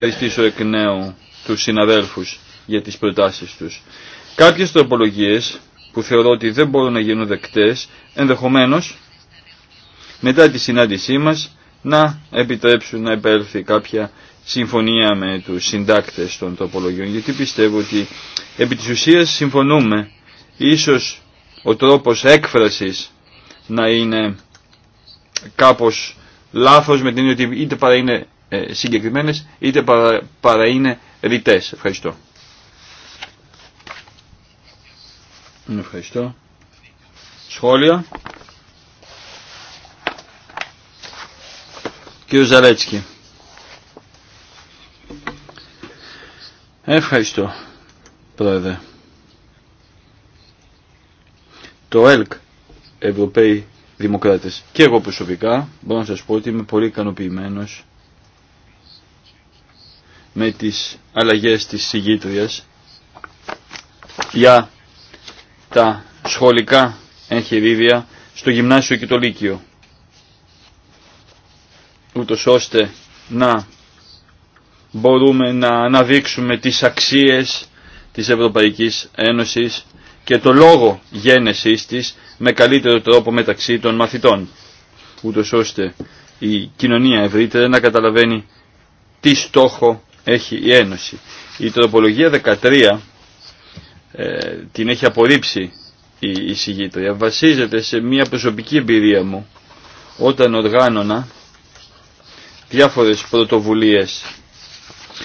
ευχαριστήσω εκ νέου τους συναδέλφους για τις προτάσεις τους. Κάποιες τροπολογίες που θεωρώ ότι δεν μπορούν να γίνουν δεκτές, ενδεχομένως μετά τη συνάντησή μας να επιτρέψουν να επέλθει κάποια συμφωνία με τους συντάκτες των τροπολογιών, γιατί πιστεύω ότι επί της ουσίας συμφωνούμε. Ίσως ο τρόπος έκφρασης να είναι κάπως λάθος με την ότι είτε παρά είναι ε, συγκεκριμένες είτε παρα, παρα είναι ρητές. Ευχαριστώ. Ευχαριστώ. Σχόλια. Κύριο Ζαλέτσκι. Ευχαριστώ, Πρόεδρε. Το ΕΛΚ, Ευρωπαίοι Δημοκράτες, και εγώ προσωπικά μπορώ να σας πω ότι είμαι πολύ ικανοποιημένος με τις αλλαγές της συγγήτριας για τα σχολικά εγχειρίδια στο γυμνάσιο και το λύκειο ούτως ώστε να μπορούμε να αναδείξουμε τις αξίες της Ευρωπαϊκής Ένωσης και το λόγο γένεσής της με καλύτερο τρόπο μεταξύ των μαθητών, ούτως ώστε η κοινωνία ευρύτερα να καταλαβαίνει τι στόχο έχει η Ένωση. Η τροπολογία 13 ε, την έχει απορρίψει η συγγήτρια. Βασίζεται σε μια προσωπική εμπειρία μου όταν οργάνωνα διάφορες πρωτοβουλίες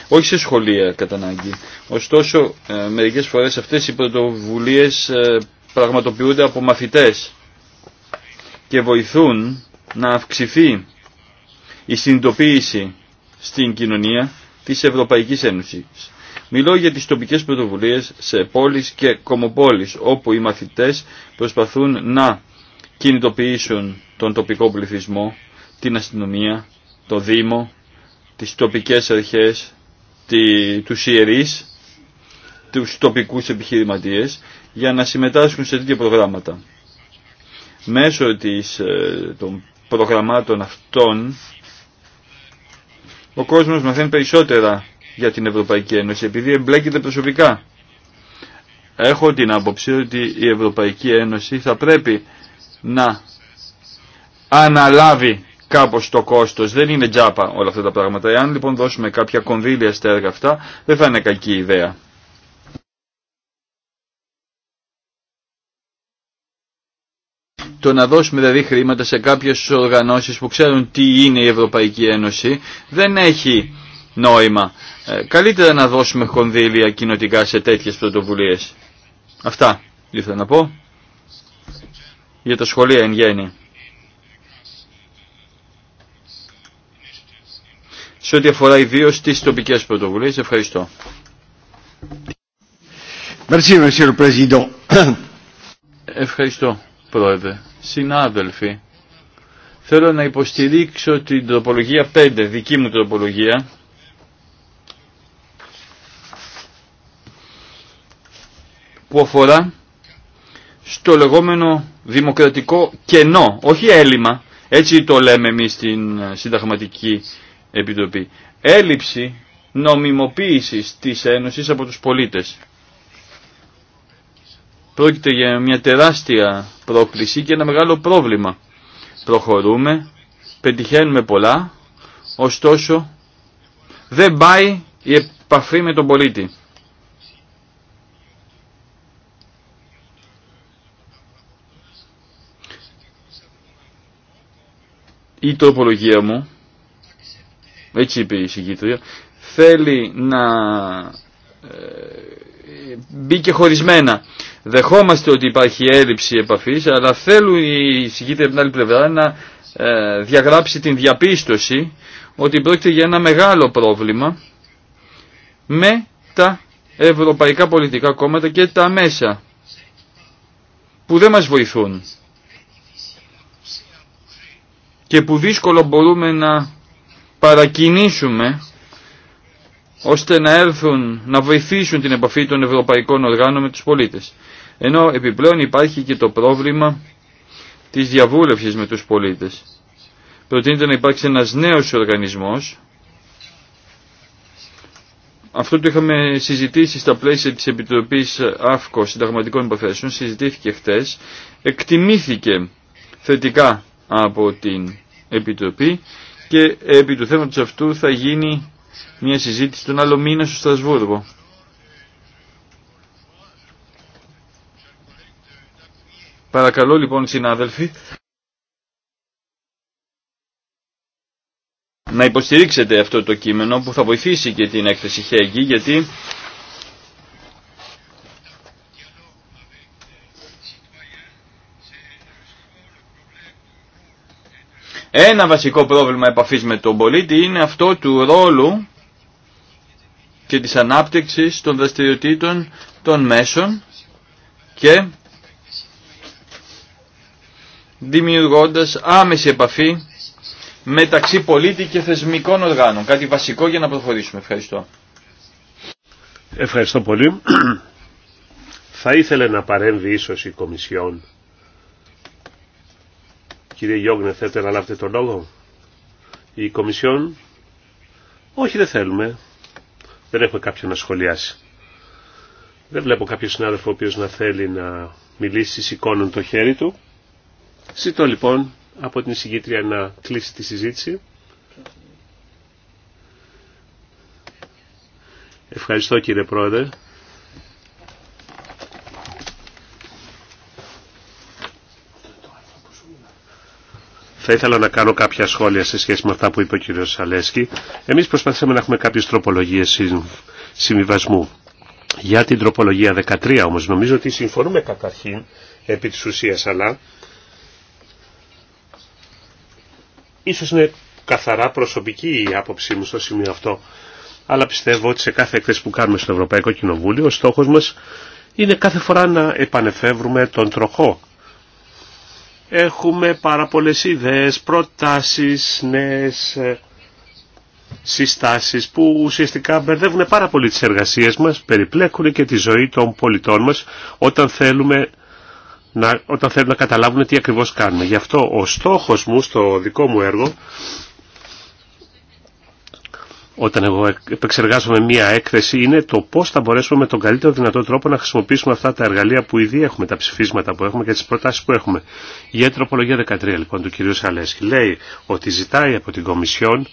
όχι σε σχολεία κατά ανάγκη. Ωστόσο ε, μερικές φορές αυτές οι πρωτοβουλίες ε, πραγματοποιούνται από μαθητές και βοηθούν να αυξηθεί η συνειδητοποίηση στην κοινωνία της Ευρωπαϊκής Ένωσης. Μιλώ για τις τοπικές πρωτοβουλίες σε πόλεις και κομοπόλεις όπου οι μαθητές προσπαθούν να κινητοποιήσουν τον τοπικό πληθυσμό, την αστυνομία, το Δήμο, τις τοπικές αρχές, τη, τους ιερείς, τους τοπικούς επιχειρηματίες για να συμμετάσχουν σε τέτοια προγράμματα. Μέσω της, ε, των προγραμμάτων αυτών ο κόσμος μαθαίνει περισσότερα για την Ευρωπαϊκή Ένωση επειδή εμπλέκεται προσωπικά. Έχω την άποψη ότι η Ευρωπαϊκή Ένωση θα πρέπει να αναλάβει κάπως το κόστος. Δεν είναι τζάπα όλα αυτά τα πράγματα. Εάν λοιπόν δώσουμε κάποια κονδύλια στα έργα αυτά δεν θα είναι κακή ιδέα. Το να δώσουμε δηλαδή χρήματα σε κάποιες οργανώσεις που ξέρουν τι είναι η Ευρωπαϊκή Ένωση δεν έχει νόημα. Ε, καλύτερα να δώσουμε κονδύλια κοινοτικά σε τέτοιες πρωτοβουλίες. Αυτά ήθελα να πω για τα σχολεία εν γέννη. Σε ό,τι αφορά ιδίω τις τοπικέ πρωτοβουλίες, ευχαριστώ. Ευχαριστώ, Πρόεδρε συνάδελφοι, θέλω να υποστηρίξω την τοπολογία 5, δική μου τοπολογία. που αφορά στο λεγόμενο δημοκρατικό κενό, όχι έλλειμμα, έτσι το λέμε εμείς στην ε, Συνταγματική Επιτροπή. Έλλειψη νομιμοποίησης της Ένωσης από τους πολίτες. Πρόκειται για μια τεράστια πρόκληση και ένα μεγάλο πρόβλημα. Προχωρούμε, πετυχαίνουμε πολλά, ωστόσο δεν πάει η επαφή με τον πολίτη. Η τροπολογία μου, έτσι είπε η συγκήτρια, θέλει να ε, μπει και χωρισμένα Δεχόμαστε ότι υπάρχει έλλειψη επαφής, αλλά θέλουν οι συγκίτρια από την άλλη πλευρά να ε, διαγράψει την διαπίστωση ότι πρόκειται για ένα μεγάλο πρόβλημα με τα ευρωπαϊκά πολιτικά κόμματα και τα μέσα που δεν μας βοηθούν και που δύσκολο μπορούμε να παρακινήσουμε ώστε να έρθουν να βοηθήσουν την επαφή των ευρωπαϊκών οργάνων με τους πολίτες. Ενώ επιπλέον υπάρχει και το πρόβλημα της διαβούλευσης με τους πολίτες. Προτείνεται να υπάρξει ένας νέος οργανισμός. Αυτό το είχαμε συζητήσει στα πλαίσια της Επιτροπής ΑΦΚΟ συνταγματικών υποθέσεων, συζητήθηκε χτες, εκτιμήθηκε θετικά από την Επιτροπή και επί του θέματος αυτού θα γίνει μια συζήτηση τον άλλο μήνα στο Στρασβούργο. Παρακαλώ λοιπόν συνάδελφοι να υποστηρίξετε αυτό το κείμενο που θα βοηθήσει και την έκθεση Χέγγι γιατί Ένα βασικό πρόβλημα επαφής με τον πολίτη είναι αυτό του ρόλου και της ανάπτυξης των δραστηριοτήτων των μέσων και δημιουργώντας άμεση επαφή μεταξύ πολίτη και θεσμικών οργάνων. Κάτι βασικό για να προχωρήσουμε. Ευχαριστώ. Ευχαριστώ πολύ. Θα ήθελε να παρέμβει ίσως η Κομισιόν. Κύριε Γιώγνε, θέλετε να λάβετε τον λόγο. Η Κομισιόν. Όχι, δεν θέλουμε. Δεν έχουμε κάποιον να σχολιάσει. Δεν βλέπω κάποιο συνάδελφο ο οποίος να θέλει να μιλήσει σηκώνουν το χέρι του. Ζητώ λοιπόν από την εισηγήτρια να κλείσει τη συζήτηση. Ευχαριστώ κύριε Πρόεδρε. Θα ήθελα να κάνω κάποια σχόλια σε σχέση με αυτά που είπε ο κύριος Σαλέσκη. Εμείς προσπαθήσαμε να έχουμε κάποιες τροπολογίες συμβιβασμού. Για την τροπολογία 13 όμως νομίζω ότι συμφωνούμε καταρχήν επί της ουσίας αλλά Ίσως είναι καθαρά προσωπική η άποψή μου στο σημείο αυτό, αλλά πιστεύω ότι σε κάθε εκθέση που κάνουμε στο Ευρωπαϊκό Κοινοβούλιο ο στόχος μας είναι κάθε φορά να επανεφεύρουμε τον τροχό. Έχουμε πάρα πολλές ιδέες, προτάσεις, νέες ε, συστάσεις που ουσιαστικά μπερδεύουν πάρα πολύ τις εργασίες μας, περιπλέκουν και τη ζωή των πολιτών μας όταν θέλουμε να, όταν θέλουν να καταλάβουν τι ακριβώς κάνουμε. Γι' αυτό ο στόχος μου στο δικό μου έργο, όταν εγώ επεξεργάζομαι μία έκθεση, είναι το πώς θα μπορέσουμε με τον καλύτερο δυνατό τρόπο να χρησιμοποιήσουμε αυτά τα εργαλεία που ήδη έχουμε, τα ψηφίσματα που έχουμε και τις προτάσεις που έχουμε. Η Ετροπολογία 13 λοιπόν του κ. Σαλέσκη λέει ότι ζητάει από την Κομισιόν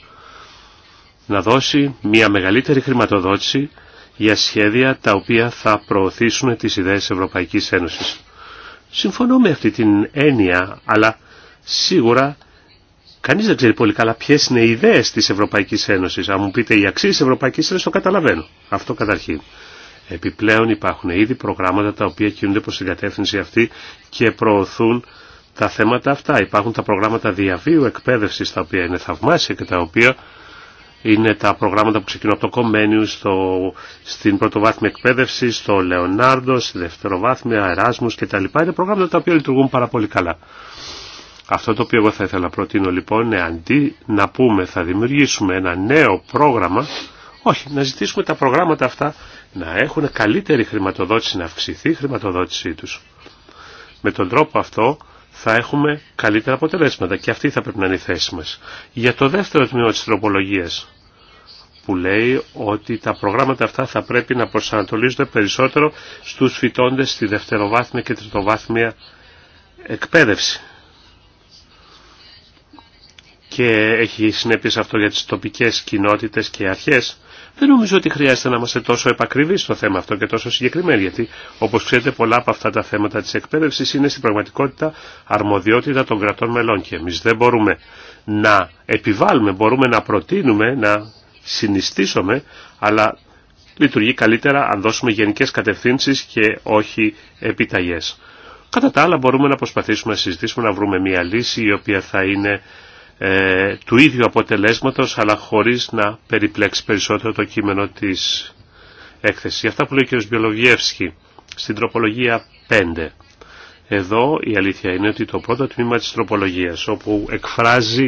να δώσει μία μεγαλύτερη χρηματοδότηση για σχέδια τα οποία θα προωθήσουν τις ιδέες Ευρωπαϊκής Ένωσης. Συμφωνώ με αυτή την έννοια, αλλά σίγουρα κανείς δεν ξέρει πολύ καλά ποιες είναι οι ιδέες της Ευρωπαϊκής Ένωσης. Αν μου πείτε οι αξίες της Ευρωπαϊκής Ένωσης, το καταλαβαίνω. Αυτό καταρχήν. Επιπλέον υπάρχουν ήδη προγράμματα τα οποία κινούνται προς την κατεύθυνση αυτή και προωθούν τα θέματα αυτά. Υπάρχουν τα προγράμματα διαβίου εκπαίδευσης τα οποία είναι θαυμάσια και τα οποία είναι τα προγράμματα που ξεκινούν από το Κομμένιου στο, στην πρωτοβάθμια εκπαίδευση, στο Λεωνάρντο, στη δευτεροβάθμια, Εράσμου κτλ. Είναι προγράμματα τα οποία λειτουργούν πάρα πολύ καλά. Αυτό το οποίο εγώ θα ήθελα να προτείνω λοιπόν είναι αντί να πούμε θα δημιουργήσουμε ένα νέο πρόγραμμα, όχι, να ζητήσουμε τα προγράμματα αυτά να έχουν καλύτερη χρηματοδότηση, να αυξηθεί η χρηματοδότησή τους. Με τον τρόπο αυτό θα έχουμε καλύτερα αποτελέσματα και αυτή θα πρέπει να είναι η θέση μας. Για το δεύτερο τμήμα της τροπολογίας που λέει ότι τα προγράμματα αυτά θα πρέπει να προσανατολίζονται περισσότερο στους φοιτώντες στη δευτεροβάθμια και τριτοβάθμια εκπαίδευση. Και έχει συνέπειες αυτό για τις τοπικές κοινότητες και αρχές δεν νομίζω ότι χρειάζεται να είμαστε τόσο επακριβεί στο θέμα αυτό και τόσο συγκεκριμένοι, γιατί όπω ξέρετε πολλά από αυτά τα θέματα τη εκπαίδευση είναι στην πραγματικότητα αρμοδιότητα των κρατών μελών και εμεί δεν μπορούμε να επιβάλλουμε, μπορούμε να προτείνουμε, να συνιστήσουμε, αλλά λειτουργεί καλύτερα αν δώσουμε γενικέ κατευθύνσει και όχι επιταγέ. Κατά τα άλλα μπορούμε να προσπαθήσουμε να συζητήσουμε να βρούμε μια λύση η οποία θα είναι ε, του ίδιου αποτελέσματος αλλά χωρίς να περιπλέξει περισσότερο το κείμενο της έκθεσης. αυτά που λέει ο κ. Μπιολογιεύσκη στην τροπολογία 5. Εδώ η αλήθεια είναι ότι το πρώτο τμήμα της τροπολογίας όπου εκφράζει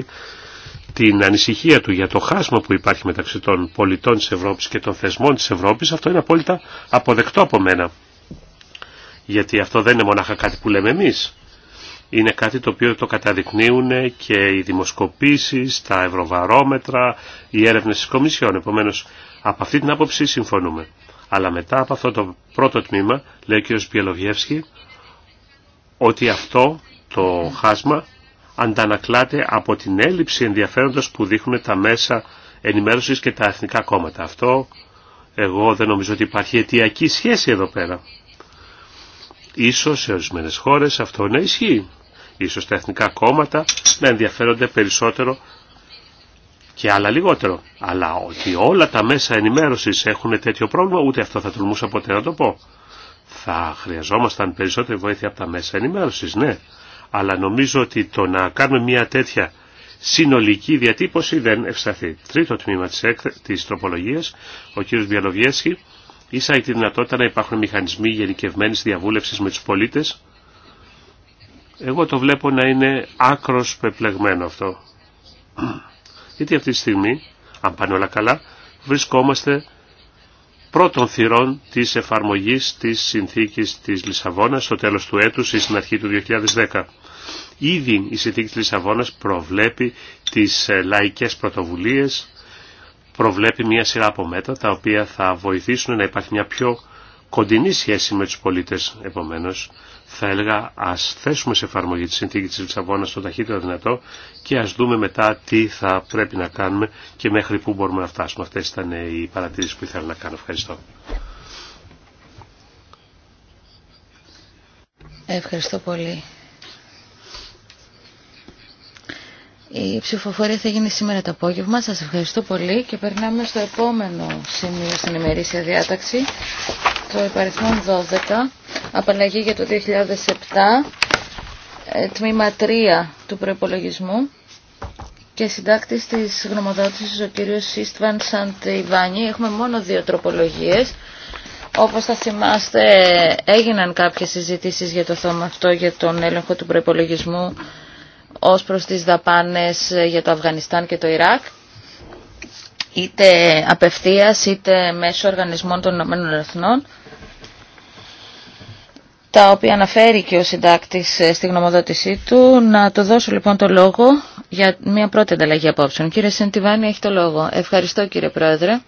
την ανησυχία του για το χάσμα που υπάρχει μεταξύ των πολιτών της Ευρώπης και των θεσμών της Ευρώπης, αυτό είναι απόλυτα αποδεκτό από μένα. Γιατί αυτό δεν είναι μονάχα κάτι που λέμε εμείς είναι κάτι το οποίο το καταδεικνύουν και οι δημοσκοπήσεις, τα ευρωβαρόμετρα, οι έρευνες της Κομισιόν. Επομένως, από αυτή την άποψη συμφωνούμε. Αλλά μετά από αυτό το πρώτο τμήμα, λέει ο κ. ότι αυτό το χάσμα αντανακλάται από την έλλειψη ενδιαφέροντος που δείχνουν τα μέσα ενημέρωσης και τα εθνικά κόμματα. Αυτό εγώ δεν νομίζω ότι υπάρχει αιτιακή σχέση εδώ πέρα. Ίσως σε ορισμένε χώρες αυτό να ισχύει. Ίσως τα εθνικά κόμματα να ενδιαφέρονται περισσότερο και άλλα λιγότερο. Αλλά ότι όλα τα μέσα ενημέρωσης έχουν τέτοιο πρόβλημα, ούτε αυτό θα τολμούσα ποτέ να το πω. Θα χρειαζόμασταν περισσότερη βοήθεια από τα μέσα ενημέρωσης, ναι. Αλλά νομίζω ότι το να κάνουμε μια τέτοια συνολική διατύπωση δεν ευσταθεί. Τρίτο τμήμα της, της τροπολογίας, ο κ. Μπιαλοβιέσχη, ίσα τη δυνατότητα να υπάρχουν μηχανισμοί γενικευμένης διαβούλευσης με τους πολίτες, εγώ το βλέπω να είναι άκρος πεπλεγμένο αυτό. Γιατί αυτή τη στιγμή, αν πάνε όλα καλά, βρισκόμαστε πρώτων θυρών της εφαρμογής της συνθήκης της Λισαβόνας στο τέλος του έτους ή στην αρχή του 2010. Ήδη η συνθήκη της Λισαβόνας προβλέπει τις ε, λαϊκές πρωτοβουλίες, προβλέπει μια σειρά από μέτρα τα οποία θα βοηθήσουν να υπάρχει μια πιο κοντινή σχέση με τους πολίτες. Επομένως, θα έλεγα ας θέσουμε σε εφαρμογή τη συνθήκη της Λισαβόνας το ταχύτερο δυνατό και ας δούμε μετά τι θα πρέπει να κάνουμε και μέχρι πού μπορούμε να φτάσουμε. Αυτές ήταν οι παρατηρήσεις που ήθελα να κάνω. Ευχαριστώ. Ευχαριστώ πολύ Η ψηφοφορία θα γίνει σήμερα το απόγευμα. Σας ευχαριστώ πολύ και περνάμε στο επόμενο σημείο στην ημερήσια διάταξη, το υπαριθμό 12, απαλλαγή για το 2007, ε, τμήμα 3 του προϋπολογισμού και συντάκτης της γνωμοδότησης ο κύριος Ιστβαν Σαντιβάνη. Έχουμε μόνο δύο τροπολογίες. Όπως θα θυμάστε έγιναν κάποιες συζητήσεις για το θέμα αυτό, για τον έλεγχο του προϋπολογισμού ως προς τις δαπάνες για το Αφγανιστάν και το Ιράκ είτε απευθείας είτε μέσω οργανισμών των Ηνωμένων Εθνών τα οποία αναφέρει και ο συντάκτης ε, στη γνωμοδότησή του. Να το δώσω λοιπόν το λόγο για μια πρώτη ανταλλαγή απόψεων. Κύριε Σεντιβάνη, έχει το λόγο. Ευχαριστώ κύριε Πρόεδρε.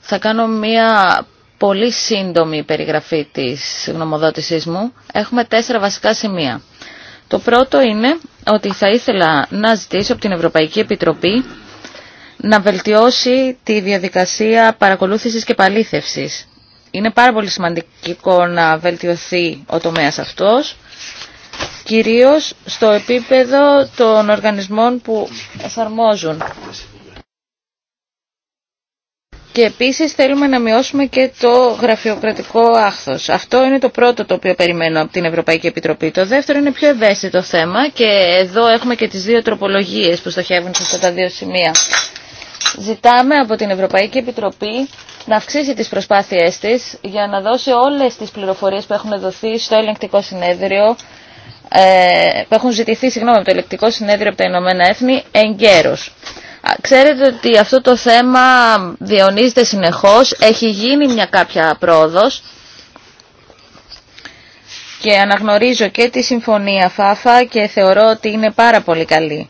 Θα κάνω μια πολύ σύντομη περιγραφή της γνωμοδότησής μου. Έχουμε τέσσερα βασικά σημεία. Το πρώτο είναι ότι θα ήθελα να ζητήσω από την Ευρωπαϊκή Επιτροπή να βελτιώσει τη διαδικασία παρακολούθησης και παλήθευσης. Είναι πάρα πολύ σημαντικό να βελτιωθεί ο τομέας αυτός, κυρίως στο επίπεδο των οργανισμών που εφαρμόζουν και επίσης θέλουμε να μειώσουμε και το γραφειοκρατικό άχθος. Αυτό είναι το πρώτο το οποίο περιμένω από την Ευρωπαϊκή Επιτροπή. Το δεύτερο είναι πιο ευαίσθητο θέμα και εδώ έχουμε και τις δύο τροπολογίες που στοχεύουν σε αυτά τα δύο σημεία. Ζητάμε από την Ευρωπαϊκή Επιτροπή να αυξήσει τις προσπάθειές της για να δώσει όλες τις πληροφορίες που έχουν δοθεί στο ελεγκτικό συνέδριο ε, που έχουν ζητηθεί συγγνώμη, από το ελεκτικό συνέδριο από τα Ηνωμένα Έθνη εγκαίρως. Ξέρετε ότι αυτό το θέμα διονύζεται συνεχώς, έχει γίνει μια κάποια πρόοδος και αναγνωρίζω και τη συμφωνία ΦΑΦΑ και θεωρώ ότι είναι πάρα πολύ καλή.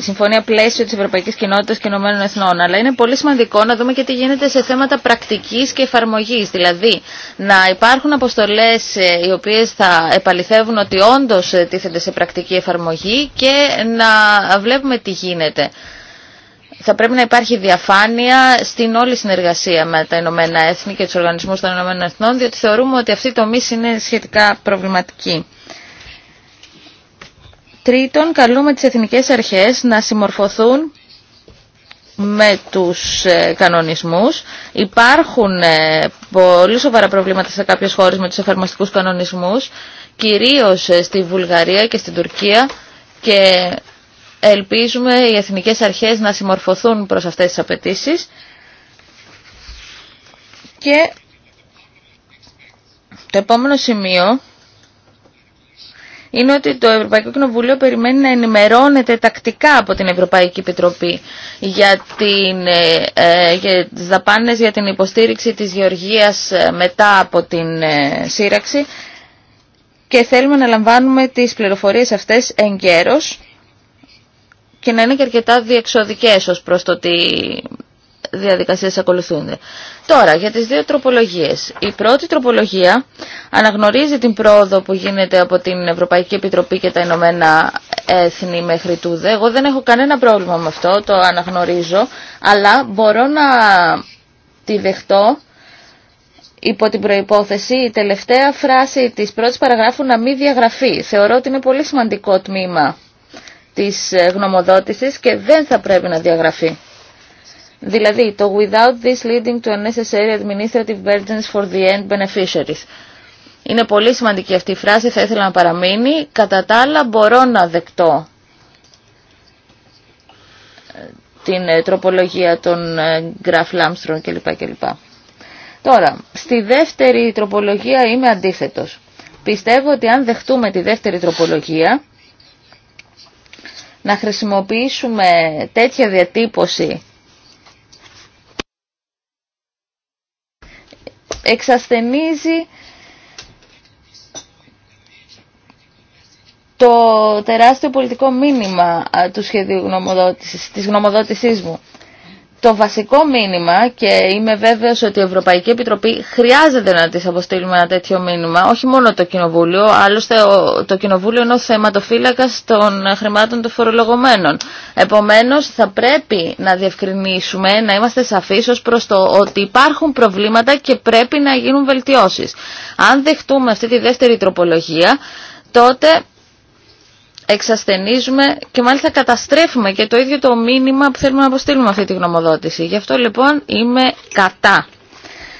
Συμφωνία Πλαίσιο της Ευρωπαϊκής Κοινότητας και Ηνωμένων Εθνών. Αλλά είναι πολύ σημαντικό να δούμε και τι γίνεται σε θέματα πρακτικής και εφαρμογή. Δηλαδή, να υπάρχουν αποστολές ε, οι οποίες θα επαληθεύουν ότι όντως ε, τίθενται σε πρακτική εφαρμογή και να βλέπουμε τι γίνεται. Θα πρέπει να υπάρχει διαφάνεια στην όλη συνεργασία με τα Ηνωμένα Έθνη και του οργανισμού των Ηνωμένων Εθνών, διότι θεωρούμε ότι αυτή η τομή είναι σχετικά προβληματική. Τρίτον, καλούμε τις εθνικές αρχές να συμμορφωθούν με τους ε, κανονισμούς. Υπάρχουν ε, πολύ σοβαρά προβλήματα σε κάποιες χώρες με τους εφαρμοστικούς κανονισμούς, κυρίως ε, στη Βουλγαρία και στην Τουρκία και ελπίζουμε οι εθνικές αρχές να συμμορφωθούν προς αυτές τις απαιτήσεις. Και το επόμενο σημείο είναι ότι το Ευρωπαϊκό Κοινοβούλιο περιμένει να ενημερώνεται τακτικά από την Ευρωπαϊκή Επιτροπή για, την, ε, ε για τις για την υποστήριξη της γεωργίας ε, μετά από την ε, σύραξη και θέλουμε να λαμβάνουμε τις πληροφορίες αυτές εγκαίρως και να είναι και αρκετά διεξοδικές ως προς το τι διαδικασίες ακολουθούνται. Τώρα, για τις δύο τροπολογίες. Η πρώτη τροπολογία αναγνωρίζει την πρόοδο που γίνεται από την Ευρωπαϊκή Επιτροπή και τα Ηνωμένα Έθνη μέχρι τούδε. Εγώ δεν έχω κανένα πρόβλημα με αυτό, το αναγνωρίζω, αλλά μπορώ να τη δεχτώ υπό την προϋπόθεση η τελευταία φράση της πρώτης παραγράφου να μην διαγραφεί. Θεωρώ ότι είναι πολύ σημαντικό τμήμα της γνωμοδότησης και δεν θα πρέπει να διαγραφεί. Δηλαδή, το without this leading to unnecessary administrative burdens for the end beneficiaries. Είναι πολύ σημαντική αυτή η φράση, θα ήθελα να παραμείνει. Κατά τα άλλα, μπορώ να δεκτώ ε, την ε, τροπολογία των Γκραφ ε, Λάμστρον κλπ. Τώρα, στη δεύτερη τροπολογία είμαι αντίθετος. Πιστεύω ότι αν δεχτούμε τη δεύτερη τροπολογία, να χρησιμοποιήσουμε τέτοια διατύπωση εξασθενίζει το τεράστιο πολιτικό μήνυμα του σχεδίου γνωμοδότησης, της γνωμοδότησής μου το βασικό μήνυμα και είμαι βέβαιος ότι η Ευρωπαϊκή Επιτροπή χρειάζεται να της αποστείλουμε ένα τέτοιο μήνυμα, όχι μόνο το Κοινοβούλιο, άλλωστε το Κοινοβούλιο είναι ο θεματοφύλακας των χρημάτων των φορολογωμένων. Επομένως θα πρέπει να διευκρινίσουμε, να είμαστε σαφείς ως προς το ότι υπάρχουν προβλήματα και πρέπει να γίνουν βελτιώσεις. Αν δεχτούμε αυτή τη δεύτερη τροπολογία, τότε εξασθενίζουμε και μάλιστα καταστρέφουμε και το ίδιο το μήνυμα που θέλουμε να αποστείλουμε αυτή τη γνωμοδότηση. Γι' αυτό λοιπόν είμαι κατά.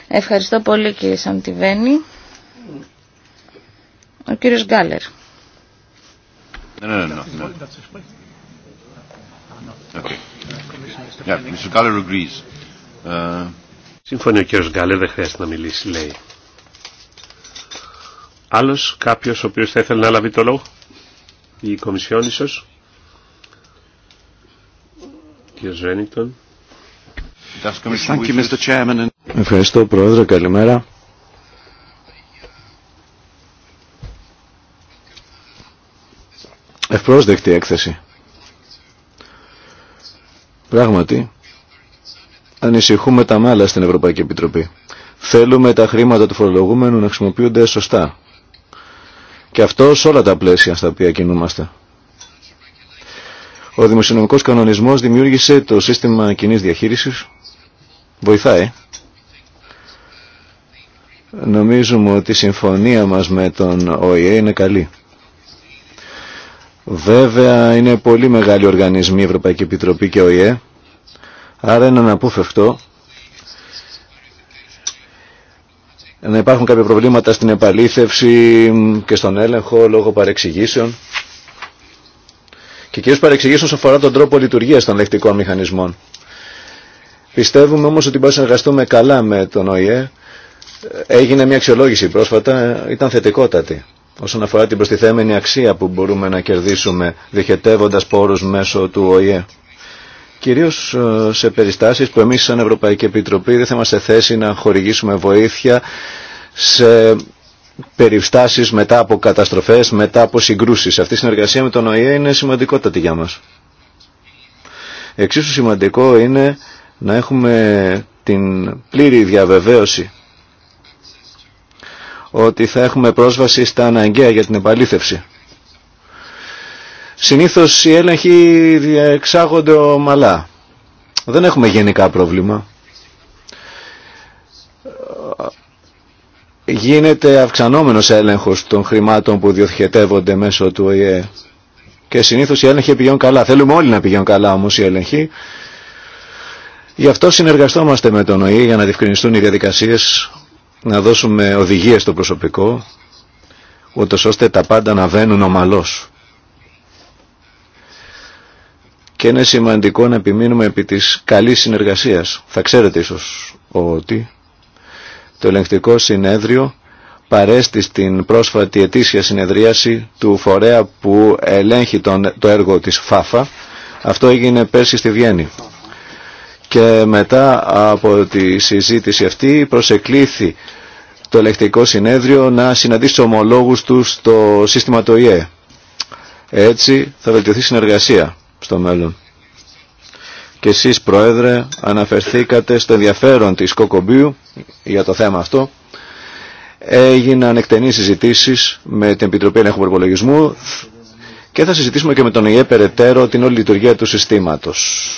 Ευχαριστώ πολύ κύριε Σαντιβένη. Ο κύριος Γκάλερ. Ναι, ναι, ναι, uh, Συμφωνεί ο κύριος Γκάλερ, δεν χρειάζεται να μιλήσει, λέει. Άλλος κάποιος ο οποίος θα ήθελε να λάβει το λόγο η Κομισιόν ίσως. Ευχαριστώ Πρόεδρε, καλημέρα. Ευπρόσδεκτη έκθεση. Πράγματι, ανησυχούμε τα μάλα στην Ευρωπαϊκή Επιτροπή. Θέλουμε τα χρήματα του φορολογούμενου να χρησιμοποιούνται σωστά. Και αυτό σε όλα τα πλαίσια στα οποία κινούμαστε. Ο δημοσιονομικός κανονισμός δημιούργησε το σύστημα κοινής διαχείρισης. Βοηθάει. Νομίζουμε ότι η συμφωνία μας με τον ΟΗΕ είναι καλή. Βέβαια είναι πολύ μεγάλοι οργανισμοί η Ευρωπαϊκή Επιτροπή και ΟΗΕ, άρα είναι αναπόφευκτο να υπάρχουν κάποια προβλήματα στην επαλήθευση και στον έλεγχο λόγω παρεξηγήσεων και κυρίως παρεξηγήσεων αφορά τον τρόπο λειτουργίας των λεκτικών μηχανισμών. Πιστεύουμε όμως ότι μπορούμε να εργαστούμε καλά με τον ΟΗΕ. Έγινε μια αξιολόγηση πρόσφατα, ήταν θετικότατη όσον αφορά την προστιθέμενη αξία που μπορούμε να κερδίσουμε διοχετεύοντας πόρους μέσω του ΟΗΕ κυρίως ε, σε περιστάσεις που εμείς σαν Ευρωπαϊκή Επιτροπή δεν θα είμαστε θέση να χορηγήσουμε βοήθεια σε περιστάσεις μετά από καταστροφές, μετά από συγκρούσεις. Αυτή η συνεργασία με τον ΟΗΕ είναι σημαντικότατη για μας. Εξίσου σημαντικό είναι να έχουμε την πλήρη διαβεβαίωση ότι θα έχουμε πρόσβαση στα αναγκαία για την επαλήθευση. Συνήθως οι έλεγχοι διεξάγονται ομαλά. Δεν έχουμε γενικά πρόβλημα. Γίνεται αυξανόμενος έλεγχος των χρημάτων που διοχετεύονται μέσω του ΟΗΕ. Και συνήθως οι έλεγχοι πηγαίνουν καλά. Θέλουμε όλοι να πηγαίνουν καλά όμως οι έλεγχοι. Γι' αυτό συνεργαστόμαστε με τον ΟΗΕ για να διευκρινιστούν οι διαδικασίες, να δώσουμε οδηγίες στο προσωπικό, ούτως ώστε τα πάντα να βαίνουν ομαλώς. είναι σημαντικό να επιμείνουμε επί της καλής συνεργασίας. Θα ξέρετε ίσως ότι το ελεγκτικό συνέδριο παρέστη στην πρόσφατη ετήσια συνεδρίαση του φορέα που ελέγχει τον, το έργο της ΦΑΦΑ. Αυτό έγινε πέρσι στη Βιέννη. Και μετά από τη συζήτηση αυτή προσεκλήθη το ελεγχτικό συνέδριο να συναντήσει τους ομολόγους του στο σύστημα το ΙΕ. Έτσι θα βελτιωθεί συνεργασία στο μέλλον. Και εσείς Πρόεδρε αναφερθήκατε στο ενδιαφέρον της Κοκομπίου για το θέμα αυτό. Έγιναν εκτενείς συζητήσεις με την Επιτροπή Ενέχου Προπολογισμού και θα συζητήσουμε και με τον ΙΕ περαιτέρω την όλη λειτουργία του συστήματος.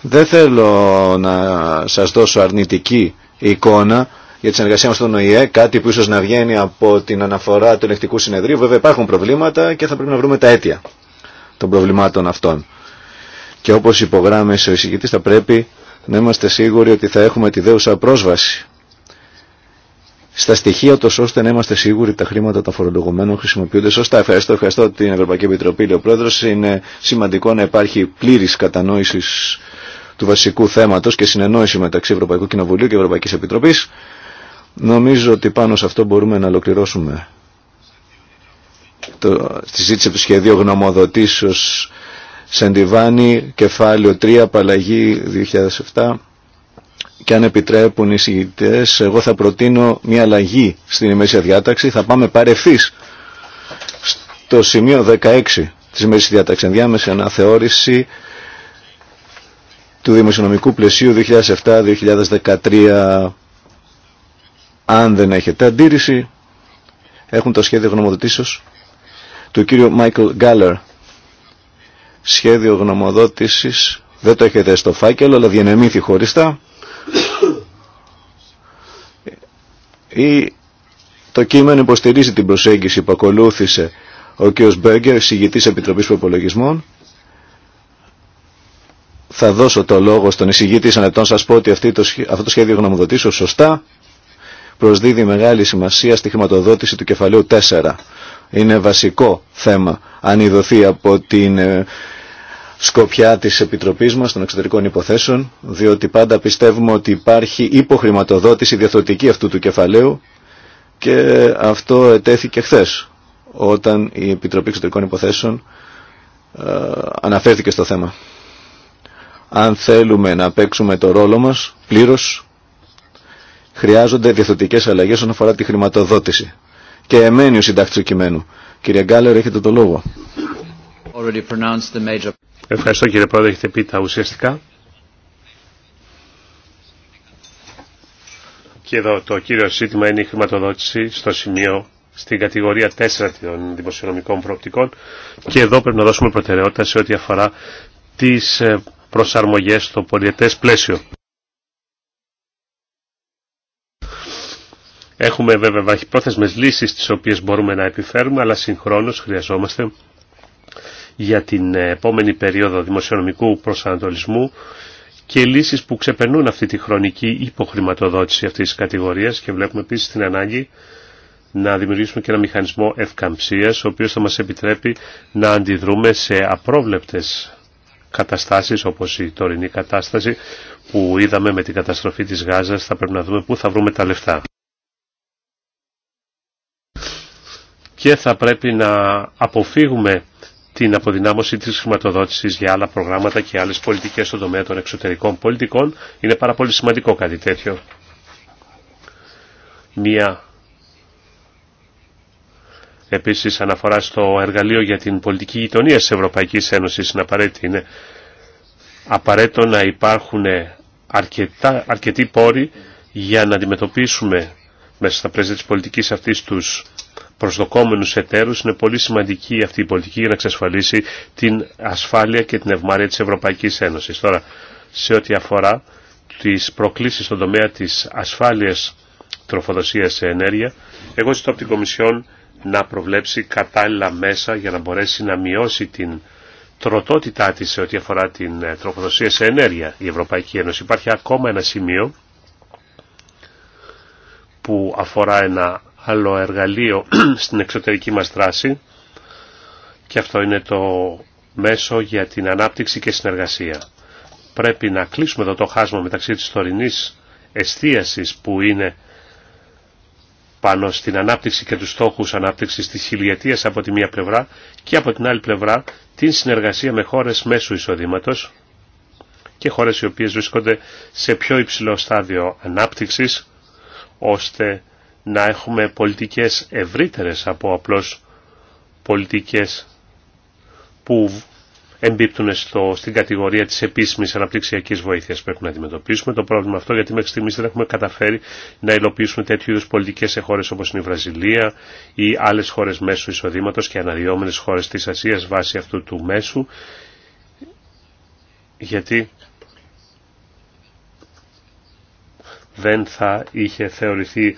Δεν θέλω να σας δώσω αρνητική εικόνα για τη συνεργασία μας στον ΟΗΕ, κάτι που ίσως να βγαίνει από την αναφορά του ελεκτικού συνεδρίου. Βέβαια υπάρχουν προβλήματα και θα πρέπει να βρούμε τα αίτια των προβλημάτων αυτών. Και όπως υπογράμμισε ο εισηγητής θα πρέπει να είμαστε σίγουροι ότι θα έχουμε τη δέουσα πρόσβαση στα στοιχεία τους ώστε να είμαστε σίγουροι ότι τα χρήματα των φορολογουμένων χρησιμοποιούνται σωστά. Ευχαριστώ, ευχαριστώ την Ευρωπαϊκή Επιτροπή, λέει ο Είναι σημαντικό να υπάρχει πλήρης κατανόηση του βασικού θέματος και συνεννόηση μεταξύ Ευρωπαϊκού Κοινοβουλίου και Ευρωπαϊκής Επιτροπή. Νομίζω ότι πάνω σε αυτό μπορούμε να ολοκληρώσουμε το, στη ζήτηση του σχεδίου γνωμοδοτήσεως Σεντιβάνη, κεφάλαιο 3, απαλλαγή 2007 και αν επιτρέπουν οι συγητές, εγώ θα προτείνω μια αλλαγή στην ημερήσια διάταξη. Θα πάμε παρεφής στο σημείο 16 της ημερήσιας διάταξης, ενδιάμεση αναθεώρηση του δημοσιονομικού πλαισίου 2007-2013. Αν δεν έχετε αντίρρηση, έχουν το σχέδιο γνωμοδοτήσεως του κύριου Μάικλ Γκάλερ. Σχέδιο γνωμοδότησης, δεν το έχετε στο φάκελο, αλλά διανεμήθη χωριστά. Ή το κείμενο υποστηρίζει την προσέγγιση που ακολούθησε ο κ. Μπέγκερ, εισηγητής Επιτροπής Προπολογισμών. Θα δώσω το λόγο στον εισηγητή σαν ετών σας πω ότι αυτό το σχέδιο γνωμοδοτήσεως σωστά προσδίδει μεγάλη σημασία στη χρηματοδότηση του κεφαλαίου 4 είναι βασικό θέμα αν ειδωθεί από την ε, σκοπιά της Επιτροπής μας των εξωτερικών υποθέσεων, διότι πάντα πιστεύουμε ότι υπάρχει υποχρηματοδότηση διαθωτική αυτού του κεφαλαίου και αυτό ετέθηκε χθε όταν η Επιτροπή Εξωτερικών Υποθέσεων ε, αναφέρθηκε στο θέμα. Αν θέλουμε να παίξουμε το ρόλο μας πλήρως, χρειάζονται διαθωτικές αλλαγές όσον αφορά τη χρηματοδότηση και εμένει ο συντάκτης του κειμένου. Κύριε Γκάλερ, έχετε το λόγο. Ευχαριστώ κύριε Πρόεδρε, έχετε πει τα ουσιαστικά. Και εδώ το κύριο σύντημα είναι η χρηματοδότηση στο σημείο στην κατηγορία 4 των δημοσιονομικών προοπτικών και εδώ πρέπει να δώσουμε προτεραιότητα σε ό,τι αφορά τις ε, προσαρμογές στο πολιετές πλαίσιο. Έχουμε βέβαια βαχυπρόθεσμες λύσεις τις οποίες μπορούμε να επιφέρουμε, αλλά συγχρόνως χρειαζόμαστε για την επόμενη περίοδο δημοσιονομικού προσανατολισμού και λύσεις που ξεπερνούν αυτή τη χρονική υποχρηματοδότηση αυτής της κατηγορίας και βλέπουμε επίσης την ανάγκη να δημιουργήσουμε και ένα μηχανισμό ευκαμψίας ο οποίος θα μας επιτρέπει να αντιδρούμε σε απρόβλεπτες καταστάσεις όπως η τωρινή κατάσταση που είδαμε με την καταστροφή της Γάζας θα πρέπει να δούμε πού θα βρούμε τα λεφτά. και θα πρέπει να αποφύγουμε την αποδυνάμωση της χρηματοδότησης για άλλα προγράμματα και άλλες πολιτικές στον τομέα των εξωτερικών πολιτικών. Είναι πάρα πολύ σημαντικό κάτι τέτοιο. Μία επίσης αναφορά στο εργαλείο για την πολιτική γειτονία της Ευρωπαϊκής Ένωσης είναι Είναι απαραίτητο να υπάρχουν αρκετά, αρκετοί πόροι για να αντιμετωπίσουμε μέσα στα πλαίσια της πολιτικής αυτής τους προσδοκόμενους εταίρους. Είναι πολύ σημαντική αυτή η πολιτική για να εξασφαλίσει την ασφάλεια και την ευμάρεια της Ευρωπαϊκής Ένωσης. Τώρα, σε ό,τι αφορά τις προκλήσεις στον τομέα της ασφάλειας τροφοδοσίας σε ενέργεια, εγώ ζητώ από την Κομισιόν να προβλέψει κατάλληλα μέσα για να μπορέσει να μειώσει την τροτότητά της σε ό,τι αφορά την ε, τροφοδοσία σε ενέργεια η Ευρωπαϊκή Ένωση. Υπάρχει ακόμα ένα σημείο που αφορά ένα άλλο εργαλείο στην εξωτερική μας δράση και αυτό είναι το μέσο για την ανάπτυξη και συνεργασία. Πρέπει να κλείσουμε εδώ το χάσμα μεταξύ της θωρινής εστίασης που είναι πάνω στην ανάπτυξη και τους στόχους ανάπτυξης της χιλιετίας από τη μία πλευρά και από την άλλη πλευρά την συνεργασία με χώρες μέσου εισοδήματος και χώρες οι οποίες βρίσκονται σε πιο υψηλό στάδιο ανάπτυξης ώστε να έχουμε πολιτικές ευρύτερες από απλώς πολιτικές που εμπίπτουν στο, στην κατηγορία της επίσημης αναπτυξιακής βοήθειας. Πρέπει να αντιμετωπίσουμε το πρόβλημα αυτό γιατί μέχρι στιγμής δεν έχουμε καταφέρει να υλοποιήσουμε τέτοιου είδους πολιτικές σε χώρες όπως είναι η Βραζιλία ή άλλες χώρες μέσου εισοδήματος και αναδυόμενες χώρες της Ασίας βάσει αυτού του μέσου γιατί δεν θα είχε θεωρηθεί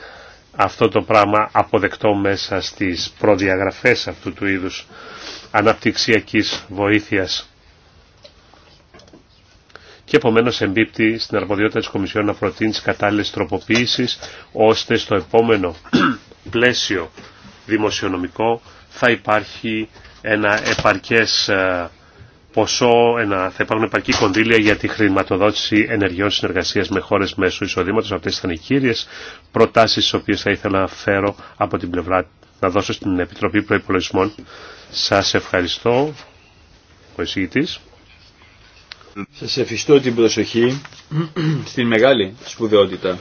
αυτό το πράγμα αποδεκτό μέσα στις προδιαγραφές αυτού του είδους αναπτυξιακής βοήθειας και επομένω εμπίπτει στην αρμοδιότητα της Κομισιόν να προτείνει τις κατάλληλες τροποποίησεις ώστε στο επόμενο πλαίσιο δημοσιονομικό θα υπάρχει ένα επαρκές ε, ποσό, ένα, θα υπάρχουν επαρκή κονδύλια για τη χρηματοδότηση ενεργειών συνεργασία με χώρε μέσου εισοδήματο. Αυτέ ήταν οι κύριε προτάσει, τι οποίε θα ήθελα να φέρω από την πλευρά, να δώσω στην Επιτροπή Προπολογισμών. Σα ευχαριστώ, ο εισηγητή. Σα ευχαριστώ την προσοχή στην μεγάλη σπουδαιότητα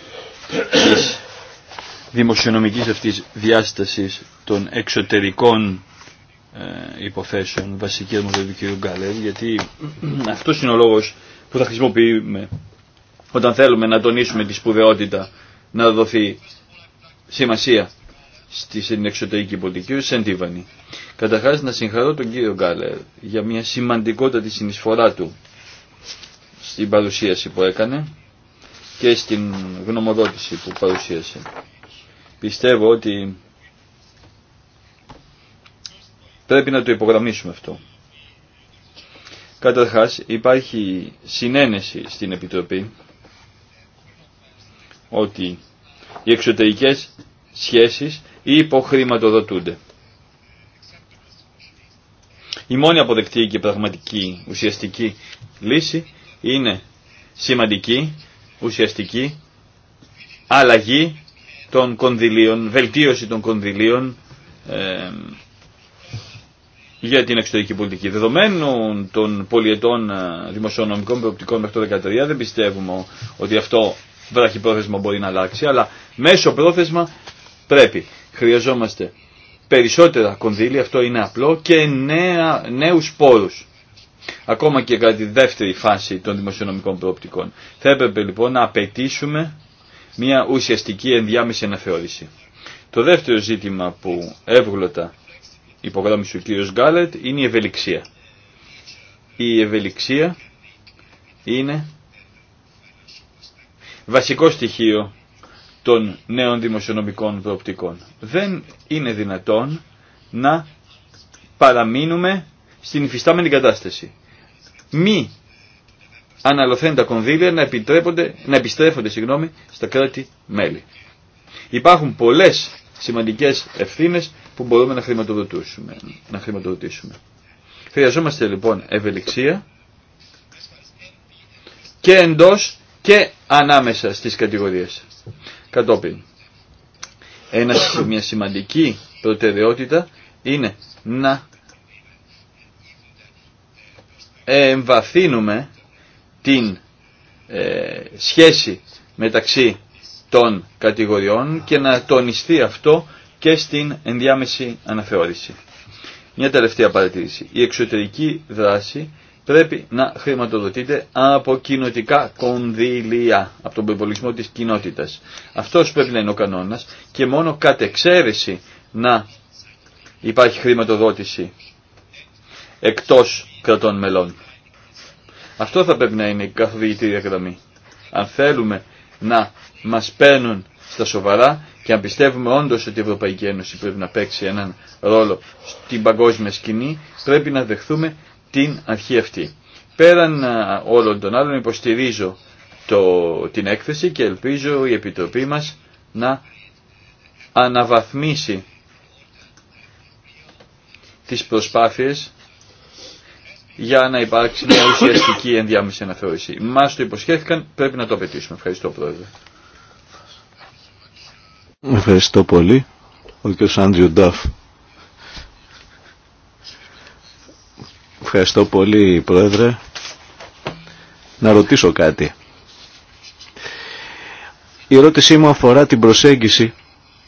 τη δημοσιονομικής αυτής διάσταση των εξωτερικών ε, υποθέσεων βασικές μου του κ. Γκάλερ γιατί αυτό είναι ο λόγος που θα χρησιμοποιούμε όταν θέλουμε να τονίσουμε τη σπουδαιότητα να δοθεί σημασία στην εξωτερική πολιτική σε Σεντίβανη. Καταρχάς να συγχαρώ τον κύριο Γκάλερ για μια σημαντικότατη συνεισφορά του στην παρουσίαση που έκανε και στην γνωμοδότηση που παρουσίασε. Πιστεύω ότι Πρέπει να το υπογραμμίσουμε αυτό. Καταρχάς υπάρχει συνένεση στην Επιτροπή ότι οι εξωτερικές σχέσεις υποχρηματοδοτούνται. Η μόνη αποδεκτή και πραγματική ουσιαστική λύση είναι σημαντική, ουσιαστική αλλαγή των κονδυλίων, βελτίωση των κονδυλίων ε, για την εξωτερική πολιτική. Δεδομένου των πολιετών ε, δημοσιονομικών προοπτικών μέχρι το 2013 δεν πιστεύουμε ότι αυτό βράχει πρόθεσμα, μπορεί να αλλάξει, αλλά μέσω πρόθεσμα πρέπει. Χρειαζόμαστε περισσότερα κονδύλια, αυτό είναι απλό, και νέα, νέους πόρους. Ακόμα και κατά τη δεύτερη φάση των δημοσιονομικών προοπτικών. Θα έπρεπε λοιπόν να απαιτήσουμε μια ουσιαστική ενδιάμεση αναθεώρηση. Το δεύτερο ζήτημα που εύγλωτα υπογράμμισε ο κύριος Γκάλετ είναι η ευελιξία. Η ευελιξία είναι βασικό στοιχείο των νέων δημοσιονομικών προοπτικών. Δεν είναι δυνατόν να παραμείνουμε στην υφιστάμενη κατάσταση. Μη τα κονδύλια να, επιτρέπονται, να επιστρέφονται συγγνώμη, στα κράτη-μέλη. Υπάρχουν πολλές σημαντικές ευθύνες που μπορούμε να χρηματοδοτήσουμε. Να χρηματοδοτήσουμε. Χρειαζόμαστε λοιπόν ευελιξία και εντός και ανάμεσα στις κατηγορίες. Κατόπιν, ένα, μια σημαντική προτεραιότητα είναι να εμβαθύνουμε την ε, σχέση μεταξύ των κατηγοριών και να τονιστεί αυτό και στην ενδιάμεση αναθεώρηση. Μια τελευταία παρατήρηση. Η εξωτερική δράση πρέπει να χρηματοδοτείται από κοινοτικά κονδύλια, από τον προπολογισμό της κοινότητας. Αυτός πρέπει να είναι ο κανόνας και μόνο κατ' εξαίρεση να υπάρχει χρηματοδότηση εκτός κρατών μελών. Αυτό θα πρέπει να είναι η καθοδηγητήρια γραμμή. Αν θέλουμε να μας παίρνουν στα σοβαρά και αν πιστεύουμε όντως ότι η Ευρωπαϊκή Ένωση πρέπει να παίξει έναν ρόλο στην παγκόσμια σκηνή, πρέπει να δεχθούμε την αρχή αυτή. Πέραν όλων των άλλων υποστηρίζω το, την έκθεση και ελπίζω η Επιτροπή μας να αναβαθμίσει τις προσπάθειες για να υπάρξει μια ουσιαστική ενδιάμεση αναθεώρηση. Μας το υποσχέθηκαν, πρέπει να το απαιτήσουμε. Ευχαριστώ Πρόεδρε. Ευχαριστώ πολύ. Ο κ. Άντριου Νταφ. Ευχαριστώ πολύ, Πρόεδρε. Να ρωτήσω κάτι. Η ερώτησή μου αφορά την προσέγγιση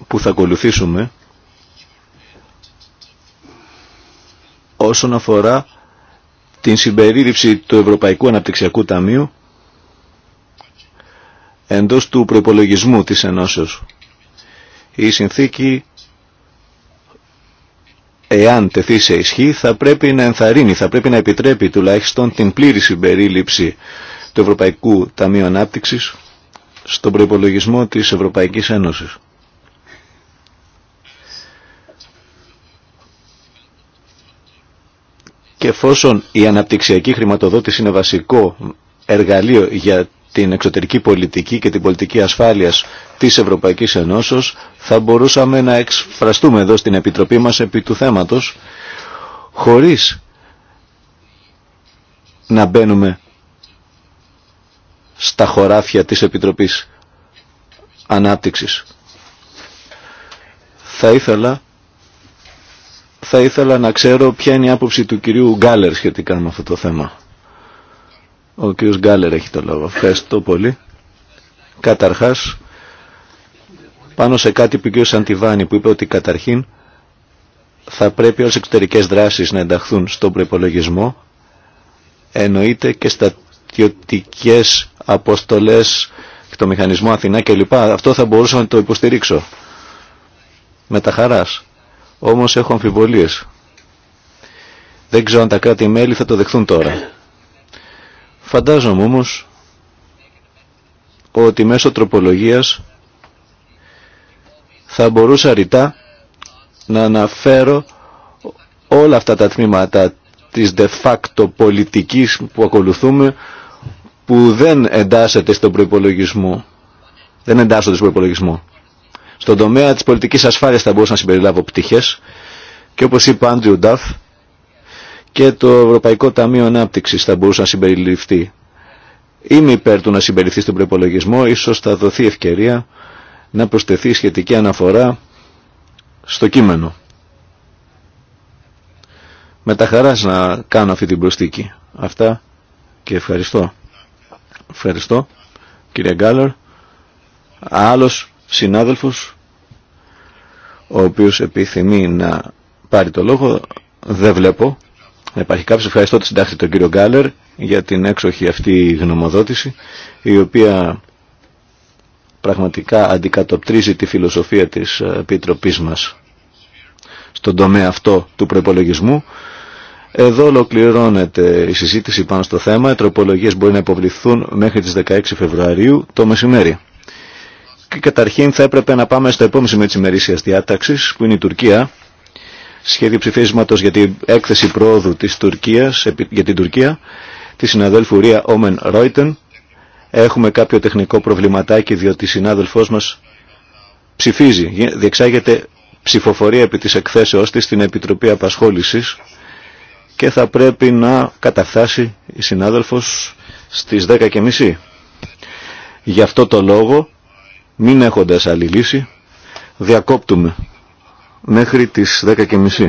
που θα ακολουθήσουμε όσον αφορά την συμπερίληψη του Ευρωπαϊκού Αναπτυξιακού Ταμείου εντός του προπολογισμού της Ενώσεως. Η συνθήκη, εάν τεθεί σε ισχύ, θα πρέπει να ενθαρρύνει, θα πρέπει να επιτρέπει τουλάχιστον την πλήρη συμπερίληψη του Ευρωπαϊκού Ταμείου Ανάπτυξης στον προϋπολογισμό της Ευρωπαϊκής Ένωσης. Και εφόσον η αναπτυξιακή χρηματοδότηση είναι βασικό εργαλείο για την εξωτερική πολιτική και την πολιτική ασφάλειας της Ευρωπαϊκής Ενώσεως, θα μπορούσαμε να εξφραστούμε εδώ στην Επιτροπή μας επί του θέματος χωρίς να μπαίνουμε στα χωράφια της Επιτροπής Ανάπτυξης. Θα ήθελα, θα ήθελα να ξέρω ποια είναι η άποψη του κυρίου Γκάλερ σχετικά με αυτό το θέμα. Ο κύριος Γκάλερ έχει το λόγο. Ευχαριστώ πολύ. Καταρχάς, πάνω σε κάτι που ο κ. Σαντιβάνη που είπε ότι καταρχήν θα πρέπει όλες εξωτερικές δράσεις να ενταχθούν στον προπολογισμό εννοείται και στατιωτικές αποστολές και το μηχανισμό Αθηνά κλπ. Αυτό θα μπορούσα να το υποστηρίξω με τα χαράς. Όμως έχω αμφιβολίες. Δεν ξέρω αν τα κράτη-μέλη θα το δεχθούν τώρα. Φαντάζομαι όμως ότι μέσω τροπολογίας θα μπορούσα ρητά να αναφέρω όλα αυτά τα τμήματα της de facto πολιτικής που ακολουθούμε που δεν εντάσσεται στον προϋπολογισμό. Δεν εντάσσονται στον προϋπολογισμό. Στον τομέα της πολιτικής ασφάλειας θα μπορούσα να συμπεριλάβω πτυχές και όπως είπε Άντριου Νταφ και το Ευρωπαϊκό Ταμείο Ανάπτυξης θα μπορούσε να συμπεριληφθεί. Είμαι υπέρ του να συμπεριληφθεί στον προπολογισμό, ίσως θα δοθεί ευκαιρία να προσθεθεί σχετική αναφορά στο κείμενο. Με τα χαράς να κάνω αυτή την προσθήκη. Αυτά και ευχαριστώ. Ευχαριστώ κύριε Γκάλερ. Άλλος συνάδελφος ο οποίος επιθυμεί να πάρει το λόγο δεν βλέπω. υπάρχει κάποιος. Ευχαριστώ τη συντάχτη τον κύριο Γκάλερ για την έξοχη αυτή γνωμοδότηση η οποία πραγματικά αντικατοπτρίζει τη φιλοσοφία της Επιτροπής μας στον τομέα αυτό του προπολογισμού. Εδώ ολοκληρώνεται η συζήτηση πάνω στο θέμα. Οι τροπολογίες μπορεί να υποβληθούν μέχρι τις 16 Φεβρουαρίου το μεσημέρι. Και καταρχήν θα έπρεπε να πάμε στο επόμενο σημείο της ημερήσιας διάταξης που είναι η Τουρκία. Σχέδιο ψηφίσματος για την έκθεση πρόοδου της Τουρκίας, για την Τουρκία, τη συναδέλφου Ρία Όμεν Ρόιτεν Έχουμε κάποιο τεχνικό προβληματάκι διότι η συνάδελφός μας ψηφίζει, διεξάγεται ψηφοφορία επί της εκθέσεώς της στην Επιτροπή Απασχόλησης και θα πρέπει να καταφτάσει η συνάδελφος στις 10.30. Γι' αυτό το λόγο, μην έχοντας άλλη λύση, διακόπτουμε μέχρι τις 10.30.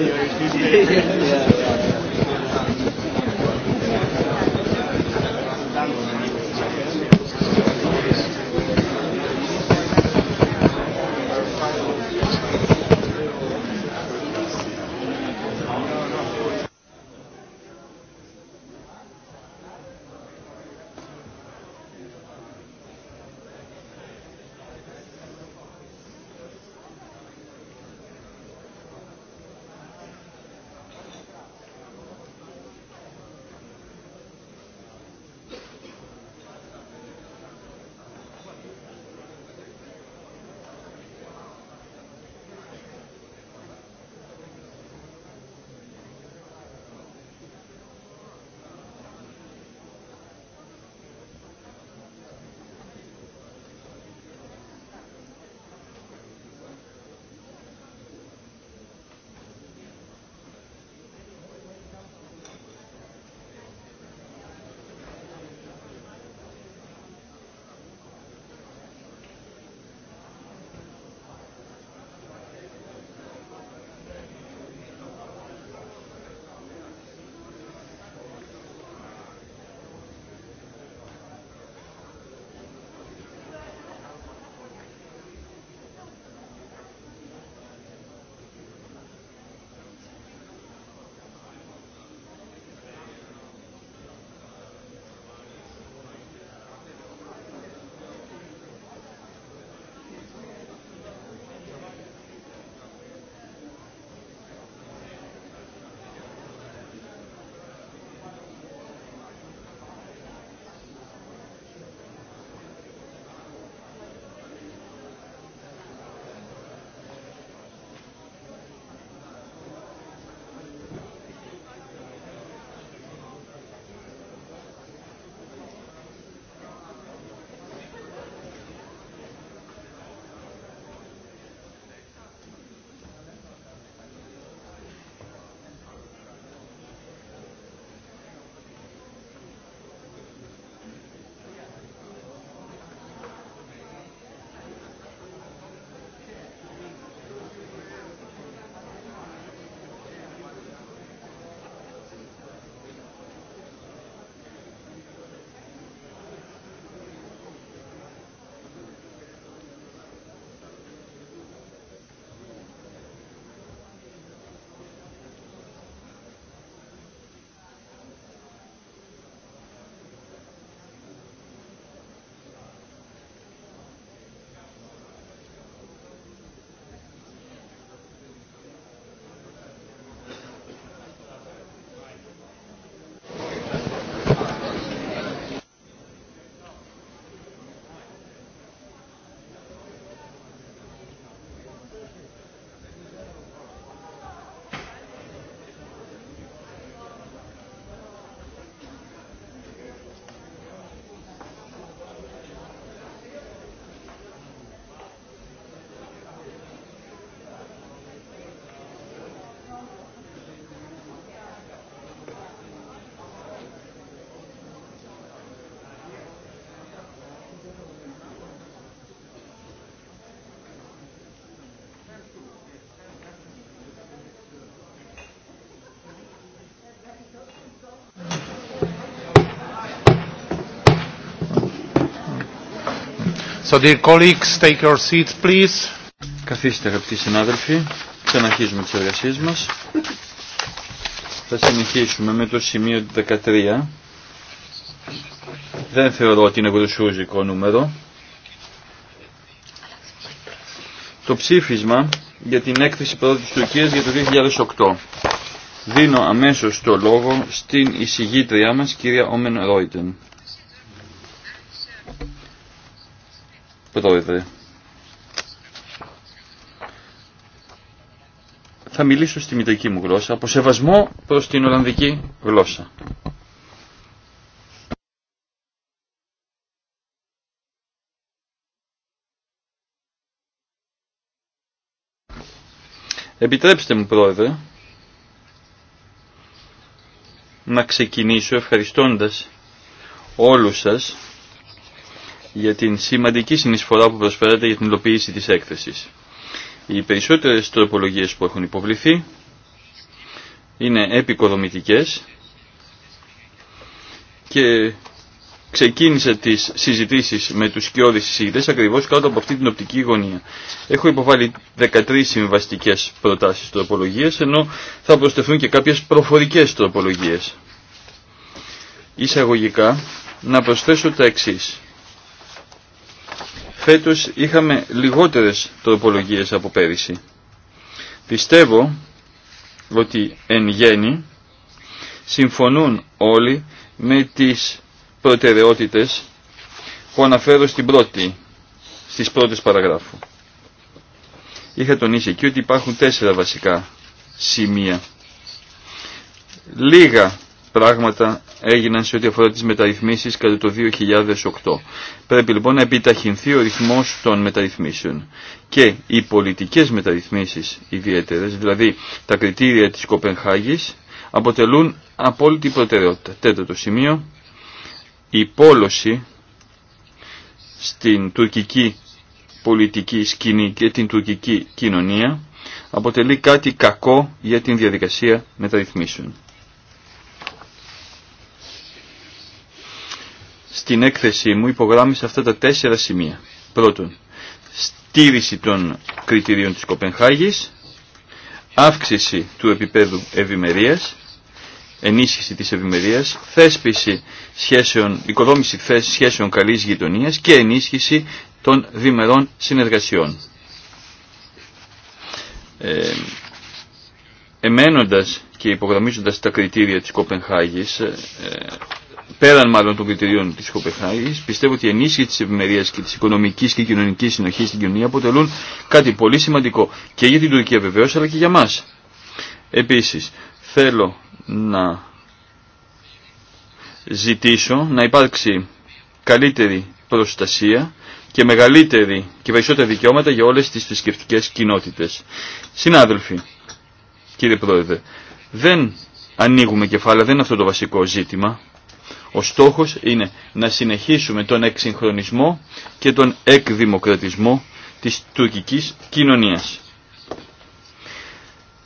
yeah. Καθίστε αγαπητοί συνάδελφοι, ξαναρχίζουμε τις εργασίες μας. Θα συνεχίσουμε με το σημείο 13. Δεν θεωρώ ότι είναι γρουσούζικο νούμερο. Το ψήφισμα για την έκθεση πρώτης Τουρκίας για το 2008. Δίνω αμέσως το λόγο στην εισηγήτριά μας, κυρία Όμεν Ρόιτεν. Πρόεδρε. Θα μιλήσω στη μητρική μου γλώσσα, από σεβασμό προς την Ολλανδική γλώσσα. Επιτρέψτε μου πρόεδρε να ξεκινήσω ευχαριστώντας όλους σας για την σημαντική συνεισφορά που προσφέρεται για την υλοποίηση της έκθεσης. Οι περισσότερες τροπολογίες που έχουν υποβληθεί είναι επικοδομητικές και ξεκίνησε τις συζητήσεις με τους σκιώδεις συζητητές ακριβώς κάτω από αυτή την οπτική γωνία. Έχω υποβάλει 13 συμβαστικές προτάσεις τροπολογίες ενώ θα προσθεθούν και κάποιες προφορικές τροπολογίες. Εισαγωγικά να προσθέσω τα εξής φέτος είχαμε λιγότερες τροπολογίες από πέρυσι. Πιστεύω ότι εν γέννη συμφωνούν όλοι με τις προτεραιότητες που αναφέρω στην πρώτη, στις πρώτες παραγράφου. Είχα τονίσει εκεί ότι υπάρχουν τέσσερα βασικά σημεία. Λίγα πράγματα έγιναν σε ό,τι αφορά τις μεταρρυθμίσεις κατά το 2008. Πρέπει λοιπόν να επιταχυνθεί ο ρυθμός των μεταρρυθμίσεων. Και οι πολιτικές μεταρρυθμίσεις ιδιαίτερες, δηλαδή τα κριτήρια της Κοπενχάγης, αποτελούν απόλυτη προτεραιότητα. Τέταρτο σημείο, η πόλωση στην τουρκική πολιτική σκηνή και την τουρκική κοινωνία αποτελεί κάτι κακό για την διαδικασία μεταρρυθμίσεων. Στην έκθεσή μου υπογράμμισα αυτά τα τέσσερα σημεία. Πρώτον, στήριση των κριτηρίων της Κοπενχάγης, αύξηση του επίπεδου ευημερία, ενίσχυση της ευημερία, θέσπιση σχέσεων, οικοδόμηση σχέσεων καλής γειτονίας και ενίσχυση των διμερών συνεργασιών. Ε, εμένοντας και υπογραμμίζοντας τα κριτήρια της Κοπενχάγης, ε, πέραν μάλλον των κριτηρίων της Κοπεχάγης, πιστεύω ότι η ενίσχυση της ευημερίας και της οικονομικής και κοινωνικής συνοχής στην κοινωνία αποτελούν κάτι πολύ σημαντικό και για την Τουρκία βεβαίω, αλλά και για μας. Επίσης, θέλω να ζητήσω να υπάρξει καλύτερη προστασία και μεγαλύτερη και περισσότερα δικαιώματα για όλες τις θρησκευτικέ κοινότητες. Συνάδελφοι, κύριε Πρόεδρε, δεν ανοίγουμε κεφάλαια, δεν είναι αυτό το βασικό ζήτημα. Ο στόχος είναι να συνεχίσουμε τον εξυγχρονισμό και τον εκδημοκρατισμό της τουρκικής κοινωνίας.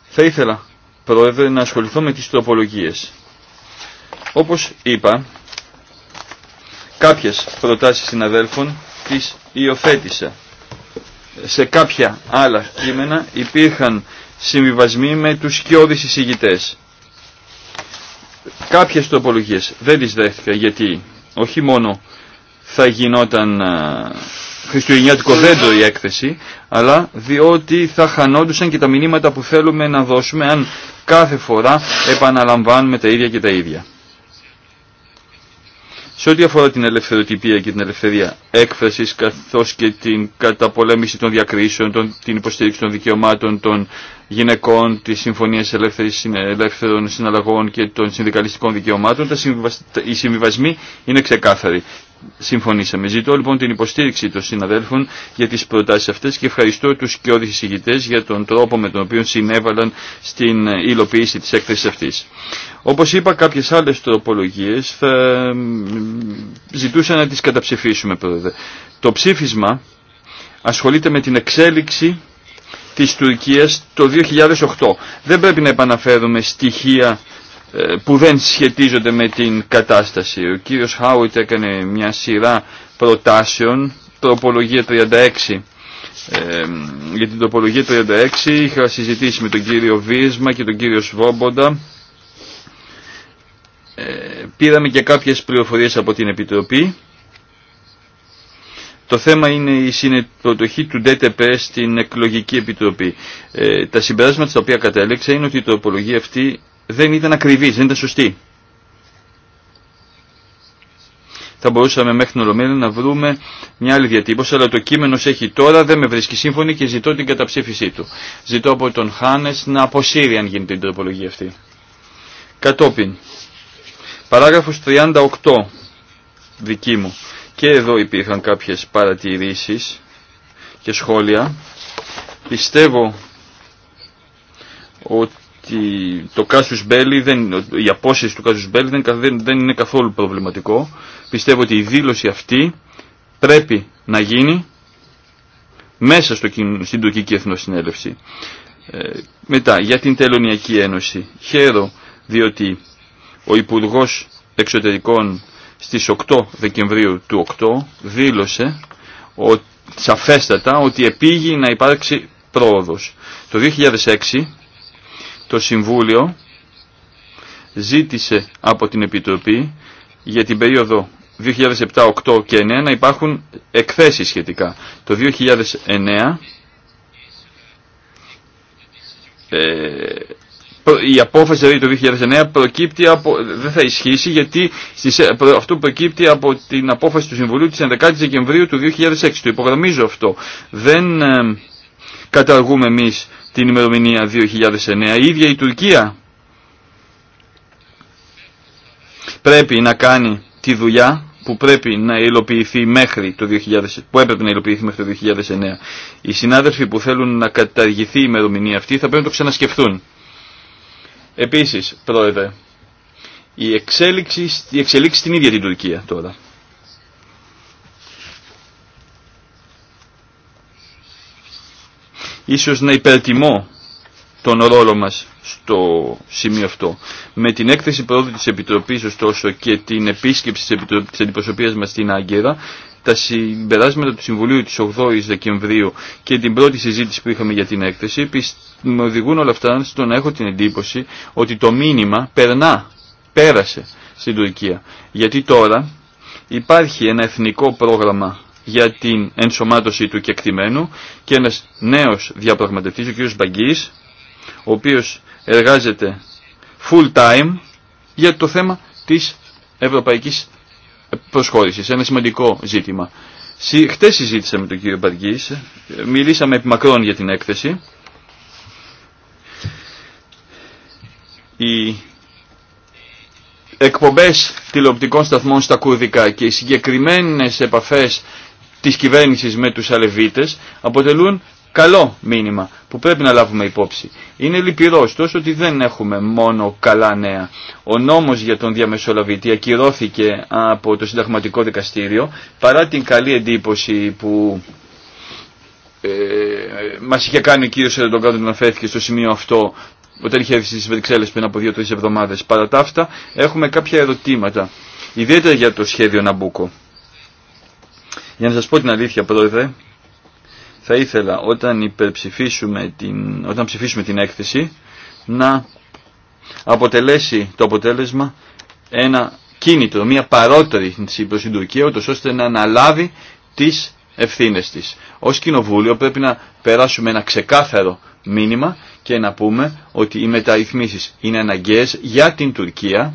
Θα ήθελα, Πρόεδρε, να ασχοληθώ με τις τροπολογίες. Όπως είπα, κάποιες προτάσεις συναδέλφων τις υιοθέτησα. Σε κάποια άλλα κείμενα υπήρχαν συμβιβασμοί με τους σκιώδεις εισηγητές. Κάποιες τοπολογίες δεν τις δέχτηκα γιατί όχι μόνο θα γινόταν ε, χριστουγεννιάτικο δέντρο η έκθεση, αλλά διότι θα χανόντουσαν και τα μηνύματα που θέλουμε να δώσουμε αν κάθε φορά επαναλαμβάνουμε τα ίδια και τα ίδια. Σε ό,τι αφορά την ελευθεροτυπία και την ελευθερία έκφρασης, καθώς και την καταπολέμηση των διακρίσεων, των, την υποστήριξη των δικαιωμάτων των γυναικών, τη συμφωνία ελεύθερων συναλλαγών και των συνδικαλιστικών δικαιωμάτων, τα συμβιβασ... οι συμβιβασμοί είναι ξεκάθαροι συμφωνήσαμε. Ζητώ λοιπόν την υποστήριξη των συναδέλφων για τις προτάσεις αυτές και ευχαριστώ τους και ηγητές για τον τρόπο με τον οποίο συνέβαλαν στην υλοποίηση της έκθεσης αυτής. Όπως είπα κάποιες άλλες τροπολογίες θα ζητούσα να τις καταψηφίσουμε πρόεδρε. Το ψήφισμα ασχολείται με την εξέλιξη της Τουρκίας το 2008. Δεν πρέπει να επαναφέρουμε στοιχεία ε, που δεν σχετίζονται με την κατάσταση. Ο κύριος Χάουιτ έκανε μια σειρά προτάσεων, τροπολογία 36. Ε, για την τροπολογία 36 είχα συζητήσει με τον κύριο Βίσμα και τον κύριο Σβόμποντα. Ε, πήραμε και κάποιες πληροφορίες από την Επιτροπή. Το θέμα είναι η συνεπροτοχή του ΔΤΠ στην εκλογική επιτροπή. Ε, τα συμπεράσματα στα οποία κατέληξα είναι ότι η τροπολογία αυτή δεν ήταν ακριβής, δεν ήταν σωστή. Θα μπορούσαμε μέχρι την Ολομέλεια να βρούμε μια άλλη διατύπωση, αλλά το κείμενο έχει τώρα, δεν με βρίσκει σύμφωνη και ζητώ την καταψήφισή του. Ζητώ από τον Χάνες να αποσύρει αν γίνεται η τροπολογία αυτή. Κατόπιν, παράγραφος 38, δική μου. Και εδώ υπήρχαν κάποιες παρατηρήσεις και σχόλια. Πιστεύω ότι το Belli δεν, η απόσυρση του Κάσου Belli δεν, δεν είναι καθόλου προβληματικό. Πιστεύω ότι η δήλωση αυτή πρέπει να γίνει μέσα στο, στην τουρκική εθνοσυνέλευση. Ε, μετά, για την Τελωνιακή Ένωση. Χαίρο διότι ο Υπουργό Εξωτερικών στις 8 Δεκεμβρίου του 8 δήλωσε ο, σαφέστατα ότι επήγει να υπάρξει πρόοδος. Το 2006 το Συμβούλιο ζήτησε από την Επιτροπή για την περίοδο 2007, 2008 και 2009 να υπάρχουν εκθέσεις σχετικά. Το 2009 ε, η απόφαση δηλαδή το 2009 προκύπτει από, δεν θα ισχύσει γιατί ε, αυτό προκύπτει από την απόφαση του Συμβουλίου της 11 Δεκεμβρίου του 2006. Το υπογραμμίζω αυτό. Δεν ε, καταργούμε εμείς την ημερομηνία 2009. Η ίδια η Τουρκία πρέπει να κάνει τη δουλειά που πρέπει να υλοποιηθεί μέχρι το 2000, που έπρεπε να υλοποιηθεί μέχρι το 2009. Οι συνάδελφοι που θέλουν να καταργηθεί η ημερομηνία αυτή θα πρέπει να το ξανασκεφτούν. Επίσης, πρόεδρε, η εξέλιξη, η εξέλιξη στην ίδια την Τουρκία τώρα. Ίσως να υπερτιμώ τον ρόλο μας στο σημείο αυτό. Με την έκθεση πρόοδου της Επιτροπής ωστόσο και την επίσκεψη της, Επιτροπ... της αντιπροσωπείας μας στην Άγκυρα, τα συμπεράσματα του Συμβουλίου της 8 η Δεκεμβρίου και την πρώτη συζήτηση που είχαμε για την έκθεση με οδηγούν όλα αυτά στο να έχω την εντύπωση ότι το μήνυμα περνά, πέρασε στην Τουρκία. Γιατί τώρα υπάρχει ένα εθνικό πρόγραμμα για την ενσωμάτωση του κεκτημένου και ένας νέος διαπραγματευτής, ο κ. Μπαγκής, ο οποίος εργάζεται full time για το θέμα της ευρωπαϊκής προσχώρησης. Ένα σημαντικό ζήτημα. Χτες συζήτησα με τον κύριο Μπαγκής, μιλήσαμε επί μακρόν για την έκθεση. Οι εκπομπές τηλεοπτικών σταθμών στα κουρδικά και οι συγκεκριμένες επαφές της κυβέρνησης με τους αλεβίτες αποτελούν καλό μήνυμα που πρέπει να λάβουμε υπόψη. Είναι λυπηρό ωστόσο ότι δεν έχουμε μόνο καλά νέα. Ο νόμος για τον διαμεσολαβητή ακυρώθηκε από το συνταγματικό δικαστήριο παρά την καλή εντύπωση που ε, μας είχε κάνει ο κύριος Ερντογκάν να αναφέρθηκε στο σημείο αυτό όταν είχε έρθει στις Βρυξέλλες πριν από 2-3 εβδομάδες. Παρά τα αυτά έχουμε κάποια ερωτήματα, ιδιαίτερα για το σχέδιο Ναμπούκο. Για να σας πω την αλήθεια πρόεδρε, θα ήθελα όταν, την, όταν ψηφίσουμε την έκθεση να αποτελέσει το αποτέλεσμα ένα κίνητρο, μια παρότερη προς την Τουρκία, ούτως ώστε να αναλάβει τις ευθύνες της. Ως κοινοβούλιο πρέπει να περάσουμε ένα ξεκάθαρο μήνυμα και να πούμε ότι οι μεταρρυθμίσεις είναι αναγκαίες για την Τουρκία,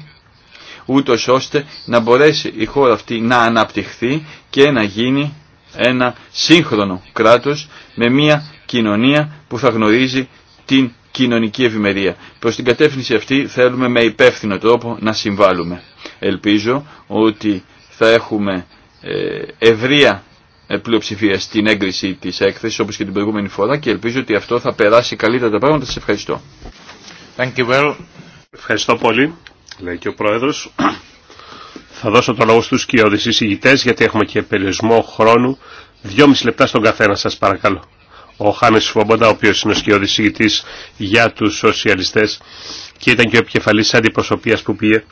ούτως ώστε να μπορέσει η χώρα αυτή να αναπτυχθεί και να γίνει ένα σύγχρονο κράτος με μια κοινωνία που θα γνωρίζει την κοινωνική ευημερία. Προς την κατεύθυνση αυτή θέλουμε με υπεύθυνο τρόπο να συμβάλλουμε. Ελπίζω ότι θα έχουμε ε, ευρεία ε, πλειοψηφία στην έγκριση της έκθεσης όπως και την προηγούμενη φορά και ελπίζω ότι αυτό θα περάσει καλύτερα τα πράγματα. Σας ευχαριστώ. Thank you well. Ευχαριστώ πολύ, λέει και ο Πρόεδρος. Θα δώσω το λόγο στους κοιόδης εισηγητές γιατί έχουμε και περιορισμό χρόνου. Δυόμιση λεπτά στον καθένα σας παρακαλώ. Ο Χάνες Φόμποντα, ο οποίος είναι ο σκιώδης ηγητής για τους σοσιαλιστές και ήταν και ο επικεφαλής αντιπροσωπείας που πήγε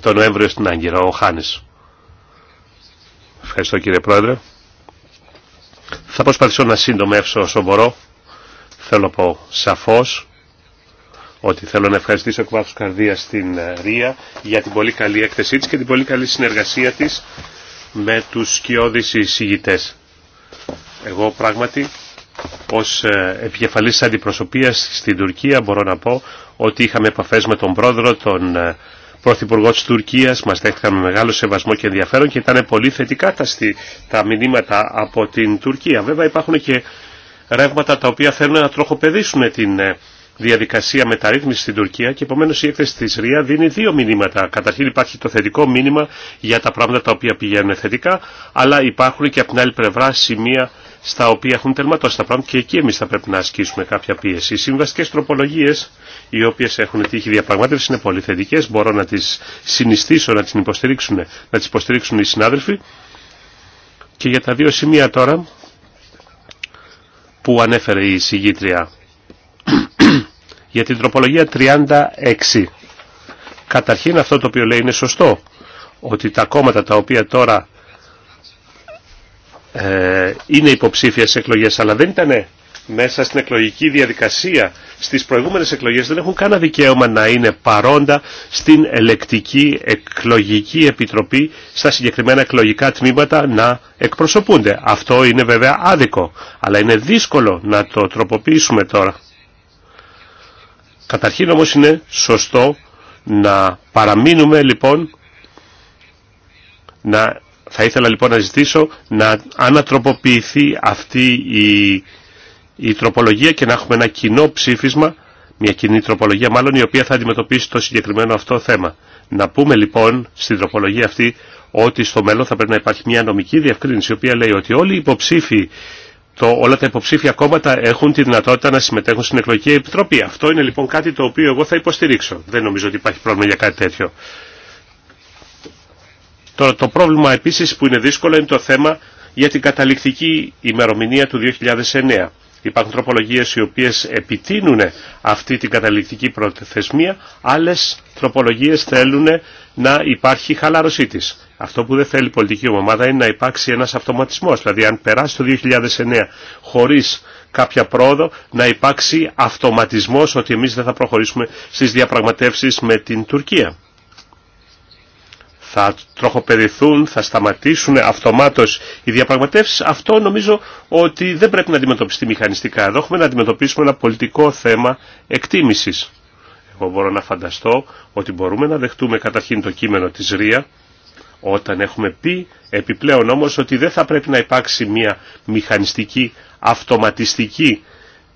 τον Νοέμβριο στην Άγκυρα, ο Χάνες. Ευχαριστώ κύριε Πρόεδρε. Θα προσπαθήσω να σύντομεύσω όσο μπορώ. Θέλω να πω σαφώς ότι θέλω να ευχαριστήσω εκ βάθους καρδίας στην ε, Ρία για την πολύ καλή έκθεσή της και την πολύ καλή συνεργασία της με τους σκιώδεις εισηγητές. Εγώ πράγματι ως ε, επικεφαλής αντιπροσωπείας στην Τουρκία μπορώ να πω ότι είχαμε επαφές με τον πρόεδρο, τον ε, Πρωθυπουργό τη Τουρκία μα δέχτηκαν με μεγάλο σεβασμό και ενδιαφέρον και ήταν πολύ θετικά τα, στι, τα μηνύματα από την Τουρκία. Βέβαια υπάρχουν και ρεύματα τα οποία θέλουν να τροχοπεδίσουν την διαδικασία μεταρρύθμιση στην Τουρκία και επομένω η έκθεση τη ΡΙΑ δίνει δύο μηνύματα. Καταρχήν υπάρχει το θετικό μήνυμα για τα πράγματα τα οποία πηγαίνουν θετικά, αλλά υπάρχουν και από την άλλη πλευρά σημεία στα οποία έχουν τελματώσει τα πράγματα και εκεί εμεί θα πρέπει να ασκήσουμε κάποια πίεση. Οι συμβαστικέ τροπολογίε, οι οποίε έχουν τύχει διαπραγμάτευση είναι πολύ θετικέ. μπορώ να τι συνιστήσω, να τι υποστηρίξουν, να τις υποστηρίξουν οι συνάδελφοι. Και για τα δύο σημεία τώρα που ανέφερε η συγκήτρια για την τροπολογία 36. Καταρχήν αυτό το οποίο λέει είναι σωστό, ότι τα κόμματα τα οποία τώρα ε, είναι υποψήφια σε εκλογές, αλλά δεν ήταν μέσα στην εκλογική διαδικασία στις προηγούμενες εκλογές δεν έχουν κανένα δικαίωμα να είναι παρόντα στην ελεκτική εκλογική επιτροπή στα συγκεκριμένα εκλογικά τμήματα να εκπροσωπούνται. Αυτό είναι βέβαια άδικο, αλλά είναι δύσκολο να το τροποποιήσουμε τώρα. Καταρχήν όμως είναι σωστό να παραμείνουμε λοιπόν, να, θα ήθελα λοιπόν να ζητήσω να ανατροποποιηθεί αυτή η, η τροπολογία και να έχουμε ένα κοινό ψήφισμα, μια κοινή τροπολογία μάλλον η οποία θα αντιμετωπίσει το συγκεκριμένο αυτό θέμα. Να πούμε λοιπόν στην τροπολογία αυτή ότι στο μέλλον θα πρέπει να υπάρχει μια νομική διευκρίνηση η οποία λέει ότι όλοι οι υποψήφοι το, όλα τα υποψήφια κόμματα έχουν τη δυνατότητα να συμμετέχουν στην εκλογική επιτροπή. Αυτό είναι λοιπόν κάτι το οποίο εγώ θα υποστηρίξω. Δεν νομίζω ότι υπάρχει πρόβλημα για κάτι τέτοιο. Το, το πρόβλημα επίσης που είναι δύσκολο είναι το θέμα για την καταληκτική ημερομηνία του 2009. Υπάρχουν τροπολογίες οι οποίες επιτείνουν αυτή την καταληκτική προθεσμία, άλλες τροπολογίες θέλουν να υπάρχει χαλάρωσή της. Αυτό που δεν θέλει η πολιτική ομάδα είναι να υπάρξει ένας αυτοματισμός, δηλαδή αν περάσει το 2009 χωρίς κάποια πρόοδο, να υπάρξει αυτοματισμός ότι εμείς δεν θα προχωρήσουμε στις διαπραγματεύσεις με την Τουρκία θα τροχοπεριθούν, θα σταματήσουν αυτομάτως οι διαπραγματεύσεις. Αυτό νομίζω ότι δεν πρέπει να αντιμετωπιστεί μηχανιστικά. Εδώ έχουμε να αντιμετωπίσουμε ένα πολιτικό θέμα εκτίμησης. Εγώ μπορώ να φανταστώ ότι μπορούμε να δεχτούμε καταρχήν το κείμενο της ΡΙΑ όταν έχουμε πει επιπλέον όμως ότι δεν θα πρέπει να υπάρξει μια μηχανιστική, αυτοματιστική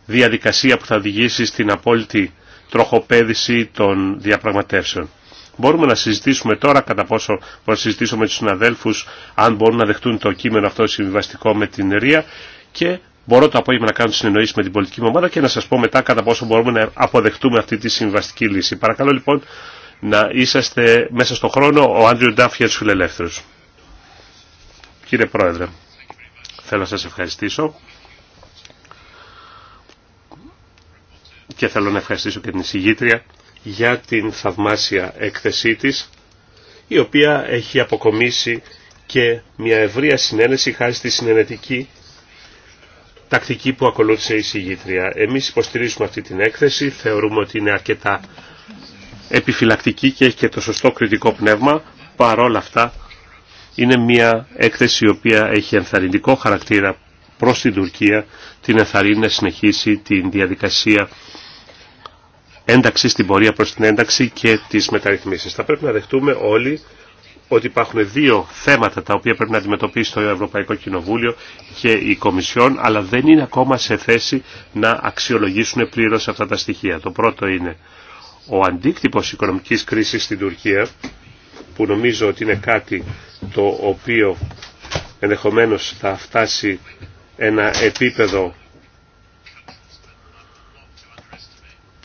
διαδικασία που θα οδηγήσει στην απόλυτη τροχοπέδηση των διαπραγματεύσεων. Μπορούμε να συζητήσουμε τώρα κατά πόσο μπορούμε να συζητήσουμε με τους συναδέλφους αν μπορούν να δεχτούν το κείμενο αυτό συμβιβαστικό με την ΡΙΑ και μπορώ το απόγευμα να κάνω συνεννοήσεις με την πολιτική μου ομάδα και να σας πω μετά κατά πόσο μπορούμε να αποδεχτούμε αυτή τη συμβιβαστική λύση. Παρακαλώ λοιπόν να είσαστε μέσα στον χρόνο ο Άντριου Ντάφ για τους φιλελεύθερους. Κύριε Πρόεδρε, θέλω να σας ευχαριστήσω και θέλω να ευχαριστήσω και την εισηγήτρια για την θαυμάσια έκθεσή της, η οποία έχει αποκομίσει και μια ευρεία συνένεση χάρη στη συνενετική τακτική που ακολούθησε η συγγήτρια. Εμείς υποστηρίζουμε αυτή την έκθεση, θεωρούμε ότι είναι αρκετά επιφυλακτική και έχει και το σωστό κριτικό πνεύμα. Παρόλα αυτά είναι μια έκθεση η οποία έχει ενθαρρυντικό χαρακτήρα προς την Τουρκία, την ενθαρρύνει να συνεχίσει την διαδικασία ένταξη στην πορεία προς την ένταξη και τις μεταρρυθμίσεις. Θα πρέπει να δεχτούμε όλοι ότι υπάρχουν δύο θέματα τα οποία πρέπει να αντιμετωπίσει το Ευρωπαϊκό Κοινοβούλιο και η Κομισιόν, αλλά δεν είναι ακόμα σε θέση να αξιολογήσουν πλήρως αυτά τα στοιχεία. Το πρώτο είναι ο αντίκτυπος οικονομικής κρίσης στην Τουρκία, που νομίζω ότι είναι κάτι το οποίο ενδεχομένως θα φτάσει ένα επίπεδο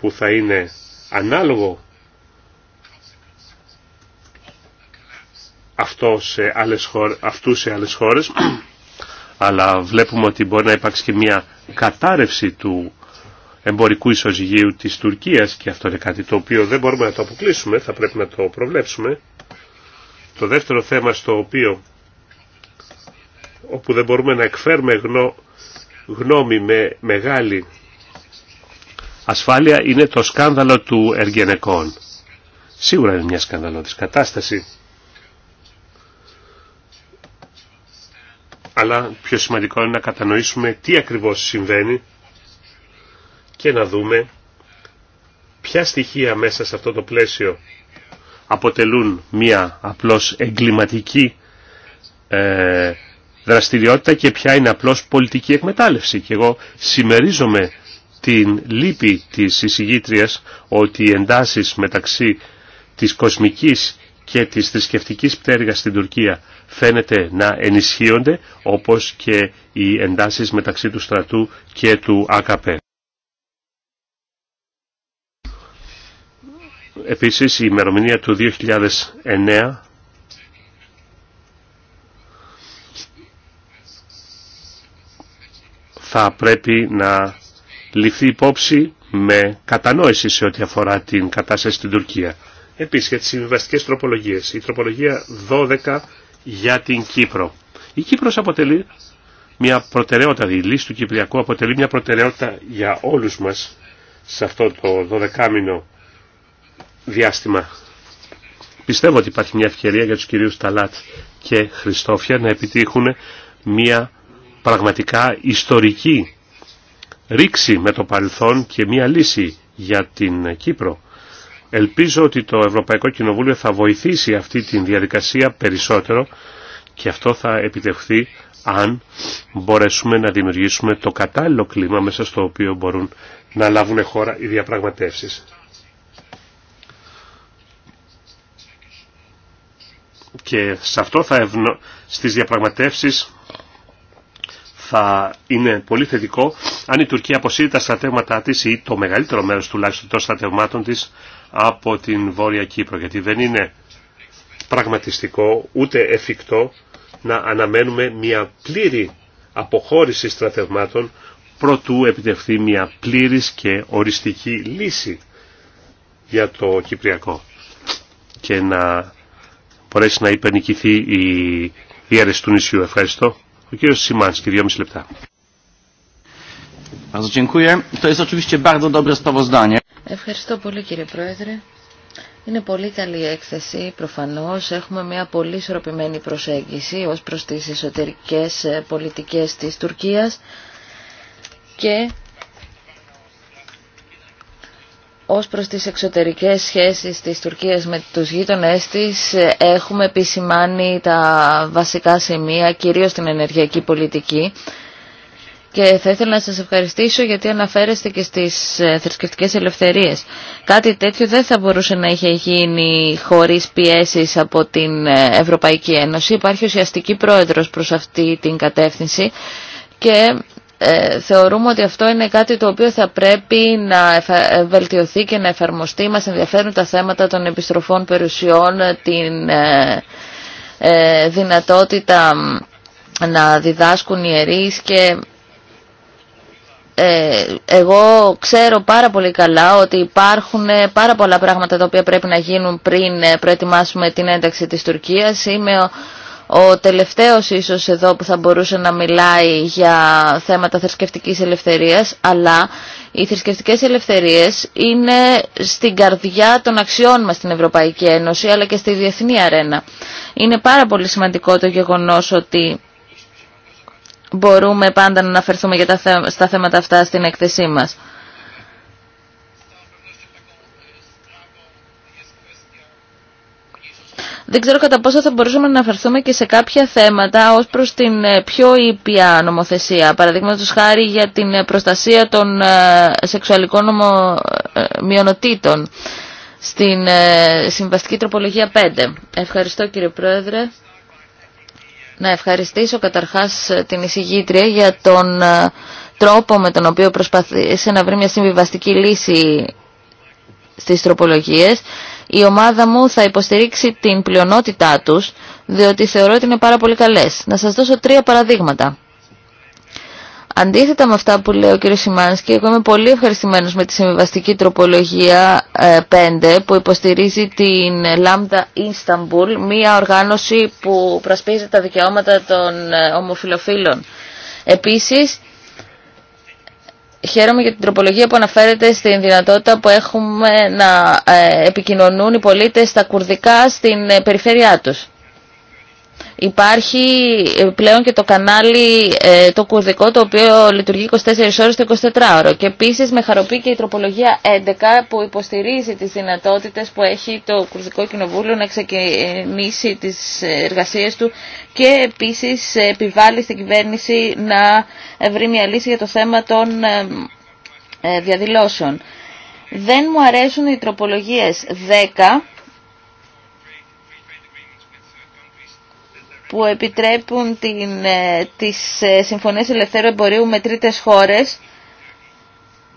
που θα είναι ανάλογο αυτό σε άλλες αυτού σε άλλες χώρες αλλά βλέπουμε ότι μπορεί να υπάρξει και μια κατάρρευση του εμπορικού ισοζυγίου της Τουρκίας και αυτό είναι κάτι το οποίο δεν μπορούμε να το αποκλείσουμε, θα πρέπει να το προβλέψουμε. Το δεύτερο θέμα στο οποίο όπου δεν μπορούμε να εκφέρουμε γνώ, γνώμη με μεγάλη ασφάλεια είναι το σκάνδαλο του Εργενεκών. Σίγουρα είναι μια σκανδαλώδης κατάσταση. Αλλά πιο σημαντικό είναι να κατανοήσουμε τι ακριβώς συμβαίνει και να δούμε ποια στοιχεία μέσα σε αυτό το πλαίσιο αποτελούν μια απλώς εγκληματική ε, δραστηριότητα και ποια είναι απλώς πολιτική εκμετάλλευση. Και εγώ συμμερίζομαι την λύπη της εισηγήτριας ότι οι εντάσεις μεταξύ της κοσμικής και της θρησκευτική πτέρυγας στην Τουρκία φαίνεται να ενισχύονται όπως και οι εντάσεις μεταξύ του στρατού και του ΑΚΠ. Επίσης η ημερομηνία του 2009 θα πρέπει να ληφθεί υπόψη με κατανόηση σε ό,τι αφορά την κατάσταση στην Τουρκία. Επίσης για τις συμβιβαστικές τροπολογίες. Η τροπολογία 12 για την Κύπρο. Η Κύπρος αποτελεί μια προτεραιότητα, η λύση του Κυπριακού αποτελεί μια προτεραιότητα για όλους μας σε αυτό το 12 διάστημα. Πιστεύω ότι υπάρχει μια ευκαιρία για τους κυρίους Ταλάτ και Χριστόφια να επιτύχουν μια πραγματικά ιστορική ρίξει με το παρελθόν και μία λύση για την Κύπρο. Ελπίζω ότι το Ευρωπαϊκό Κοινοβούλιο θα βοηθήσει αυτή τη διαδικασία περισσότερο και αυτό θα επιτευχθεί αν μπορέσουμε να δημιουργήσουμε το κατάλληλο κλίμα μέσα στο οποίο μπορούν να λάβουν χώρα οι διαπραγματεύσεις. Και σε αυτό θα ευνο... στις διαπραγματεύσεις θα είναι πολύ θετικό αν η Τουρκία αποσύρει τα στρατεύματά της ή το μεγαλύτερο μέρος τουλάχιστον των στρατευμάτων της από την Βόρεια Κύπρο γιατί δεν είναι πραγματιστικό ούτε εφικτό να αναμένουμε μια πλήρη αποχώρηση στρατευμάτων προτού επιτευχθεί μια πλήρης και οριστική λύση για το Κυπριακό και να μπορέσει να υπερνικηθεί η ιέρε του νησιού. Ευχαριστώ. Ο Σιμάνσκι, λεπτά. Ευχαριστώ πολύ κύριε Πρόεδρε. Είναι πολύ καλή η έκθεση. Προφανώς έχουμε μια πολύ ισορροπημένη προσέγγιση ως προς τις εσωτερικές ε, πολιτικές της Τουρκίας και ως προς τις εξωτερικές σχέσεις της Τουρκίας με τους γείτονές της ε, έχουμε επισημάνει τα βασικά σημεία, κυρίως την ενεργειακή πολιτική. Και θα ήθελα να σας ευχαριστήσω γιατί αναφέρεστε και στις ε, θρησκευτικές ελευθερίες. Κάτι τέτοιο δεν θα μπορούσε να είχε γίνει χωρίς πιέσεις από την ε, Ευρωπαϊκή Ένωση. Υπάρχει ουσιαστική πρόεδρος προς αυτή την κατεύθυνση και ε, θεωρούμε ότι αυτό είναι κάτι το οποίο θα πρέπει να βελτιωθεί και να εφαρμοστεί. Μας ενδιαφέρουν τα θέματα των επιστροφών περιουσιών, την ε, ε, δυνατότητα να διδάσκουν ιερείς και ε, εγώ ξέρω πάρα πολύ καλά ότι υπάρχουν πάρα πολλά πράγματα τα οποία πρέπει να γίνουν πριν προετοιμάσουμε την ένταξη της Τουρκίας. Είμαι ο τελευταίος ίσως εδώ που θα μπορούσε να μιλάει για θέματα θρησκευτικής ελευθερίας, αλλά οι θρησκευτικές ελευθερίες είναι στην καρδιά των αξιών μας στην Ευρωπαϊκή Ένωση, αλλά και στη διεθνή αρένα. Είναι πάρα πολύ σημαντικό το γεγονός ότι μπορούμε πάντα να αναφερθούμε για τα, στα θέματα αυτά στην έκθεσή μας. Δεν ξέρω κατά πόσο θα μπορούσαμε να αναφερθούμε και σε κάποια θέματα ως προς την ε, πιο ήπια νομοθεσία. Παραδείγματο χάρη για την ε, προστασία των ε, σεξουαλικών νομο... μειονοτήτων στην Συμβαστική Τροπολογία 5. Ευχαριστώ κύριε Πρόεδρε. Να ευχαριστήσω καταρχάς την εισηγήτρια για τον τρόπο με τον οποίο προσπαθήσε να βρει μια συμβιβαστική λύση στις τροπολογίες η ομάδα μου θα υποστηρίξει την πλειονότητά τους, διότι θεωρώ ότι είναι πάρα πολύ καλές. Να σας δώσω τρία παραδείγματα. Αντίθετα με αυτά που λέει ο κ. Σιμάνσκι, εγώ είμαι πολύ ευχαριστημένο με τη συμβιβαστική τροπολογία 5 ε, που υποστηρίζει την Λάμδα Ινσταμπούλ, μια οργάνωση που προσπίζει τα δικαιώματα των ε, ομοφιλοφίλων. Επίσης, Χαίρομαι για την τροπολογία που αναφέρεται στην δυνατότητα που έχουμε να ε, επικοινωνούν οι πολίτες στα κουρδικά στην ε, περιφέρειά τους. Υπάρχει ε, πλέον και το κανάλι ε, το κουρδικό το οποίο λειτουργεί 24 ώρες το 24ωρο και επίσης με χαροποιεί και η τροπολογία 11 που υποστηρίζει τις δυνατότητες που έχει το κουρδικό κοινοβούλιο να ξεκινήσει τις εργασίες του και επίσης επιβάλλει στην κυβέρνηση να βρει μια λύση για το θέμα των ε, διαδηλώσεων. Δεν μου αρέσουν οι τροπολογίες 10 που επιτρέπουν την, ε, τις ε, συμφωνίες ελευθέρου εμπορίου με τρίτες χώρες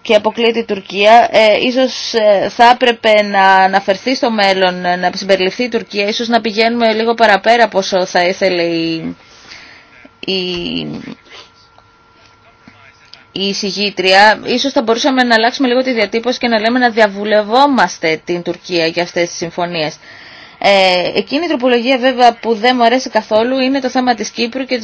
και αποκλείεται η Τουρκία. Ε, ίσως ε, θα έπρεπε να αναφερθεί στο μέλλον, να συμπεριληφθεί η Τουρκία, ίσως να πηγαίνουμε λίγο παραπέρα από θα ήθελε η, η, η εισηγήτρια. Ίσως θα μπορούσαμε να αλλάξουμε λίγο τη διατύπωση και να λέμε να διαβουλευόμαστε την Τουρκία για αυτές τις συμφωνίες. Ε, εκείνη η τροπολογία βέβαια που δεν μου αρέσει καθόλου είναι το θέμα της Κύπρου και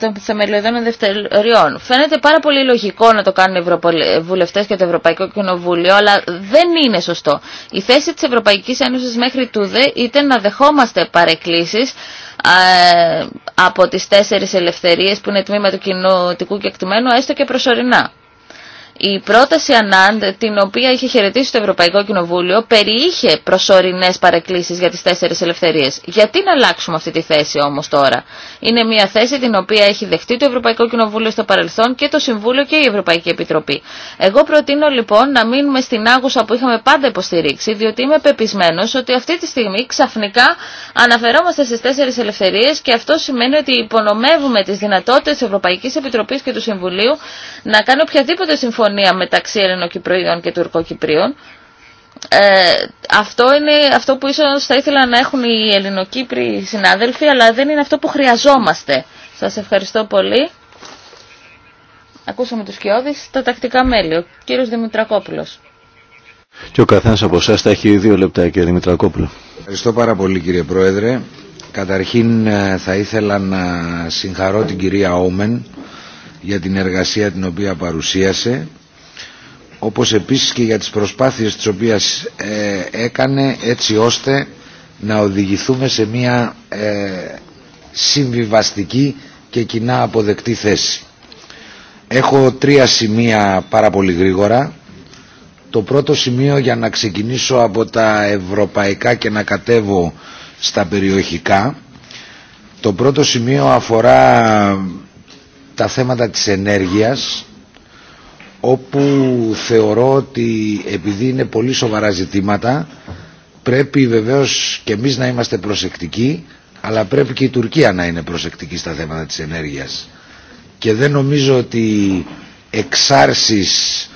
των θεμελιωδών δευτεριών. Φαίνεται πάρα πολύ λογικό να το κάνουν οι Ευρωβουλευτές και το Ευρωπαϊκό Κοινοβούλιο, αλλά δεν είναι σωστό. Η θέση της Ευρωπαϊκής Ένωσης μέχρι τούδε ήταν να δεχόμαστε παρεκκλήσεις ε, από τις τέσσερις ελευθερίες που είναι τμήμα του κοινωτικού κεκτημένου, έστω και προσωρινά. Η πρόταση Ανάντ, την οποία είχε χαιρετήσει το Ευρωπαϊκό Κοινοβούλιο, περιείχε προσωρινέ παρεκκλήσει για τι τέσσερι ελευθερίε. Γιατί να αλλάξουμε αυτή τη θέση όμω τώρα. Είναι μια θέση την οποία έχει δεχτεί το Ευρωπαϊκό Κοινοβούλιο στο παρελθόν και το Συμβούλιο και η Ευρωπαϊκή Επιτροπή. Εγώ προτείνω λοιπόν να μείνουμε στην άγουσα που είχαμε πάντα υποστηρίξει, διότι είμαι πεπισμένο ότι αυτή τη στιγμή ξαφνικά αναφερόμαστε στι τέσσερι ελευθερίε και αυτό σημαίνει ότι υπονομεύουμε τι δυνατότητε τη Ευρωπαϊκή Επιτροπή και του Συμβουλίου να κάνει οποιαδήποτε συμφωνία συμφωνία μεταξύ Ελληνοκυπρίων και Τουρκοκυπρίων. Ε, αυτό είναι αυτό που ίσως θα ήθελα να έχουν οι Ελληνοκύπροι συνάδελφοι, αλλά δεν είναι αυτό που χρειαζόμαστε. Σας ευχαριστώ πολύ. Ακούσαμε τους Κιώδης, τα τακτικά μέλη, ο κύριος Δημητρακόπουλος. Και ο καθένας από εσά θα έχει δύο λεπτά, κύριε Δημητρακόπουλο. Ευχαριστώ πάρα πολύ κύριε Πρόεδρε. Καταρχήν ε, θα ήθελα να συγχαρώ την κυρία Όμεν για την εργασία την οποία παρουσίασε όπως επίσης και για τις προσπάθειες τις οποίες ε, έκανε έτσι ώστε να οδηγηθούμε σε μια ε, συμβιβαστική και κοινά αποδεκτή θέση. Έχω τρία σημεία πάρα πολύ γρήγορα. Το πρώτο σημείο για να ξεκινήσω από τα ευρωπαϊκά και να κατέβω στα περιοχικά. Το πρώτο σημείο αφορά τα θέματα της ενέργειας όπου θεωρώ ότι επειδή είναι πολύ σοβαρά ζητήματα πρέπει βεβαίως και εμείς να είμαστε προσεκτικοί αλλά πρέπει και η Τουρκία να είναι προσεκτική στα θέματα της ενέργειας και δεν νομίζω ότι εξάρσεις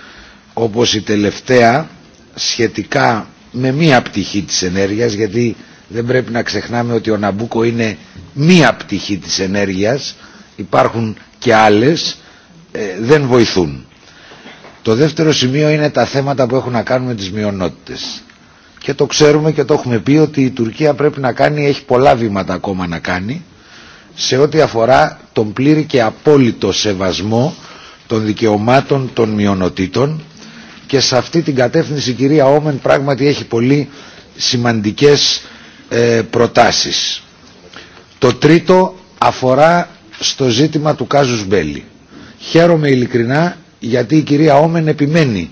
όπως η τελευταία σχετικά με μία πτυχή της ενέργειας γιατί δεν πρέπει να ξεχνάμε ότι ο Ναμπούκο είναι μία πτυχή της ενέργειας υπάρχουν και άλλες ε, δεν βοηθούν το δεύτερο σημείο είναι τα θέματα που έχουν να κάνουν με τις μειονότητες. Και το ξέρουμε και το έχουμε πει ότι η Τουρκία πρέπει να κάνει, έχει πολλά βήματα ακόμα να κάνει, σε ό,τι αφορά τον πλήρη και απόλυτο σεβασμό των δικαιωμάτων των μειονοτήτων και σε αυτή την κατεύθυνση η κυρία Όμεν πράγματι έχει πολύ σημαντικές ε, προτάσεις. Το τρίτο αφορά στο ζήτημα του Κάζους Μπέλη. Χαίρομαι ειλικρινά γιατί η κυρία Όμεν επιμένει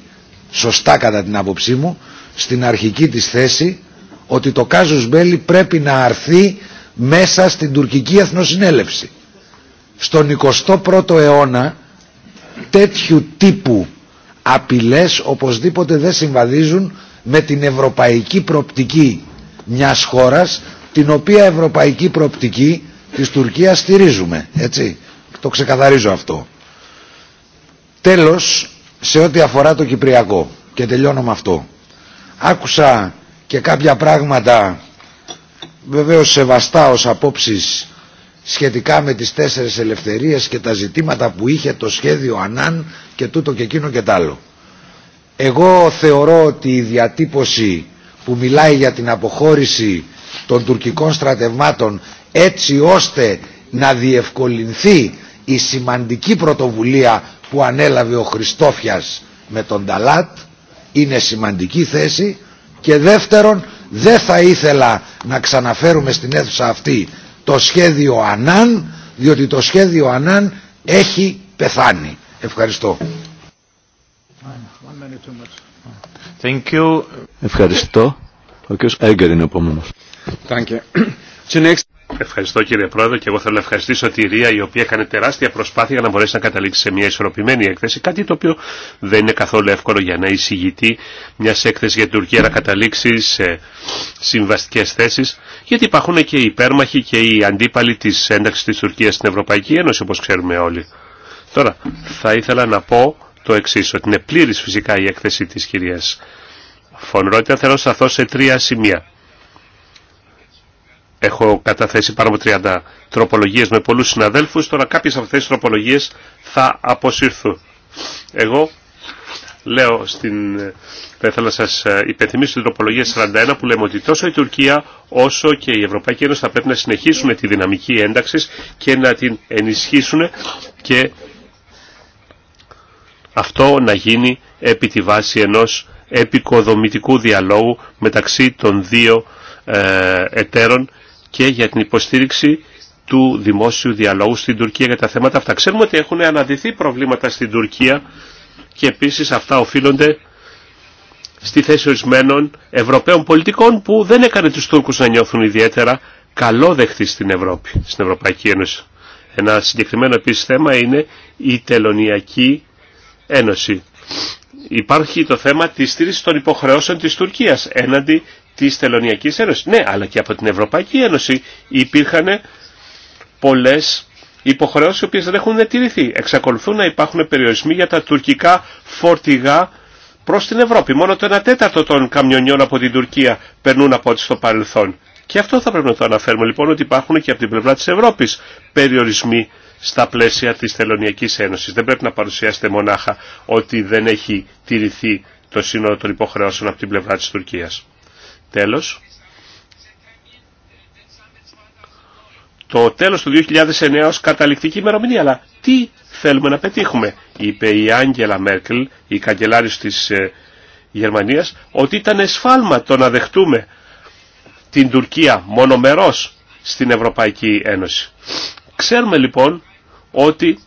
σωστά κατά την άποψή μου στην αρχική της θέση ότι το κάζους Μπέλη πρέπει να αρθεί μέσα στην τουρκική εθνοσυνέλευση. Στον 21ο αιώνα τέτοιου τύπου απειλές οπωσδήποτε δεν συμβαδίζουν με την ευρωπαϊκή προπτική μιας χώρας την οποία ευρωπαϊκή προπτική της Τουρκίας στηρίζουμε. Έτσι, το ξεκαθαρίζω αυτό. Τέλος, σε ό,τι αφορά το Κυπριακό, και τελειώνω με αυτό, άκουσα και κάποια πράγματα βεβαίως σεβαστά ως απόψεις σχετικά με τις τέσσερες ελευθερίες και τα ζητήματα που είχε το σχέδιο Ανάν και τούτο και εκείνο και τ' άλλο. Εγώ θεωρώ ότι η διατύπωση που μιλάει για την αποχώρηση των τουρκικών στρατευμάτων έτσι ώστε να διευκολυνθεί η σημαντική πρωτοβουλία που ανέλαβε ο Χριστόφιας με τον Ταλάτ είναι σημαντική θέση και δεύτερον δεν θα ήθελα να ξαναφέρουμε στην αίθουσα αυτή το σχέδιο Ανάν διότι το σχέδιο Ανάν έχει πεθάνει. Ευχαριστώ. Thank you. Ευχαριστώ. Ο κ. Έγκερ είναι ο επόμενος. Thank you. Ευχαριστώ κύριε Πρόεδρο και εγώ θέλω να ευχαριστήσω τη Ρία η οποία έκανε τεράστια προσπάθεια για να μπορέσει να καταλήξει σε μια ισορροπημένη έκθεση. Κάτι το οποίο δεν είναι καθόλου εύκολο για να εισηγητή μια έκθεση για την Τουρκία να καταλήξει σε συμβαστικέ θέσει. Γιατί υπάρχουν και οι υπέρμαχοι και οι αντίπαλοι τη ένταξη τη Τουρκία στην Ευρωπαϊκή Ένωση όπω ξέρουμε όλοι. Τώρα θα ήθελα να πω το εξή, ότι είναι πλήρη φυσικά η έκθεση τη κυρία Φων Θέλω να σταθώ σε τρία σημεία. Έχω καταθέσει πάνω από 30 τροπολογίες με πολλούς συναδέλφους, τώρα κάποιες από αυτές τις τροπολογίες θα αποσύρθουν. Εγώ λέω στην, θα ήθελα να σας ε, υπενθυμίσω την τροπολογία 41 που λέμε ότι τόσο η Τουρκία όσο και η Ευρωπαϊκή Ένωση θα πρέπει να συνεχίσουν τη δυναμική ένταξη και να την ενισχύσουν και αυτό να γίνει επί τη βάση ενός επικοδομητικού διαλόγου μεταξύ των δύο ε, εταίρων και για την υποστήριξη του δημόσιου διαλόγου στην Τουρκία για τα θέματα αυτά. Ξέρουμε ότι έχουν αναδυθεί προβλήματα στην Τουρκία και επίσης αυτά οφείλονται στη θέση ορισμένων Ευρωπαίων πολιτικών που δεν έκανε τους Τούρκους να νιώθουν ιδιαίτερα καλό στην Ευρώπη, στην Ευρωπαϊκή Ένωση. Ένα συγκεκριμένο επίσης θέμα είναι η Τελωνιακή Ένωση. Υπάρχει το θέμα της στήριξης των υποχρεώσεων της Τουρκίας έναντι της Τελωνιακής Ένωσης. Ναι, αλλά και από την Ευρωπαϊκή Ένωση υπήρχαν πολλές υποχρεώσεις οι οποίες δεν έχουν τηρηθεί. Εξακολουθούν να υπάρχουν περιορισμοί για τα τουρκικά φορτηγά προς την Ευρώπη. Μόνο το 1 τέταρτο των καμιονιών από την Τουρκία περνούν από ό,τι στο παρελθόν. Και αυτό θα πρέπει να το αναφέρουμε λοιπόν ότι υπάρχουν και από την πλευρά της Ευρώπης περιορισμοί στα πλαίσια της Θελωνιακής Ένωσης. Δεν πρέπει να παρουσιάσετε μονάχα ότι δεν έχει τηρηθεί το σύνολο των υποχρεώσεων από την πλευρά της Τουρκίας. Τέλος. Το τέλος του 2009 ως καταληκτική ημερομηνία, αλλά τι θέλουμε να πετύχουμε. Είπε η Άγγελα Μέρκελ, η καγκελάριος της ε, Γερμανίας, ότι ήταν εσφάλμα το να δεχτούμε την Τουρκία μονομερός στην Ευρωπαϊκή Ένωση. Ξέρουμε λοιπόν ότι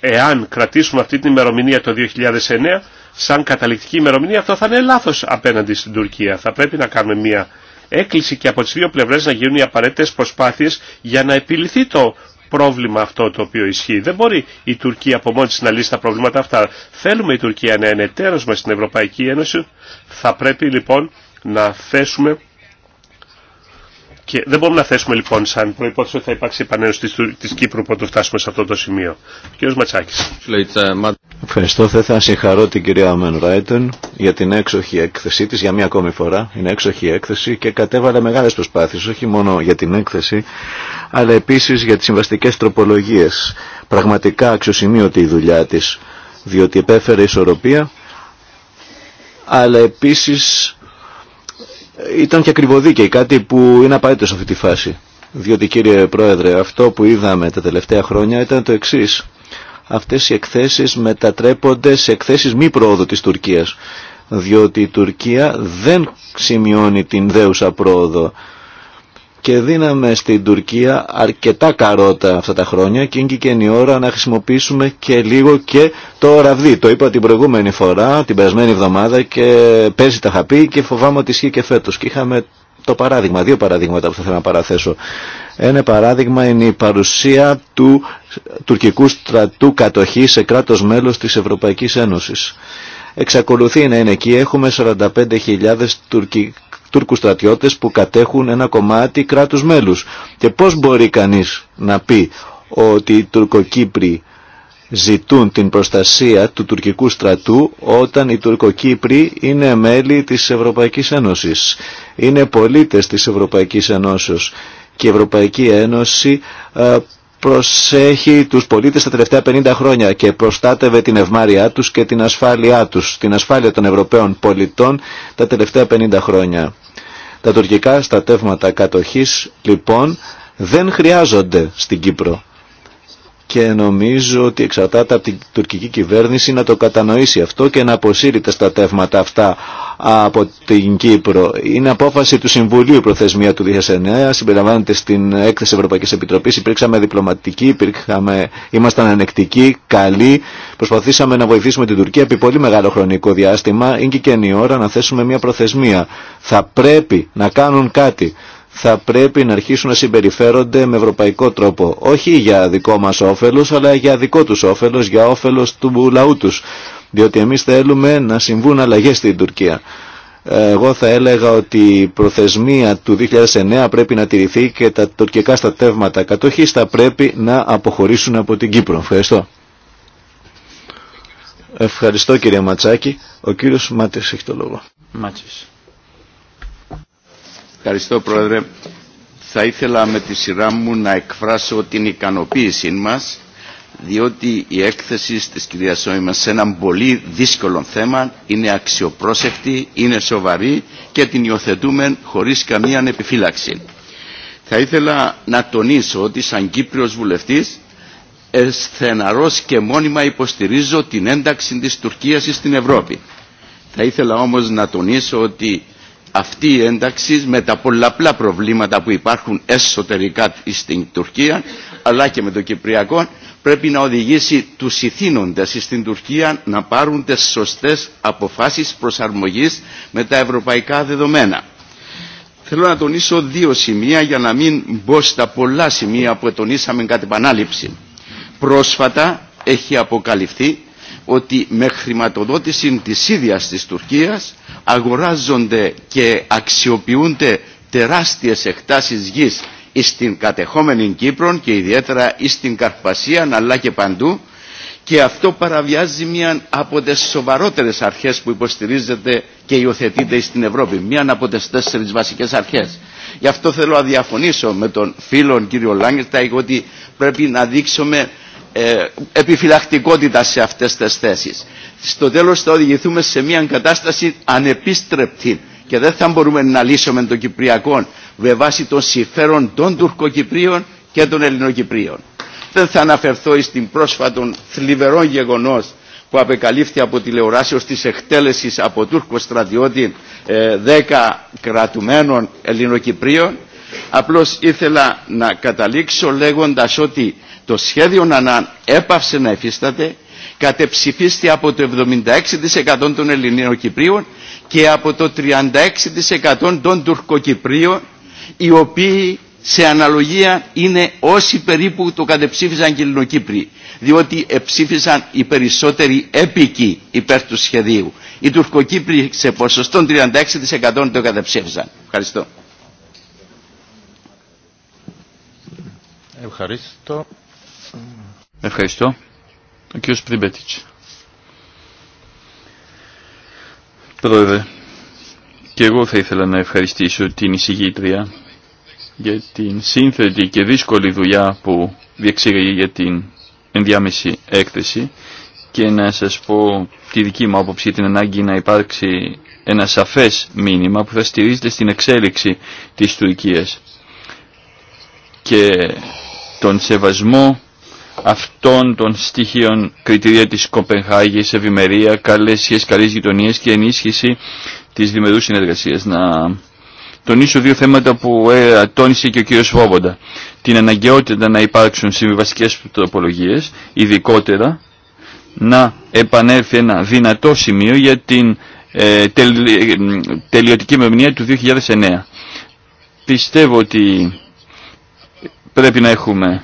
εάν κρατήσουμε αυτή την ημερομηνία το 2009 σαν καταληκτική ημερομηνία, αυτό θα είναι λάθος απέναντι στην Τουρκία. Θα πρέπει να κάνουμε μια έκκληση και από τις δύο πλευρές να γίνουν οι απαραίτητες προσπάθειες για να επιληθεί το πρόβλημα αυτό το οποίο ισχύει. Δεν μπορεί η Τουρκία από μόνη της να λύσει τα προβλήματα αυτά. Θέλουμε η Τουρκία να είναι εταίρος μας στην Ευρωπαϊκή Ένωση. Θα πρέπει λοιπόν να θέσουμε και δεν μπορούμε να θέσουμε λοιπόν σαν προϋπόθεση ότι θα υπάρξει επανένωση της, της Κύπρου πρωτού φτάσουμε σε αυτό το σημείο. Ο κ. Ματσάκης. Ευχαριστώ. Θα ήθελα να συγχαρώ την κυρία Αμέν Ράιτεν για την έξοχη έκθεσή της για μία ακόμη φορά. Είναι έξοχη έκθεση και κατέβαλε μεγάλες προσπάθειες όχι μόνο για την έκθεση αλλά επίσης για τις συμβαστικές τροπολογίες. Πραγματικά αξιοσημείωτη η δουλειά της διότι επέφερε ισορροπία αλλά επίσης ήταν και ακριβωδίκαιη, κάτι που είναι απαραίτητο σε αυτή τη φάση. Διότι κύριε Πρόεδρε, αυτό που είδαμε τα τελευταία χρόνια ήταν το εξή. Αυτέ οι εκθέσει μετατρέπονται σε εκθέσει μη πρόοδου τη Τουρκία, Διότι η Τουρκία δεν σημειώνει την δέουσα πρόοδο και δίναμε στην Τουρκία αρκετά καρότα αυτά τα χρόνια και είναι και η ώρα να χρησιμοποιήσουμε και λίγο και το ραβδί. Το είπα την προηγούμενη φορά, την περασμένη εβδομάδα και πέρσι τα είχα πει και φοβάμαι ότι ισχύει και φέτος. Και είχαμε το παράδειγμα, δύο παραδείγματα που θα θέλω να παραθέσω. Ένα παράδειγμα είναι η παρουσία του τουρκικού στρατού κατοχή σε κράτος μέλος της Ευρωπαϊκής Ένωσης. Εξακολουθεί να είναι εκεί. Έχουμε 45.000 Τουρκικού. Τούρκους στρατιώτες που κατέχουν ένα κομμάτι κράτους μέλους. Και πώς μπορεί κανείς να πει ότι οι Τουρκοκύπροι ζητούν την προστασία του τουρκικού στρατού όταν οι Τουρκοκύπροι είναι μέλη της Ευρωπαϊκής Ένωσης. Είναι πολίτες της Ευρωπαϊκής Ένωσης και η Ευρωπαϊκή Ένωση ε, προσέχει τους πολίτες τα τελευταία 50 χρόνια και προστάτευε την ευμάρειά τους και την ασφάλειά τους, την ασφάλεια των Ευρωπαίων πολιτών τα τελευταία 50 χρόνια. Τα τουρκικά στατεύματα κατοχής λοιπόν δεν χρειάζονται στην Κύπρο και νομίζω ότι εξαρτάται από την τουρκική κυβέρνηση να το κατανοήσει αυτό και να αποσύρει τα στατεύματα αυτά από την Κύπρο. Είναι απόφαση του Συμβουλίου η προθεσμία του 2009, συμπεριλαμβάνεται στην έκθεση Ευρωπαϊκής Επιτροπής, υπήρξαμε διπλωματικοί, υπήρξαμε, ήμασταν ανεκτικοί, καλοί, προσπαθήσαμε να βοηθήσουμε την Τουρκία επί πολύ μεγάλο χρονικό διάστημα, είναι και, και η ώρα να θέσουμε μια προθεσμία. Θα πρέπει να κάνουν κάτι θα πρέπει να αρχίσουν να συμπεριφέρονται με ευρωπαϊκό τρόπο. Όχι για δικό μας όφελος, αλλά για δικό τους όφελος, για όφελος του λαού τους. Διότι εμείς θέλουμε να συμβούν αλλαγές στην Τουρκία. Εγώ θα έλεγα ότι η προθεσμία του 2009 πρέπει να τηρηθεί και τα τουρκικά στατεύματα κατοχής θα πρέπει να αποχωρήσουν από την Κύπρο. Ευχαριστώ. Ευχαριστώ κύριε Ματσάκη. Ο κύριος Μάτης έχει το λόγο. Μάτσης. Ευχαριστώ Πρόεδρε. Θα ήθελα με τη σειρά μου να εκφράσω την ικανοποίησή μας διότι η έκθεση της κυρίας Σόιμα σε έναν πολύ δύσκολο θέμα είναι αξιοπρόσεκτη, είναι σοβαρή και την υιοθετούμε χωρίς καμία επιφύλαξη. Θα ήθελα να τονίσω ότι σαν Κύπριος βουλευτής εσθεναρός και μόνιμα υποστηρίζω την ένταξη της Τουρκίας στην Ευρώπη. Θα ήθελα όμως να τονίσω ότι αυτή η ένταξη με τα πολλαπλά προβλήματα που υπάρχουν εσωτερικά στην Τουρκία αλλά και με το Κυπριακό πρέπει να οδηγήσει τους ηθήνοντες στην Τουρκία να πάρουν τις σωστές αποφάσεις προσαρμογής με τα ευρωπαϊκά δεδομένα. Θέλω να τονίσω δύο σημεία για να μην μπω στα πολλά σημεία που τονίσαμε κατά επανάληψη. Πρόσφατα έχει αποκαλυφθεί ότι με χρηματοδότηση της ίδιας της Τουρκίας αγοράζονται και αξιοποιούνται τεράστιες εκτάσεις γης στην κατεχόμενη Κύπρο και ιδιαίτερα στην Καρπασία αλλά και παντού και αυτό παραβιάζει μία από τις σοβαρότερες αρχές που υποστηρίζεται και υιοθετείται στην Ευρώπη. Μία από τις τέσσερις βασικές αρχές. Γι' αυτό θέλω να διαφωνήσω με τον φίλο κύριο Λάγκερτα ότι πρέπει να δείξουμε ε, επιφυλακτικότητα σε αυτές τις θέσεις. Στο τέλος θα οδηγηθούμε σε μια κατάσταση ανεπίστρεπτη και δεν θα μπορούμε να λύσουμε το Κυπριακό με βάση των συμφέρων των Τουρκοκυπρίων και των Ελληνοκυπρίων. Δεν θα αναφερθώ την πρόσφατον θλιβερό γεγονός που απεκαλύφθη από τηλεοράσεως της εκτέλεσης από Τούρκο στρατιώτη 10 ε, κρατουμένων Ελληνοκυπρίων. Απλώς ήθελα να καταλήξω λέγοντας ότι το σχέδιο να έπαυσε να εφίσταται κατεψηφίστη από το 76% των Ελληνοκυπρίων και από το 36% των Τουρκοκυπρίων οι οποίοι σε αναλογία είναι όσοι περίπου το κατεψήφισαν και οι Ελληνοκύπροι διότι εψήφισαν οι περισσότεροι έπικοι υπέρ του σχεδίου. Οι Τουρκοκύπροι σε ποσοστό 36% το κατεψήφισαν. Ευχαριστώ. Ευχαριστώ. Ευχαριστώ. Ο κ. Πριμπέτιτς. Πρόεδρε, και εγώ θα ήθελα να ευχαριστήσω την εισηγήτρια για την σύνθετη και δύσκολη δουλειά που διεξήγαγε για την ενδιάμεση έκθεση και να σας πω τη δική μου άποψη την ανάγκη να υπάρξει ένα σαφές μήνυμα που θα στηρίζεται στην εξέλιξη της Τουρκίας και τον σεβασμό αυτών των στοιχείων κριτήρια της Κοπενχάγης, ευημερία, καλές σχέσεις, καλές γειτονίες και ενίσχυση της δημιουργού συνεργασίας. Να τονίσω δύο θέματα που ε, τόνισε και ο κύριος Βόμποντα. Την αναγκαιότητα να υπάρξουν συμβιβαστικές τροπολογίες, ειδικότερα να επανέλθει ένα δυνατό σημείο για την ε, τελ, τελειωτική μεμνία του 2009. Πιστεύω ότι πρέπει να έχουμε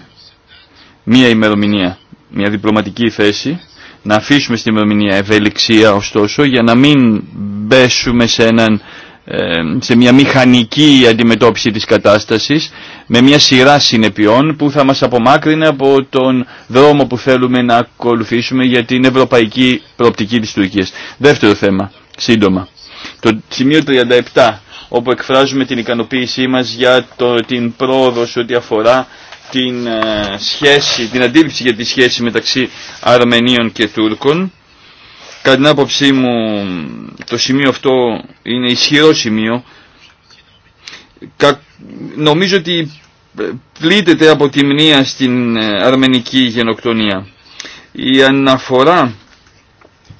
μία ημερομηνία, μία διπλωματική θέση, να αφήσουμε στην ημερομηνία ευελιξία ωστόσο για να μην μπέσουμε σε, έναν, ε, σε μια μηχανική αντιμετώπιση της κατάστασης με μια σειρά συνεπειών που θα μας απομάκρυνε από τον δρόμο που θέλουμε να ακολουθήσουμε για την ευρωπαϊκή προοπτική της Τουρκίας. Δεύτερο θέμα, σύντομα. Το σημείο 37 όπου εκφράζουμε την ικανοποίησή μας για την πρόοδο ό,τι αφορά την, ε, σχέση, την αντίληψη για τη σχέση μεταξύ Αρμενίων και Τούρκων. Κατά την άποψή μου το σημείο αυτό είναι ισχυρό σημείο. Νομίζω ότι ε, πλήττεται από τη μνήα στην ε, αρμενική γενοκτονία. Η αναφορά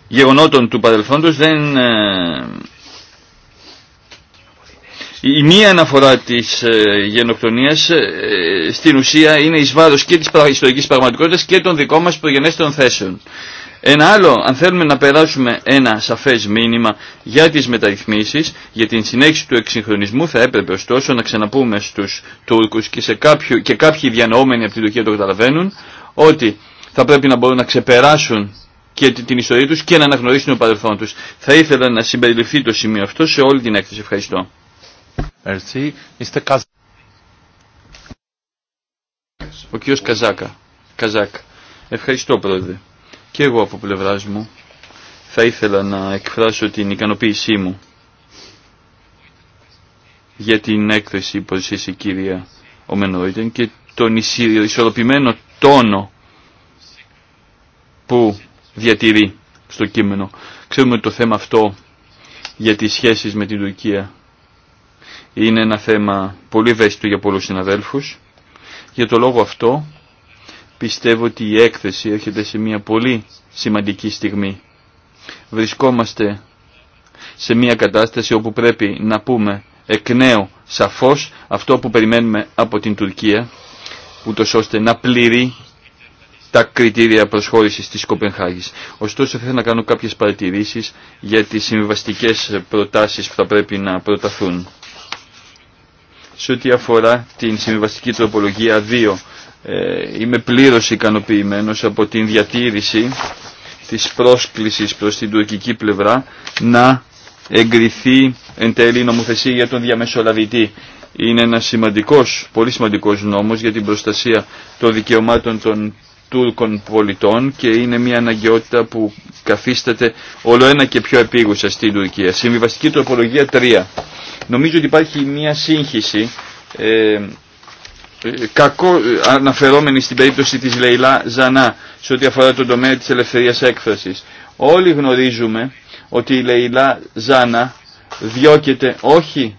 γεγονότων του παρελθόντος δεν η μία αναφορά της ε, γενοκτονίας ε, στην ουσία είναι εις βάρος και της ιστορικής πραγματικότητας και των δικών μας προγενέστερων θέσεων. Ένα άλλο, αν θέλουμε να περάσουμε ένα σαφές μήνυμα για τις μεταρρυθμίσεις, για την συνέχιση του εξυγχρονισμού, θα έπρεπε ωστόσο να ξαναπούμε στους Τούρκους και, σε και κάποιοι διανοούμενοι από την Τουρκία το καταλαβαίνουν, ότι θα πρέπει να μπορούν να ξεπεράσουν και την ιστορία τους και να αναγνωρίσουν το παρελθόν τους. Θα ήθελα να συμπεριληφθεί το σημείο αυτό σε όλη την έκθεση. Ευχαριστώ. Merci. Mr. Ο κύριος Καζάκα. Ευχαριστώ πρόεδρε. Και εγώ από πλευρά μου θα ήθελα να εκφράσω την ικανοποίησή μου για την έκθεση που η κυρία Ομενόιτεν και τον ισορροπημένο τόνο που διατηρεί στο κείμενο. Ξέρουμε ότι το θέμα αυτό για τις σχέσεις με την Τουρκία είναι ένα θέμα πολύ ευαίσθητο για πολλούς συναδέλφους. Για το λόγο αυτό πιστεύω ότι η έκθεση έρχεται σε μια πολύ σημαντική στιγμή. Βρισκόμαστε σε μια κατάσταση όπου πρέπει να πούμε εκ νέου σαφώς αυτό που περιμένουμε από την Τουρκία, ούτω ώστε να πληρεί τα κριτήρια προσχώρησης της Κοπενχάγης. Ωστόσο θέλω να κάνω κάποιες παρατηρήσεις για τις συμβαστικές προτάσεις που θα πρέπει να προταθούν. Σε ό,τι αφορά την συμβιβαστική τροπολογία 2, ε, είμαι πλήρως ικανοποιημένος από την διατήρηση της πρόσκλησης προς την τουρκική πλευρά να εγκριθεί εν τέλει η νομοθεσία για τον διαμεσολαβητή. Είναι ένα σημαντικός, πολύ σημαντικός νόμος για την προστασία των δικαιωμάτων των Τούρκων πολιτών και είναι μια αναγκαιότητα που καθίσταται όλο ένα και πιο επίγουσα στην Τουρκία. Συμβιβαστική τροπολογία 3. Νομίζω ότι υπάρχει μια σύγχυση ε, ε, κακό ε, αναφερόμενη στην περίπτωση της Λεϊλά Ζανά σε ό,τι αφορά τον τομέα της ελευθερίας έκφρασης. Όλοι γνωρίζουμε ότι η Λεϊλά Ζάνα διώκεται όχι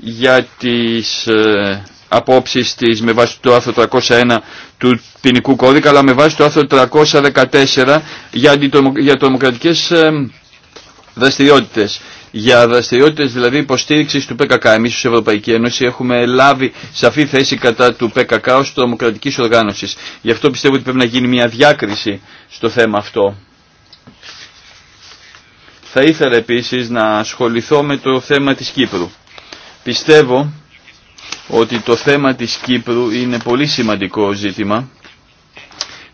για τις ε, απόψεις της με βάση το άρθρο 301 του ποινικού κώδικα αλλά με βάση το άρθρο 314 για, για τρομοκρατικές ε, δραστηριότητες για δραστηριότητες δηλαδή υποστήριξης του ΠΚΚ. Εμείς ως Ευρωπαϊκή Ένωση έχουμε λάβει σαφή θέση κατά του ΠΚΚ ως τρομοκρατικής οργάνωσης. Γι' αυτό πιστεύω ότι πρέπει να γίνει μια διάκριση στο θέμα αυτό. Θα ήθελα επίσης να ασχοληθώ με το θέμα της Κύπρου. Πιστεύω ότι το θέμα της Κύπρου είναι πολύ σημαντικό ζήτημα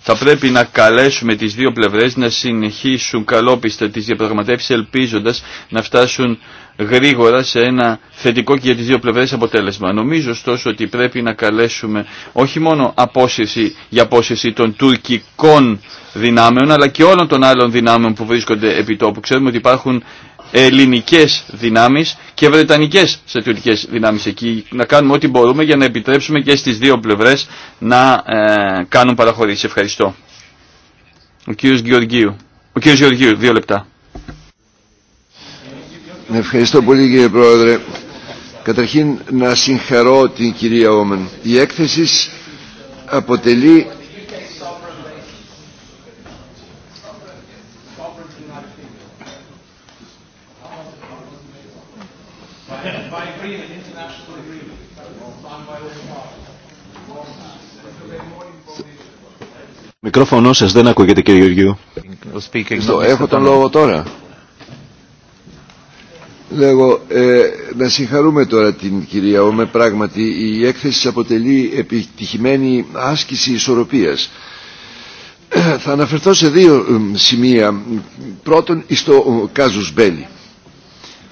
θα πρέπει να καλέσουμε τις δύο πλευρές να συνεχίσουν καλόπιστα τις διαπραγματεύσεις ελπίζοντας να φτάσουν γρήγορα σε ένα θετικό και για τις δύο πλευρές αποτέλεσμα. Νομίζω ωστόσο ότι πρέπει να καλέσουμε όχι μόνο απόσυρση για απόσυρση των τουρκικών δυνάμεων αλλά και όλων των άλλων δυνάμεων που βρίσκονται επί τόπου. Ξέρουμε ότι υπάρχουν ελληνικές δυνάμεις και βρετανικές στρατιωτικές δυνάμεις εκεί να κάνουμε ό,τι μπορούμε για να επιτρέψουμε και στις δύο πλευρές να ε, κάνουν παραχωρήσεις. Ευχαριστώ. Ο κύριος Γεωργίου. Ο κύριος Γεωργίου, δύο λεπτά. Ναι, ευχαριστώ πολύ κύριε Πρόεδρε. Καταρχήν να συγχαρώ την κυρία Όμεν. Η έκθεση αποτελεί Μικρόφωνο σα, δεν ακούγεται κύριε Γεωργίου. Έχω τον λόγο τώρα. Λέγω, ε, να συγχαρούμε τώρα την κυρία Όμε. Πράγματι, η έκθεση αποτελεί επιτυχημένη άσκηση ισορροπίας. Θα αναφερθώ σε δύο ε, σημεία. Πρώτον, στο κάζους Μπέλη.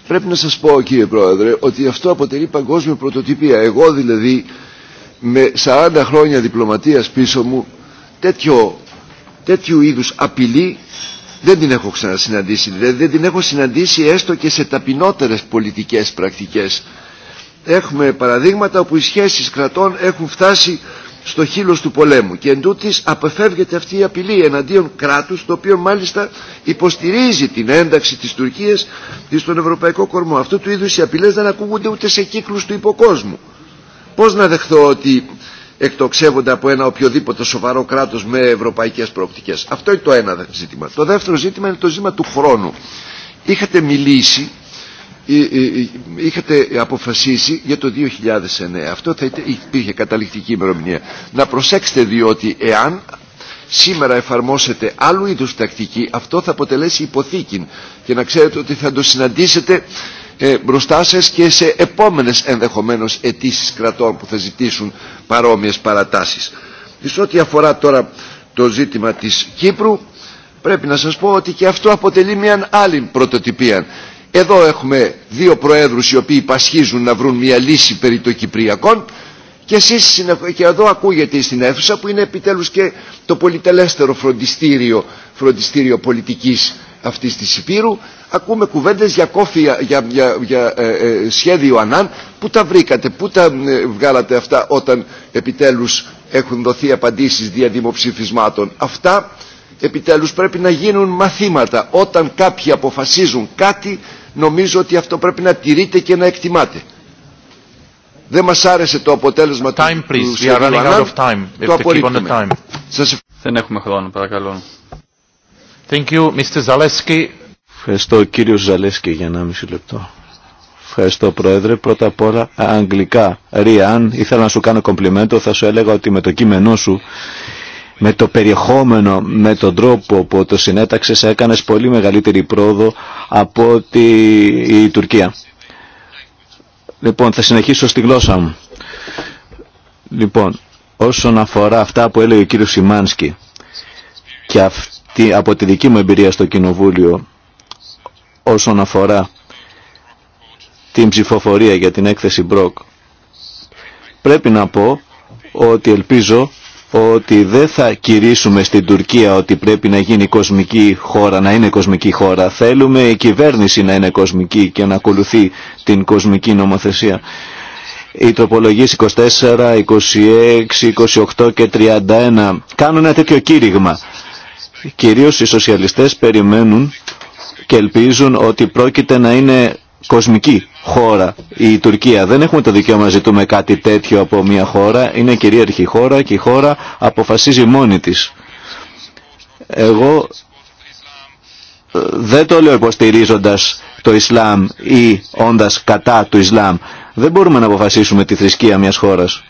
Πρέπει να σας πω, κύριε Πρόεδρε, ότι αυτό αποτελεί παγκόσμια πρωτοτυπία. Εγώ δηλαδή, με 40 χρόνια διπλωματίας πίσω μου, τέτοιο, τέτοιου είδους απειλή δεν την έχω ξανασυναντήσει. Δηλαδή δεν την έχω συναντήσει έστω και σε ταπεινότερες πολιτικές πρακτικές. Έχουμε παραδείγματα όπου οι σχέσεις κρατών έχουν φτάσει στο χείλος του πολέμου και εν τούτης απεφεύγεται αυτή η απειλή εναντίον κράτους το οποίο μάλιστα υποστηρίζει την ένταξη της Τουρκίας στον Ευρωπαϊκό Κορμό. Αυτού του είδους οι απειλές δεν ακούγονται ούτε σε κύκλους του υποκόσμου. Πώς να δεχθώ ότι εκτοξεύονται από ένα οποιοδήποτε σοβαρό κράτος με ευρωπαϊκές προοπτικές. Αυτό είναι το ένα ζήτημα. Το δεύτερο ζήτημα είναι το ζήτημα του χρόνου. Είχατε μιλήσει, ε, ε, ε, είχατε αποφασίσει για το 2009. Αυτό θα υπήρχε καταληκτική ημερομηνία. Να προσέξετε διότι εάν σήμερα εφαρμόσετε άλλου είδους τακτική αυτό θα αποτελέσει υποθήκη και να ξέρετε ότι θα το συναντήσετε ε, μπροστά σας και σε επόμενες ενδεχομένως αιτήσει κρατών που θα ζητήσουν παρόμοιες παρατάσεις. Σε ό,τι αφορά τώρα το ζήτημα της Κύπρου πρέπει να σας πω ότι και αυτό αποτελεί μια άλλη πρωτοτυπία. Εδώ έχουμε δύο προέδρους οι οποίοι πασχίζουν να βρουν μια λύση περί των Κυπριακών και εσείς και εδώ ακούγεται στην αίθουσα που είναι επιτέλους και το πολυτελέστερο φροντιστήριο, φροντιστήριο πολιτικής αυτής της Υπήρου ακούμε κουβέντες για, κόφια, για, για, για ε, ε, σχέδιο Ανάν που τα βρήκατε, που τα ε, βγάλατε αυτά όταν επιτέλους έχουν δοθεί απαντήσεις δια δημοψηφισμάτων αυτά επιτέλους πρέπει να γίνουν μαθήματα όταν κάποιοι αποφασίζουν κάτι νομίζω ότι αυτό πρέπει να τηρείται και να εκτιμάται δεν μας άρεσε το αποτέλεσμα time, του, του, σχεδίου Ανάν το απορρίπτουμε Ευχαριστώ κύριο Ζαλέσκη για μισή λεπτό. Ευχαριστώ Πρόεδρε. Πρώτα απ' όλα αγγλικά. Ριάν, ήθελα να σου κάνω κομπλιμέντο. Θα σου έλεγα ότι με το κείμενό σου, με το περιεχόμενο, με τον τρόπο που το συνέταξες έκανες πολύ μεγαλύτερη πρόοδο από ότι η Τουρκία. Λοιπόν, θα συνεχίσω στη γλώσσα μου. Λοιπόν, όσον αφορά αυτά που έλεγε ο κύριος Σιμάνσκι και αυτό από τη δική μου εμπειρία στο Κοινοβούλιο όσον αφορά την ψηφοφορία για την έκθεση Μπροκ. Πρέπει να πω ότι ελπίζω ότι δεν θα κηρύσουμε στην Τουρκία ότι πρέπει να γίνει κοσμική χώρα, να είναι κοσμική χώρα. Θέλουμε η κυβέρνηση να είναι κοσμική και να ακολουθεί την κοσμική νομοθεσία. Οι τροπολογίες 24, 26, 28 και 31 κάνουν ένα τέτοιο κήρυγμα Κυρίως οι σοσιαλιστές περιμένουν και ελπίζουν ότι πρόκειται να είναι κοσμική χώρα η Τουρκία. Δεν έχουμε το δικαίωμα να ζητούμε κάτι τέτοιο από μια χώρα. Είναι κυρίαρχη χώρα και η χώρα αποφασίζει μόνη της. Εγώ ε, δεν το λέω υποστηρίζοντα το Ισλάμ ή όντας κατά του Ισλάμ. Δεν μπορούμε να αποφασίσουμε τη θρησκεία μιας χώρας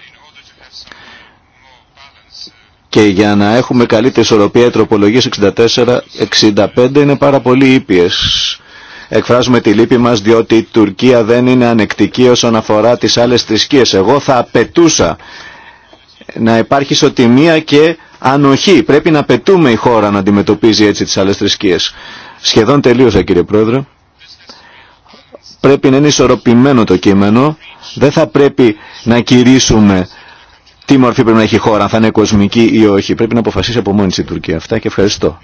και για να έχουμε καλύτερη ισορροπία η τροπολογια 64 64-65 είναι πάρα πολύ ήπιες. Εκφράζουμε τη λύπη μας διότι η Τουρκία δεν είναι ανεκτική όσον αφορά τις άλλες θρησκείες. Εγώ θα απαιτούσα να υπάρχει ισοτιμία και ανοχή. Πρέπει να απαιτούμε η χώρα να αντιμετωπίζει έτσι τις άλλες θρησκείες. Σχεδόν τελείωσα κύριε Πρόεδρε. Πρέπει να είναι ισορροπημένο το κείμενο. Δεν θα πρέπει να κηρύσουμε τι μορφή πρέπει να έχει η χώρα, αν θα είναι κοσμική ή όχι. Πρέπει να αποφασίσει από μόνη η Τουρκία. Αυτά και ευχαριστώ.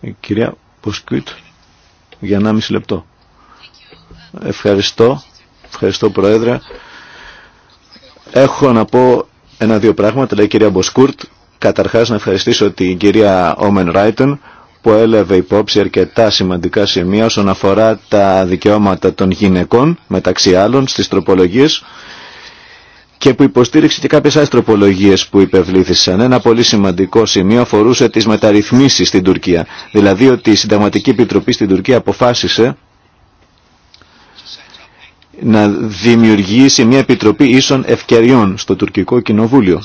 Η ε, κυρία Ποσκουίτ, για 1,5 λεπτό. Ευχαριστώ. Ευχαριστώ Πρόεδρε. Έχω να πω ένα-δύο πράγματα, λέει η κυρία Μποσκούρτ. Καταρχάς να ευχαριστήσω την κυρία Όμεν Ράιτεν που έλεβε υπόψη αρκετά σημαντικά σημεία όσον αφορά τα δικαιώματα των γυναικών μεταξύ άλλων στις τροπολογίες και που υποστήριξε και κάποιες άλλες τροπολογίες που υπευλήθησαν. Ένα πολύ σημαντικό σημείο αφορούσε τις μεταρρυθμίσεις στην Τουρκία. Δηλαδή ότι η Συνταγματική Επιτροπή στην Τουρκία αποφάσισε να δημιουργήσει μια επιτροπή ίσων ευκαιριών στο τουρκικό κοινοβούλιο.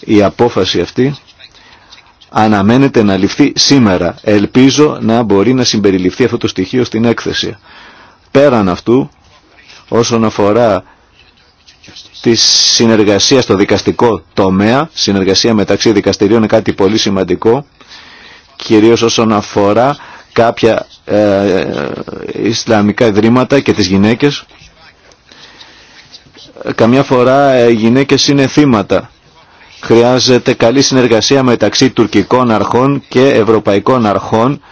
Η απόφαση αυτή αναμένεται να ληφθεί σήμερα. Ελπίζω να μπορεί να συμπεριληφθεί αυτό το στοιχείο στην έκθεση. Πέραν αυτού, όσον αφορά της συνεργασία στο δικαστικό τομέα. Συνεργασία μεταξύ δικαστηρίων είναι κάτι πολύ σημαντικό, κυρίως όσον αφορά κάποια ε, Ισλαμικά ιδρύματα και τις γυναίκες. Καμιά φορά ε, οι γυναίκες είναι θύματα. Χρειάζεται καλή συνεργασία μεταξύ τουρκικών αρχών και ευρωπαϊκών αρχών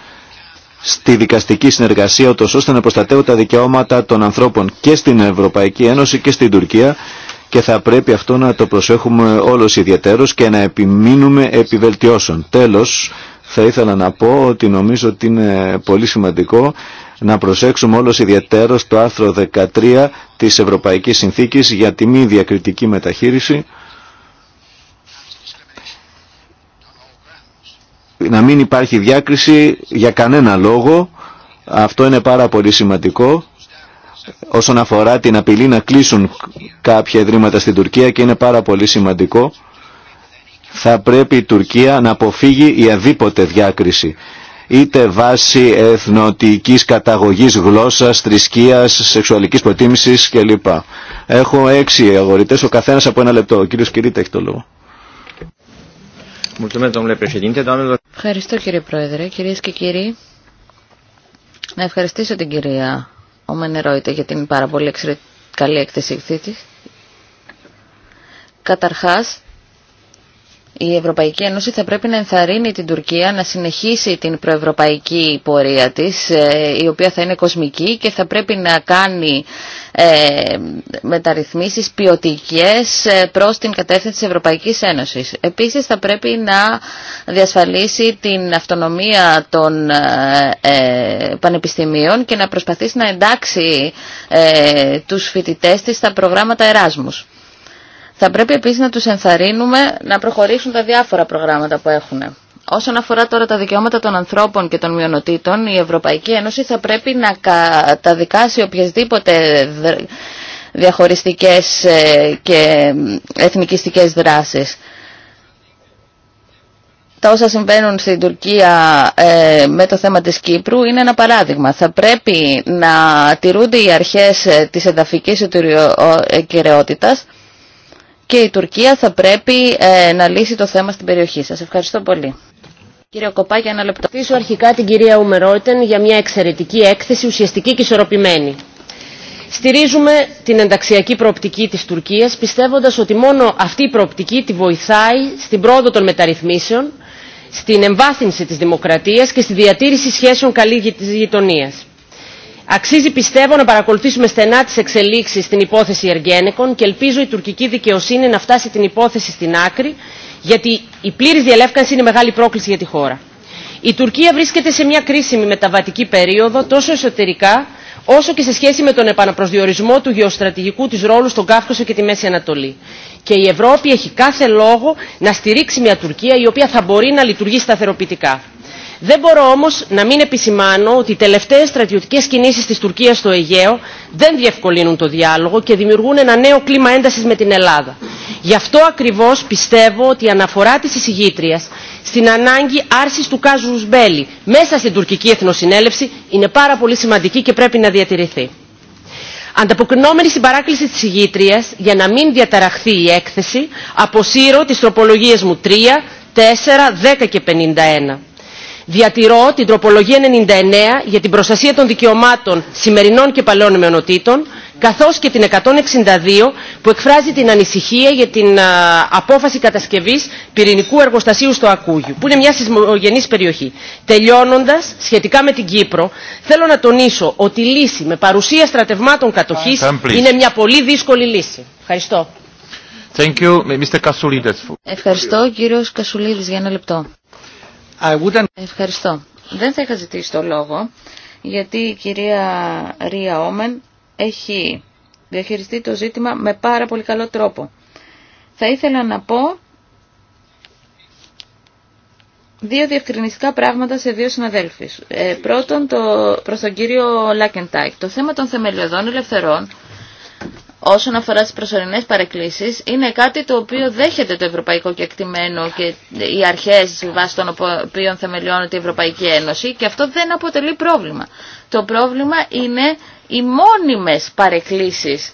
στη δικαστική συνεργασία ώστε να προστατεύουν τα δικαιώματα των ανθρώπων και στην Ευρωπαϊκή Ένωση και στην Τουρκία και θα πρέπει αυτό να το προσέχουμε όλος ιδιαίτερος και να επιμείνουμε επιβελτιώσεων. Τέλος, θα ήθελα να πω ότι νομίζω ότι είναι πολύ σημαντικό να προσέξουμε όλος ιδιαίτερος το άρθρο 13 της Ευρωπαϊκής Συνθήκης για τη μη διακριτική μεταχείριση να μην υπάρχει διάκριση για κανένα λόγο αυτό είναι πάρα πολύ σημαντικό όσον αφορά την απειλή να κλείσουν κάποια ιδρύματα στην Τουρκία και είναι πάρα πολύ σημαντικό. Θα πρέπει η Τουρκία να αποφύγει η αδίποτε διάκριση είτε βάση εθνοτικής καταγωγής γλώσσας, θρησκείας, σεξουαλικής προτίμησης κλπ. Έχω έξι αγορητές, ο καθένας από ένα λεπτό. Ο κύριος Κυρίτα έχει το λόγο. Ευχαριστώ κύριε Πρόεδρε. Κυρίες και κύριοι, να ευχαριστήσω την κυρία ο Μενερόιτε για την πάρα πολύ καλή εκθεσή της. Καταρχάς, η Ευρωπαϊκή Ένωση θα πρέπει να ενθαρρύνει την Τουρκία να συνεχίσει την προευρωπαϊκή πορεία της, ε, η οποία θα είναι κοσμική και θα πρέπει να κάνει ε, μεταρρυθμίσεις ποιοτικές ε, προς την κατεύθυνση της Ευρωπαϊκής Ένωσης. Επίσης θα πρέπει να διασφαλίσει την αυτονομία των πανεπιστημίων και να προσπαθήσει να εντάξει τους φοιτητές της στα προγράμματα Εράσμους. Θα πρέπει επίσης να τους ενθαρρύνουμε να προχωρήσουν τα διάφορα προγράμματα που έχουν. Όσον αφορά τώρα τα δικαιώματα των ανθρώπων και των μειονοτήτων, η Ευρωπαϊκή Ένωση θα πρέπει να καταδικάσει οποιασδήποτε διαχωριστικές ε, και εθνικιστικές δράσεις. Τα όσα συμβαίνουν στην Τουρκία ε, με το θέμα της Κύπρου είναι ένα παράδειγμα. Θα πρέπει να τηρούνται οι αρχές ε, της εδαφικής κυριότητας και η Τουρκία θα πρέπει ε, να λύσει το θέμα στην περιοχή σας. Ευχαριστώ πολύ. Κύριε Κοπάκη, για ένα λεπτό. αρχικά την κυρία Ουμερόιτεν για μια εξαιρετική έκθεση, ουσιαστική και ισορροπημένη. Στηρίζουμε την ενταξιακή προοπτική της Τουρκίας, πιστεύοντας ότι μόνο αυτή η προοπτική τη βοηθάει στην πρόοδο των μεταρρυθμίσεων, στην εμβάθυνση της δημοκρατίας και στη διατήρηση σχέσεων καλή γειτονίας. Αξίζει πιστεύω να παρακολουθήσουμε στενά τις εξελίξεις στην υπόθεση Εργένικων και ελπίζω η τουρκική δικαιοσύνη να φτάσει την υπόθεση στην άκρη γιατί η πλήρης διαλεύκανση είναι μεγάλη πρόκληση για τη χώρα. Η Τουρκία βρίσκεται σε μια κρίσιμη μεταβατική περίοδο τόσο εσωτερικά όσο και σε σχέση με τον επαναπροσδιορισμό του γεωστρατηγικού της ρόλου στον Κάφκοσο και τη Μέση Ανατολή. Και η Ευρώπη έχει κάθε λόγο να στηρίξει μια Τουρκία η οποία θα μπορεί να λειτουργεί σταθεροποιητικά. Δεν μπορώ όμως να μην επισημάνω ότι οι τελευταίες στρατιωτικές κινήσεις της Τουρκίας στο Αιγαίο δεν διευκολύνουν το διάλογο και δημιουργούν ένα νέο κλίμα έντασης με την Ελλάδα. Γι' αυτό ακριβώς πιστεύω ότι η αναφορά της εισηγήτριας στην ανάγκη άρσης του κάζου Ζουσμπέλη μέσα στην τουρκική εθνοσυνέλευση είναι πάρα πολύ σημαντική και πρέπει να διατηρηθεί. Ανταποκρινόμενη στην παράκληση της ηγήτριας για να μην διαταραχθεί η έκθεση, αποσύρω τι τροπολογίε μου 3, 4, 10 και 51. Διατηρώ την τροπολογία 99 για την προστασία των δικαιωμάτων σημερινών και παλαιών μειονοτήτων, καθώς και την 162 που εκφράζει την ανησυχία για την απόφαση κατασκευής πυρηνικού εργοστασίου στο Ακούγιο, που είναι μια σεισμογενής περιοχή. Τελειώνοντας, σχετικά με την Κύπρο, θέλω να τονίσω ότι η λύση με παρουσία στρατευμάτων κατοχής είναι μια πολύ δύσκολη λύση. Ευχαριστώ. Thank you, Mr. Ευχαριστώ, κύριος Κασουλίδης, για ένα λεπτό. Ευχαριστώ. Δεν θα είχα ζητήσει το λόγο, γιατί η κυρία Ρία Όμεν έχει διαχειριστεί το ζήτημα με πάρα πολύ καλό τρόπο. Θα ήθελα να πω δύο διευκρινιστικά πράγματα σε δύο συναδέλφους. Ε, πρώτον, το, προς τον κύριο Λάκεντάικ. Το θέμα των θεμελιωδών ελευθερών όσον αφορά τις προσωρινές παρεκκλήσεις είναι κάτι το οποίο δέχεται το ευρωπαϊκό κεκτημένο και οι αρχές βάσει των οποίων θεμελιώνεται η Ευρωπαϊκή Ένωση και αυτό δεν αποτελεί πρόβλημα. Το πρόβλημα είναι οι μόνιμες παρεκκλήσεις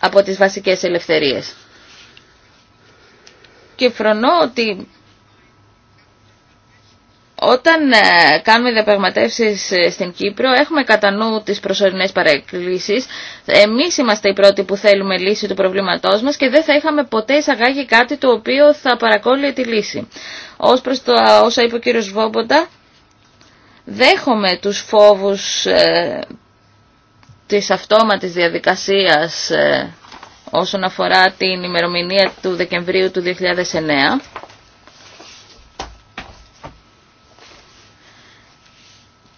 από τις βασικές ελευθερίες. Και φρονώ ότι όταν ε, κάνουμε διαπραγματεύσει ε, στην Κύπρο, έχουμε κατά νου τι προσωρινέ παρεκκλήσει. Εμεί είμαστε οι πρώτοι που θέλουμε λύση του προβλήματό μα και δεν θα είχαμε ποτέ εισαγάγει κάτι το οποίο θα παρακόλλει τη λύση. Ω προς το όσα είπε ο κύριο Βόμποντα, δέχομαι του φόβου ε, τη διαδικασία ε, όσον αφορά την ημερομηνία του Δεκεμβρίου του 2009.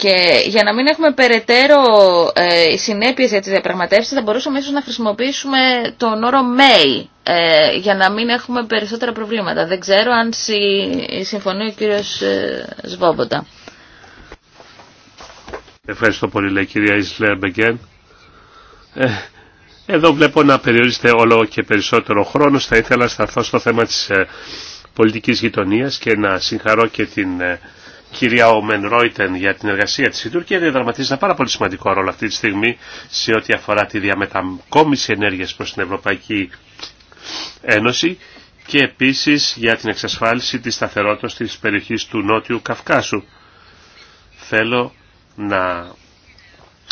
Και για να μην έχουμε περαιτέρω ε, συνέπειες για τις διαπραγματεύσεις θα μπορούσαμε ίσως να χρησιμοποιήσουμε τον όρο may ε, για να μην έχουμε περισσότερα προβλήματα. Δεν ξέρω αν συ, συμφωνεί ο κύριος ε, Σβόμποντα. Ευχαριστώ πολύ λέει κυρία κυρία Μπεγκέν. Ε, εδώ βλέπω να περιορίζεται όλο και περισσότερο χρόνο. Θα ήθελα να σταθώ στο θέμα της ε, πολιτικής γειτονίας και να συγχαρώ και την κυρία Ομεν Ρόιτεν για την εργασία της. Η Τουρκία διαδραματίζει ένα πάρα πολύ σημαντικό ρόλο αυτή τη στιγμή σε ό,τι αφορά τη διαμετακόμιση ενέργειας προς την Ευρωπαϊκή Ένωση και επίσης για την εξασφάλιση της σταθερότητας της περιοχής του Νότιου Καυκάσου. Θέλω να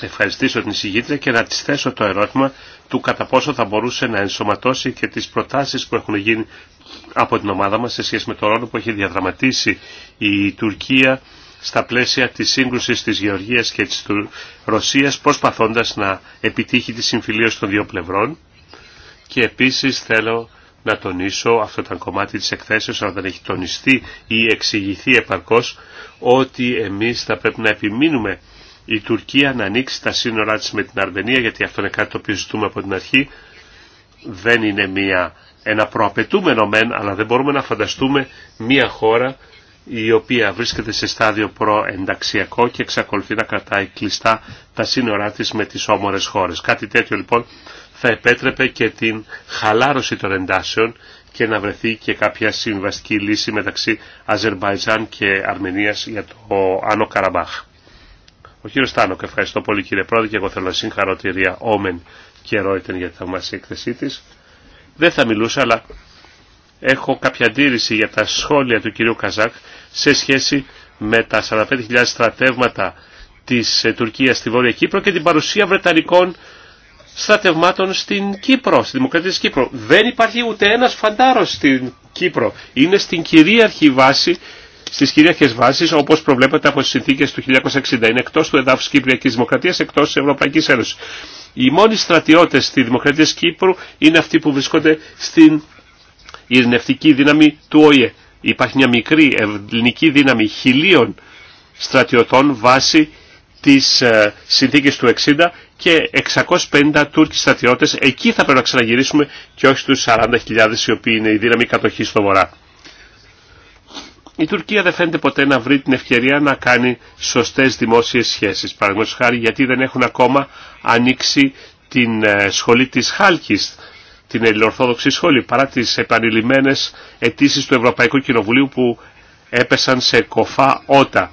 ευχαριστήσω την εισηγήτρια και να της θέσω το ερώτημα του κατά πόσο θα μπορούσε να ενσωματώσει και τις προτάσεις που έχουν γίνει από την ομάδα μας σε σχέση με τον ρόλο που έχει διαδραματίσει η Τουρκία στα πλαίσια της σύγκρουσης της Γεωργίας και της Ρωσίας προσπαθώντας να επιτύχει τη συμφιλίωση των δύο πλευρών και επίσης θέλω να τονίσω αυτό το κομμάτι της εκθέσεως αλλά δεν έχει τονιστεί ή εξηγηθεί επαρκώς ότι εμείς θα πρέπει να επιμείνουμε η Τουρκία να ανοίξει τα σύνορά της με την Αρμενία, γιατί αυτό είναι κάτι το οποίο ζητούμε από την αρχή. Δεν είναι μια, ένα προαπαιτούμενο μεν, αλλά δεν μπορούμε να φανταστούμε μια χώρα η οποία βρίσκεται σε στάδιο προενταξιακό και εξακολουθεί να κρατάει κλειστά τα σύνορά της με τις όμορες χώρες. Κάτι τέτοιο λοιπόν θα επέτρεπε και την χαλάρωση των εντάσεων και να βρεθεί και κάποια συμβαστική λύση μεταξύ Αζερμπαϊτζάν και Αρμενίας για το Άνω Καραμπάχ. Ο κύριο Τάνοκ, ευχαριστώ πολύ κύριε Πρόεδρε και εγώ θέλω να συγχαρώ τη Ρία Όμεν και Ρόιτεν για τη θαυμασία έκθεσή τη. Δεν θα μιλούσα, αλλά έχω κάποια αντίρρηση για τα σχόλια του κυρίου Καζάκ σε σχέση με τα 45.000 στρατεύματα της ε, Τουρκίας στη Βόρεια Κύπρο και την παρουσία Βρετανικών στρατευμάτων στην Κύπρο, στη Δημοκρατία της Κύπρου. Δεν υπάρχει ούτε ένας φαντάρος στην Κύπρο. Είναι στην κυρίαρχη βάση Στι κυρίαρχε βάσει, όπω προβλέπεται από τι συνθήκε του 1960. Είναι εκτό του εδάφους Κυπριακή Δημοκρατία, Δημοκρατίας, εκτός Ευρωπαϊκή Ένωση. Οι μόνοι στρατιώτε στη Δημοκρατία Κύπρου είναι αυτοί που βρισκόνται στην ειρηνευτική δύναμη του ΟΗΕ. Υπάρχει μια μικρή ελληνική δύναμη χιλίων στρατιωτών βάσει τι ε, του 1960 και 650 Τούρκοι στρατιώτε, Εκεί θα πρέπει να ξαναγυρίσουμε και όχι στους 40.000 οι οποίοι είναι η δύναμη κατοχή στο βορρά. Η Τουρκία δεν φαίνεται ποτέ να βρει την ευκαιρία να κάνει σωστές δημόσιες σχέσεις. Παραδείγματος χάρη γιατί δεν έχουν ακόμα ανοίξει την ε, σχολή της Χάλκης, την ελληνοορθόδοξη σχολή, παρά τις επανειλημμένες αιτήσει του Ευρωπαϊκού Κοινοβουλίου που έπεσαν σε κοφά ότα.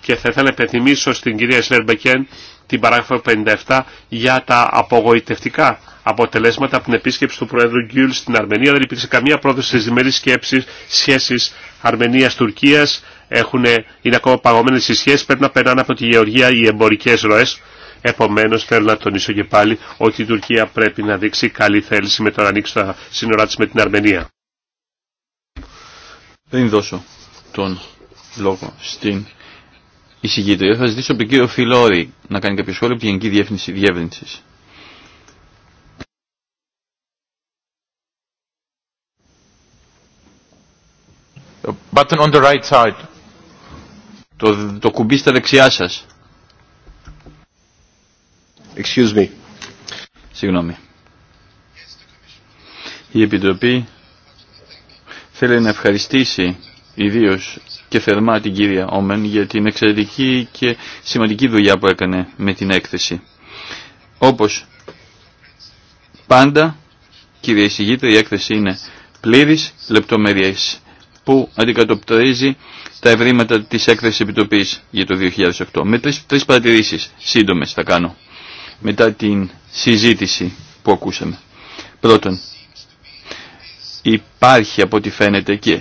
Και θα ήθελα να επενθυμίσω στην κυρία Σλερμπεκέν την παράγραφο 57 για τα απογοητευτικά αποτελέσματα από την επίσκεψη του Προέδρου Γκιουλ στην Αρμενία. Δεν υπήρξε καμία πρόθεση στι διμερεις σχεσει σκέψεις, σχέσεις Αρμενίας-Τουρκίας. Είναι ακόμα παγωμένε οι σχέσει, πρέπει να περνάνε από τη Γεωργία οι εμπορικέ ροέ. Επομένω, θέλω να τονίσω και πάλι ότι η Τουρκία πρέπει να δείξει καλή θέληση με το να ανοίξει τα σύνορά τη με την Αρμενία. Πριν δώσω τον λόγο στην εισηγήτρια, θα ζητήσω από τον κύριο Φιλόρη να κάνει κάποιο σχόλιο από τη Γενική Διεύθυνση διεύθυνση. Button on the right Το, το κουμπί στα δεξιά σας. Excuse Συγγνώμη. Η Επιτροπή θέλει να ευχαριστήσει ιδίως και θερμά την κυρία Όμεν για την εξαιρετική και σημαντική δουλειά που έκανε με την έκθεση. Όπως πάντα, κυρία εισηγήτρια, η έκθεση είναι πλήρης, λεπτομέρειας που αντικατοπτρίζει τα ευρήματα της έκθεσης επιτροπή για το 2008. Με τρει παρατηρήσει, παρατηρήσεις σύντομες θα κάνω μετά την συζήτηση που ακούσαμε. Πρώτον, υπάρχει από ό,τι φαίνεται και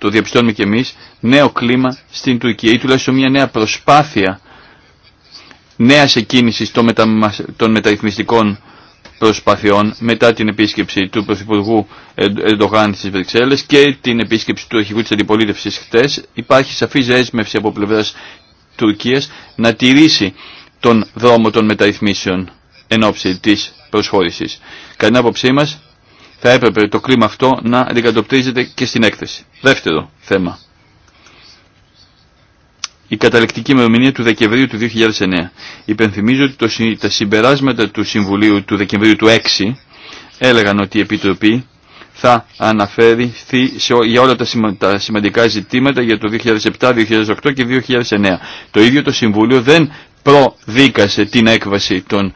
το διαπιστώνουμε και εμείς νέο κλίμα στην Τουρκία ή τουλάχιστον μια νέα προσπάθεια νέα εκκίνηση των, μετα... των μεταρρυθμιστικών σπαθιών μετά την επίσκεψη του Πρωθυπουργού Ερντογάν στις Βρυξέλλες και την επίσκεψη του αρχηγού τη αντιπολίτευσης χτες υπάρχει σαφή δέσμευση από πλευράς Τουρκίας να τηρήσει τον δρόμο των μεταρρυθμίσεων εν ώψη της προσχώρησης. Κατά την άποψή μας θα έπρεπε το κλίμα αυτό να αντικατοπτρίζεται και στην έκθεση. Δεύτερο θέμα η καταληκτική ημερομηνία του Δεκεμβρίου του 2009. Υπενθυμίζω ότι το, τα συμπεράσματα του Συμβουλίου του Δεκεμβρίου του 2006 έλεγαν ότι η Επιτροπή θα αναφέρει σε, για όλα τα, σημαντικά ζητήματα για το 2007, 2008 και 2009. Το ίδιο το Συμβούλιο δεν προδίκασε την έκβαση των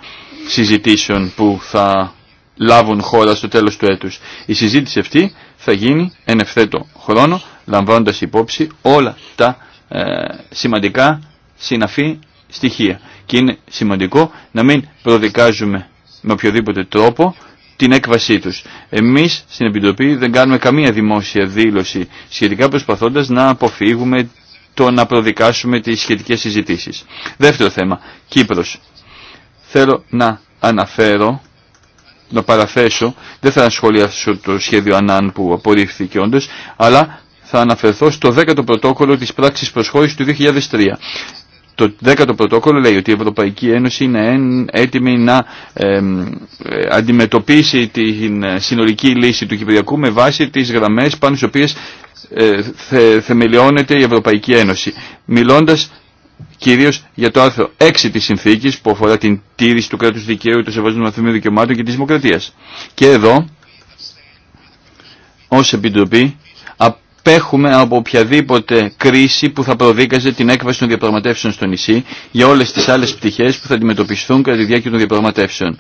συζητήσεων που θα λάβουν χώρα στο τέλος του έτους. Η συζήτηση αυτή θα γίνει εν ευθέτω χρόνο, λαμβάνοντας υπόψη όλα τα ε, σημαντικά συναφή στοιχεία. Και είναι σημαντικό να μην προδικάζουμε με οποιοδήποτε τρόπο την έκβασή τους. Εμείς στην Επιτροπή δεν κάνουμε καμία δημόσια δήλωση σχετικά προσπαθώντας να αποφύγουμε το να προδικάσουμε τις σχετικές συζητήσεις. Δεύτερο θέμα, Κύπρος. Θέλω να αναφέρω, να παραθέσω, δεν θα σχολιάσω το σχέδιο Ανάν που απορρίφθηκε όντως, αλλά θα αναφερθώ στο 10ο πρωτόκολλο της πράξης προσχώρησης του 2003. Το 10ο πρωτόκολλο λέει ότι η Ευρωπαϊκή Ένωση είναι έτοιμη να ε, αντιμετωπίσει την ε, συνολική λύση του Κυπριακού με βάση τις γραμμές πάνω στις οποίες ε, θεμελιώνεται η Ευρωπαϊκή Ένωση. Μιλώντας κυρίως για το άρθρο 6 της συνθήκης που αφορά την τήρηση του κράτους δικαίου, του σεβασμού των ανθρωπίνων δικαιωμάτων και της δημοκρατίας. Και εδώ, ως Επιτροπή, απέχουμε από οποιαδήποτε κρίση που θα προδίκαζε την έκβαση των διαπραγματεύσεων στο νησί για όλες τις άλλες πτυχές που θα αντιμετωπιστούν κατά τη διάρκεια των διαπραγματεύσεων.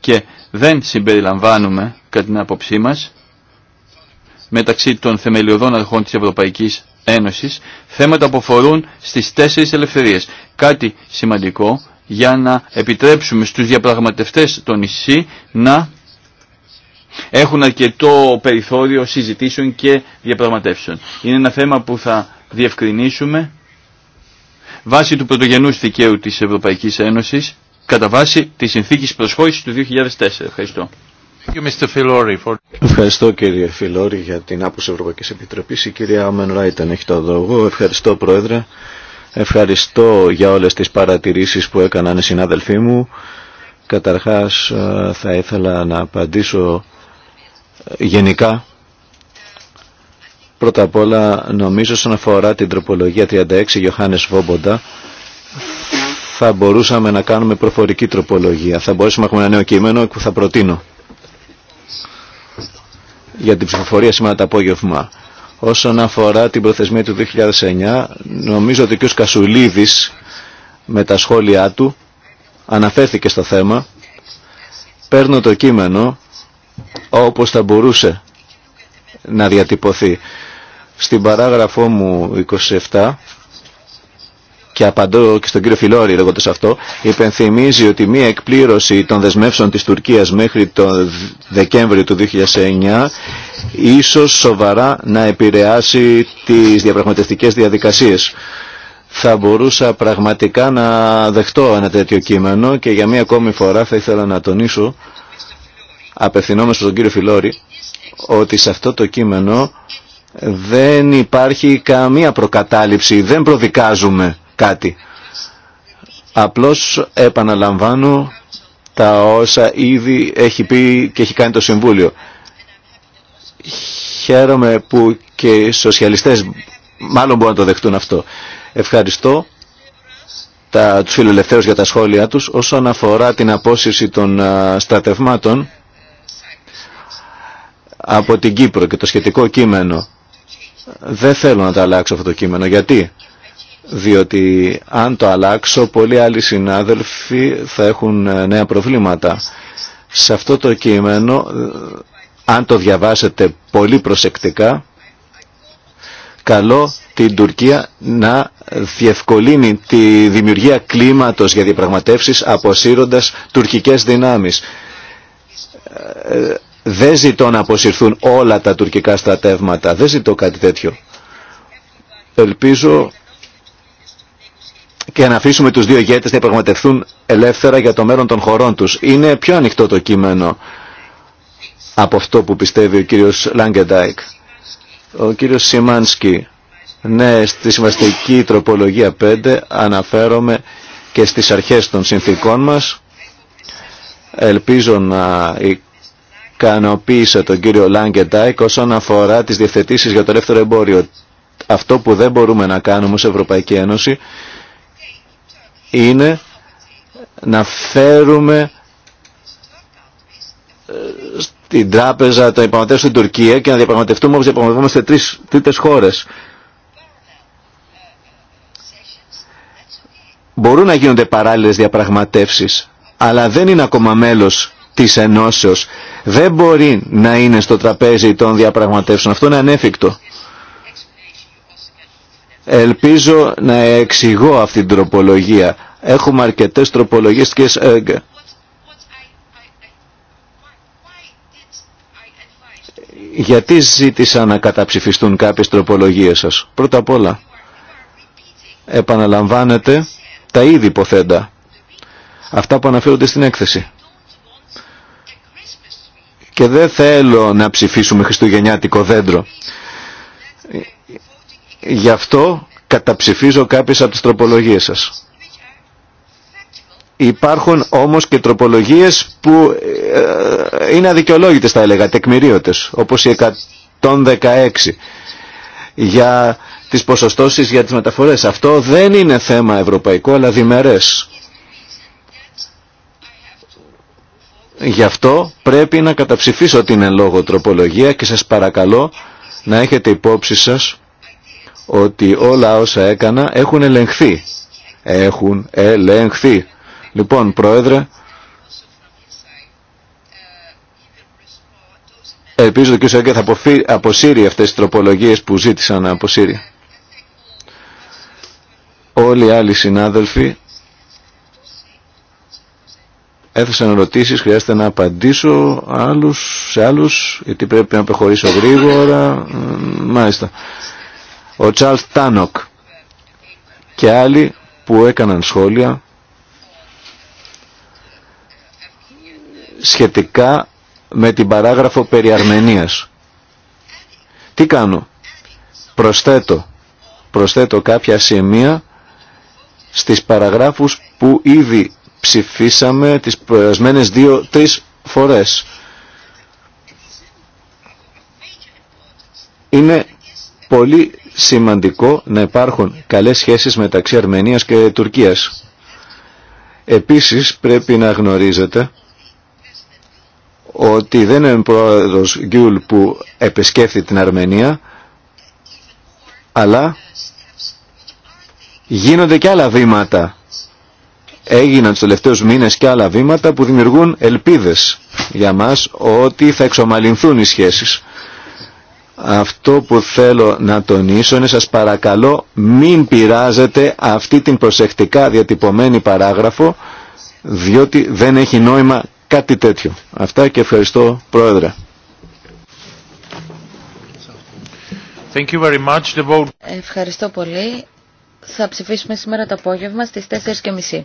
Και δεν συμπεριλαμβάνουμε, κατά την άποψή μας, μεταξύ των θεμελιωδών αρχών της Ευρωπαϊκής Ένωσης, θέματα που αφορούν στις τέσσερις ελευθερίες. Κάτι σημαντικό για να επιτρέψουμε στους διαπραγματευτές των νησί να έχουν αρκετό περιθώριο συζητήσεων και διαπραγματεύσεων. Είναι ένα θέμα που θα διευκρινίσουμε βάσει του πρωτογενούς δικαίου της Ευρωπαϊκής Ένωσης κατά βάση της συνθήκης προσχώρησης του 2004. Ευχαριστώ. Ευχαριστώ κύριε Φιλόρη για την άποψη Ευρωπαϊκής Επιτροπής. Η κυρία Άμεν Ράιτεν έχει το λόγο. Ευχαριστώ Πρόεδρε. Ευχαριστώ για όλες τις παρατηρήσεις που έκαναν οι συνάδελφοί μου. Καταρχάς ε, θα ήθελα να απαντήσω γενικά. Πρώτα απ' όλα νομίζω όσον αφορά την τροπολογία 36 Ιωάννης Βόμποντα θα μπορούσαμε να κάνουμε προφορική τροπολογία. Θα μπορούσαμε να έχουμε ένα νέο κείμενο που θα προτείνω για την ψηφοφορία σήμερα το απόγευμα. Όσον αφορά την προθεσμία του 2009, νομίζω ότι ο κ. Κασουλίδης με τα σχόλιά του αναφέρθηκε στο θέμα. Παίρνω το κείμενο όπως θα μπορούσε να διατυπωθεί. Στην παράγραφό μου 27 και απαντώ και στον κύριο Φιλόρη λέγοντας αυτό, υπενθυμίζει ότι μία εκπλήρωση των δεσμεύσεων της Τουρκίας μέχρι τον Δεκέμβριο του 2009 ίσως σοβαρά να επηρεάσει τις διαπραγματευτικές διαδικασίες. Θα μπορούσα πραγματικά να δεχτώ ένα τέτοιο κείμενο και για μία ακόμη φορά θα ήθελα να τονίσω απευθυνόμαστε στον κύριο Φιλόρη ότι σε αυτό το κείμενο δεν υπάρχει καμία προκατάληψη, δεν προδικάζουμε κάτι. Απλώς επαναλαμβάνω τα όσα ήδη έχει πει και έχει κάνει το Συμβούλιο. Χαίρομαι που και οι σοσιαλιστές μάλλον μπορούν να το δεχτούν αυτό. Ευχαριστώ τα, τους φιλελευθέρους για τα σχόλια τους όσον αφορά την απόσυρση των στρατευμάτων από την Κύπρο και το σχετικό κείμενο. Δεν θέλω να το αλλάξω αυτό το κείμενο. Γιατί? Διότι αν το αλλάξω πολλοί άλλοι συνάδελφοι θα έχουν ε, νέα προβλήματα. Σε αυτό το κείμενο, ε, αν το διαβάσετε πολύ προσεκτικά, καλό την Τουρκία να διευκολύνει τη δημιουργία κλίματος για διαπραγματεύσεις αποσύροντας τουρκικές δυνάμεις. Ε, δεν ζητώ να αποσυρθούν όλα τα τουρκικά στρατεύματα. Δεν ζητώ κάτι τέτοιο. Ελπίζω και να αφήσουμε τους δύο ηγέτες να πραγματοτευθούν ελεύθερα για το μέλλον των χωρών τους. Είναι πιο ανοιχτό το κείμενο από αυτό που πιστεύει ο κύριος Λάγκεντάικ. Ο κύριος Σιμάνσκι, ναι, στη συμβαστική τροπολογία 5 αναφέρομαι και στις αρχές των συνθήκών μας. Ελπίζω να κανοποίησα τον κύριο Λάγκεντάικ όσον αφορά τις διευθετήσεις για το ελεύθερο εμπόριο. Αυτό που δεν μπορούμε να κάνουμε ως Ευρωπαϊκή Ένωση είναι να φέρουμε ε, στην τράπεζα των υπαγματεύσεων στην Τουρκία και να διαπραγματευτούμε όπως διαπραγματευόμαστε τρεις τρίτες χώρες. Μπορούν να γίνονται παράλληλες διαπραγματεύσεις, αλλά δεν είναι ακόμα μέλος της ενώσεως δεν μπορεί να είναι στο τραπέζι των διαπραγματεύσεων. Αυτό είναι ανέφικτο. Ελπίζω να εξηγώ αυτή την τροπολογία. Έχουμε αρκετές τροπολογίες και ΕΓΕ. Γιατί ζήτησα να καταψηφιστούν κάποιες τροπολογίες σας. Πρώτα απ' όλα, επαναλαμβάνετε τα ήδη υποθέντα. Αυτά που αναφέρονται στην έκθεση και δεν θέλω να ψηφίσουμε χριστουγεννιάτικο δέντρο. Γι' αυτό καταψηφίζω κάποιες από τις τροπολογίες σας. Υπάρχουν όμως και τροπολογίες που ε, είναι αδικαιολόγητες θα έλεγα, τεκμηρίωτες, όπως η 116 για τις ποσοστώσεις για τις μεταφορές. Αυτό δεν είναι θέμα ευρωπαϊκό αλλά διμερές. Γι' αυτό πρέπει να καταψηφίσω την εν λόγω τροπολογία και σας παρακαλώ να έχετε υπόψη σας ότι όλα όσα έκανα έχουν ελεγχθεί. Έχουν ελεγχθεί. Λοιπόν, Πρόεδρε, ελπίζω ότι ο κ. θα αποσύρει αυτές τις τροπολογίες που ζήτησαν να αποσύρει. Όλοι οι άλλοι συνάδελφοι έθεσαν ερωτήσει, χρειάζεται να απαντήσω άλλους, σε άλλους, γιατί πρέπει να προχωρήσω γρήγορα. Μάλιστα. Ο Τσάρλ Τάνοκ και άλλοι που έκαναν σχόλια σχετικά με την παράγραφο περί Αρμενίας. Τι κάνω. Προσθέτω, προσθέτω κάποια σημεία στις παραγράφους που ήδη ψηφίσαμε τις περασμένες δύο-τρεις φορές. Είναι πολύ σημαντικό να υπάρχουν καλές σχέσεις μεταξύ Αρμενίας και Τουρκίας. Επίσης πρέπει να γνωρίζετε ότι δεν είναι πρόεδρος Γκιούλ που επισκέφθη την Αρμενία, αλλά γίνονται και άλλα βήματα έγιναν του τελευταίους μήνες και άλλα βήματα που δημιουργούν ελπίδες για μας ότι θα εξομαλυνθούν οι σχέσεις. Αυτό που θέλω να τονίσω είναι σας παρακαλώ μην πειράζετε αυτή την προσεκτικά διατυπωμένη παράγραφο διότι δεν έχει νόημα κάτι τέτοιο. Αυτά και ευχαριστώ Πρόεδρε. Thank you very much. Ευχαριστώ πολύ. Θα ψηφίσουμε σήμερα το απόγευμα στις 4.30.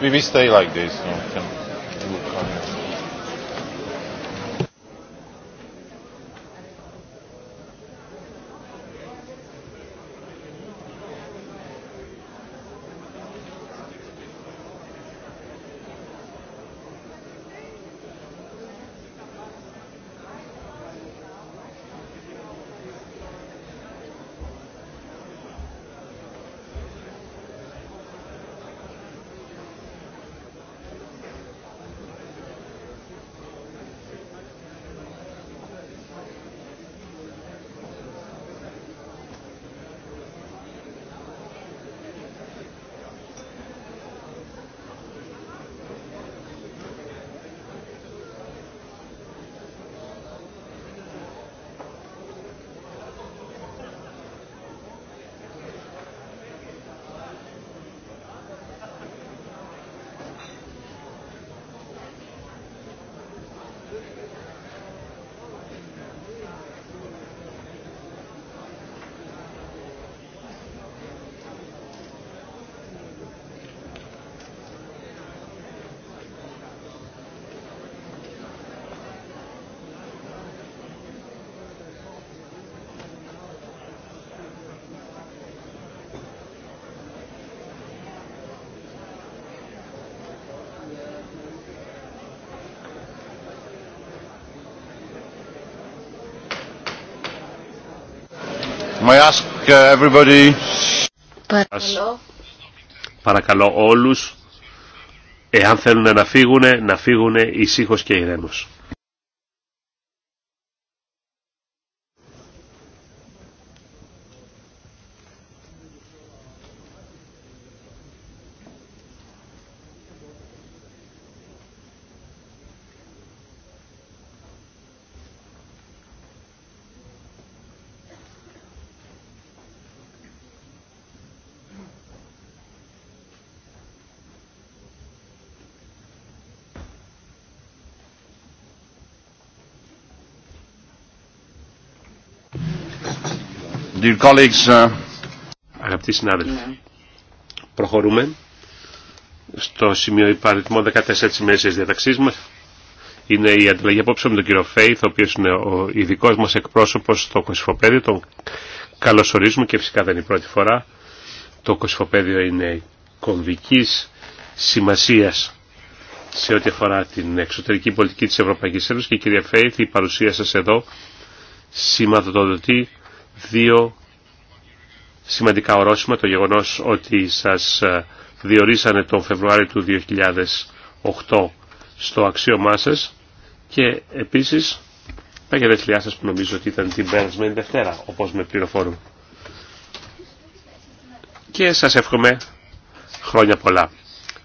we, we stay like this. Uh, Παρακαλώ. όλους, εάν θέλουν να φύγουν, να φύγουν ησύχως και ηρέμος. Dear colleagues, uh, Αγαπητοί συνάδελφοι, yeah. προχωρούμε στο σημείο υπαριθμό 14 της μέσης διαταξής μας. Είναι η αντιλαγή απόψε με τον κύριο Φέιθ, ο οποίο είναι ο ειδικό μας εκπρόσωπος στο Κωσυφοπέδιο. Τον καλωσορίζουμε και φυσικά δεν είναι η πρώτη φορά. Το Κωσυφοπέδιο είναι κομβική σημασία σε ό,τι αφορά την εξωτερική πολιτική της Ευρωπαϊκής Ένωσης και κυρία Φέιθ η παρουσία σας εδώ σηματοδοτεί δύο σημαντικά ορόσημα. Το γεγονός ότι σας ε, διορίσανε τον Φεβρουάριο του 2008 στο αξίωμά και επίσης τα γενέθλιά σας που νομίζω ότι ήταν την περασμένη Δευτέρα, όπως με πληροφόρουν. Και σας εύχομαι χρόνια πολλά.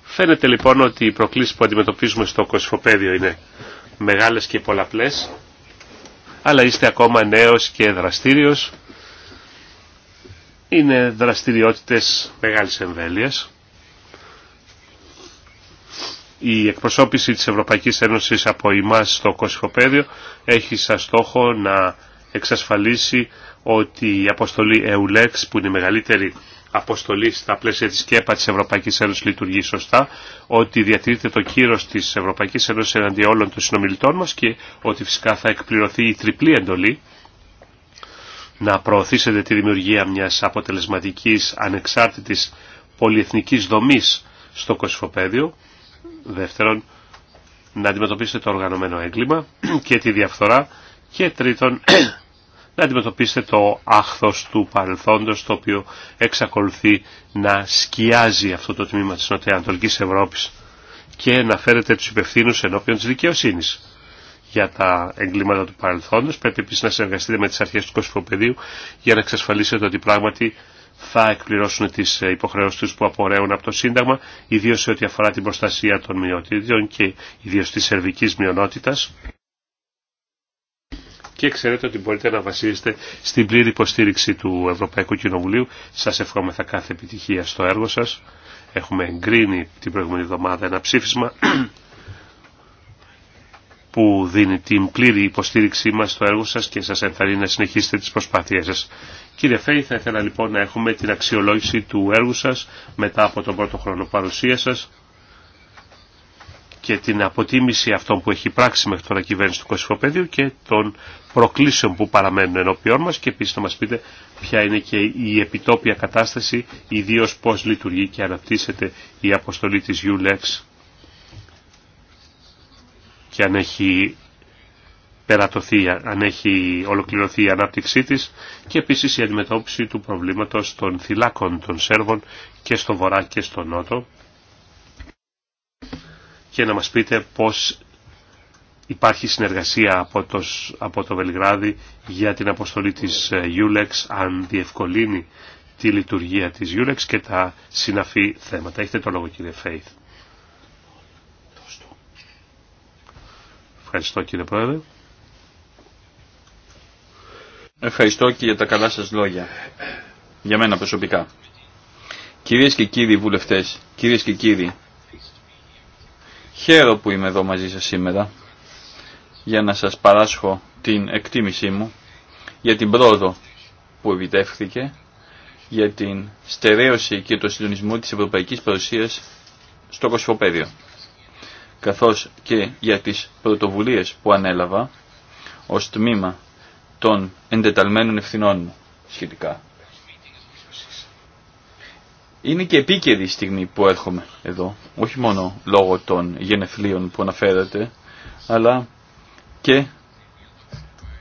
Φαίνεται λοιπόν ότι οι προκλήσεις που αντιμετωπίζουμε στο κοσφοπέδιο είναι μεγάλες και πολλαπλές αλλά είστε ακόμα νέος και δραστήριος. Είναι δραστηριότητες μεγάλης εμβέλειας. Η εκπροσώπηση της Ευρωπαϊκής Ένωσης από εμάς στο Κωσυφοπαίδιο έχει σαν στόχο να εξασφαλίσει ότι η αποστολή EULEX που είναι η μεγαλύτερη αποστολή στα πλαίσια της ΚΕΠΑ της Ευρωπαϊκής Ένωσης λειτουργεί σωστά, ότι διατηρείται το κύρος της Ευρωπαϊκής Ένωσης εναντί όλων των συνομιλητών μας και ότι φυσικά θα εκπληρωθεί η τριπλή εντολή να προωθήσετε τη δημιουργία μιας αποτελεσματικής, ανεξάρτητης, πολυεθνικής δομής στο κοσμοπεδίο Δεύτερον, να αντιμετωπίσετε το οργανωμένο έγκλημα και τη διαφθορά. Και τρίτον, να αντιμετωπίσετε το άχθος του παρελθόντος το οποίο εξακολουθεί να σκιάζει αυτό το τμήμα της Νοτιοανατολικής Ευρώπης και να φέρετε τους υπευθύνους ενώπιον της δικαιοσύνης για τα εγκλήματα του παρελθόντος. Πρέπει επίσης να συνεργαστείτε με τις αρχές του κοσμοπεδίου για να εξασφαλίσετε ότι πράγματι θα εκπληρώσουν τις υποχρεώσεις τους που απορρέουν από το Σύνταγμα, ιδίως σε ό,τι αφορά την προστασία των μειονότητων και ιδίως της σερβικής μειονότητας και ξέρετε ότι μπορείτε να βασίζεστε στην πλήρη υποστήριξη του Ευρωπαϊκού Κοινοβουλίου. Σας ευχόμεθα κάθε επιτυχία στο έργο σας. Έχουμε εγκρίνει την προηγούμενη εβδομάδα ένα ψήφισμα που δίνει την πλήρη υποστήριξή μας στο έργο σας και σας ενθαρρύνει να συνεχίσετε τις προσπάθειές σας. Κύριε Φέη, θα ήθελα λοιπόν να έχουμε την αξιολόγηση του έργου σας μετά από τον πρώτο χρόνο παρουσία σας και την αποτίμηση αυτών που έχει πράξει μέχρι τώρα κυβέρνηση του Κωσυφοπέδιου και των προκλήσεων που παραμένουν ενώπιόν μας και επίσης να μας πείτε ποια είναι και η επιτόπια κατάσταση, ιδίω πώς λειτουργεί και αναπτύσσεται η αποστολή της ULEX και αν έχει περατωθεί, αν έχει ολοκληρωθεί η ανάπτυξή της και επίσης η αντιμετώπιση του προβλήματος των θυλάκων των Σέρβων και στο βορρά και στο νότο και να μας πείτε πώς υπάρχει συνεργασία από το, από το Βελιγράδι για την αποστολή της ε, Ulex αν διευκολύνει τη λειτουργία της Ulex και τα συναφή θέματα. Έχετε το λόγο κύριε Φέιθ. Ευχαριστώ κύριε Πρόεδρε. Ευχαριστώ και για τα καλά σας λόγια. Για μένα προσωπικά. Κυρίες και κύριοι βουλευτές, κυρίες και κύριοι, Χαίρο που είμαι εδώ μαζί σας σήμερα για να σας παράσχω την εκτίμησή μου για την πρόοδο που επιτεύχθηκε, για την στερέωση και το συντονισμό της ευρωπαϊκής παρουσίας στο κοσφοπέδιο, καθώς και για τις πρωτοβουλίες που ανέλαβα ως τμήμα των εντεταλμένων ευθυνών μου σχετικά. Είναι και επίκαιρη η στιγμή που έρχομαι εδώ, όχι μόνο λόγω των γενεθλίων που αναφέρατε, αλλά και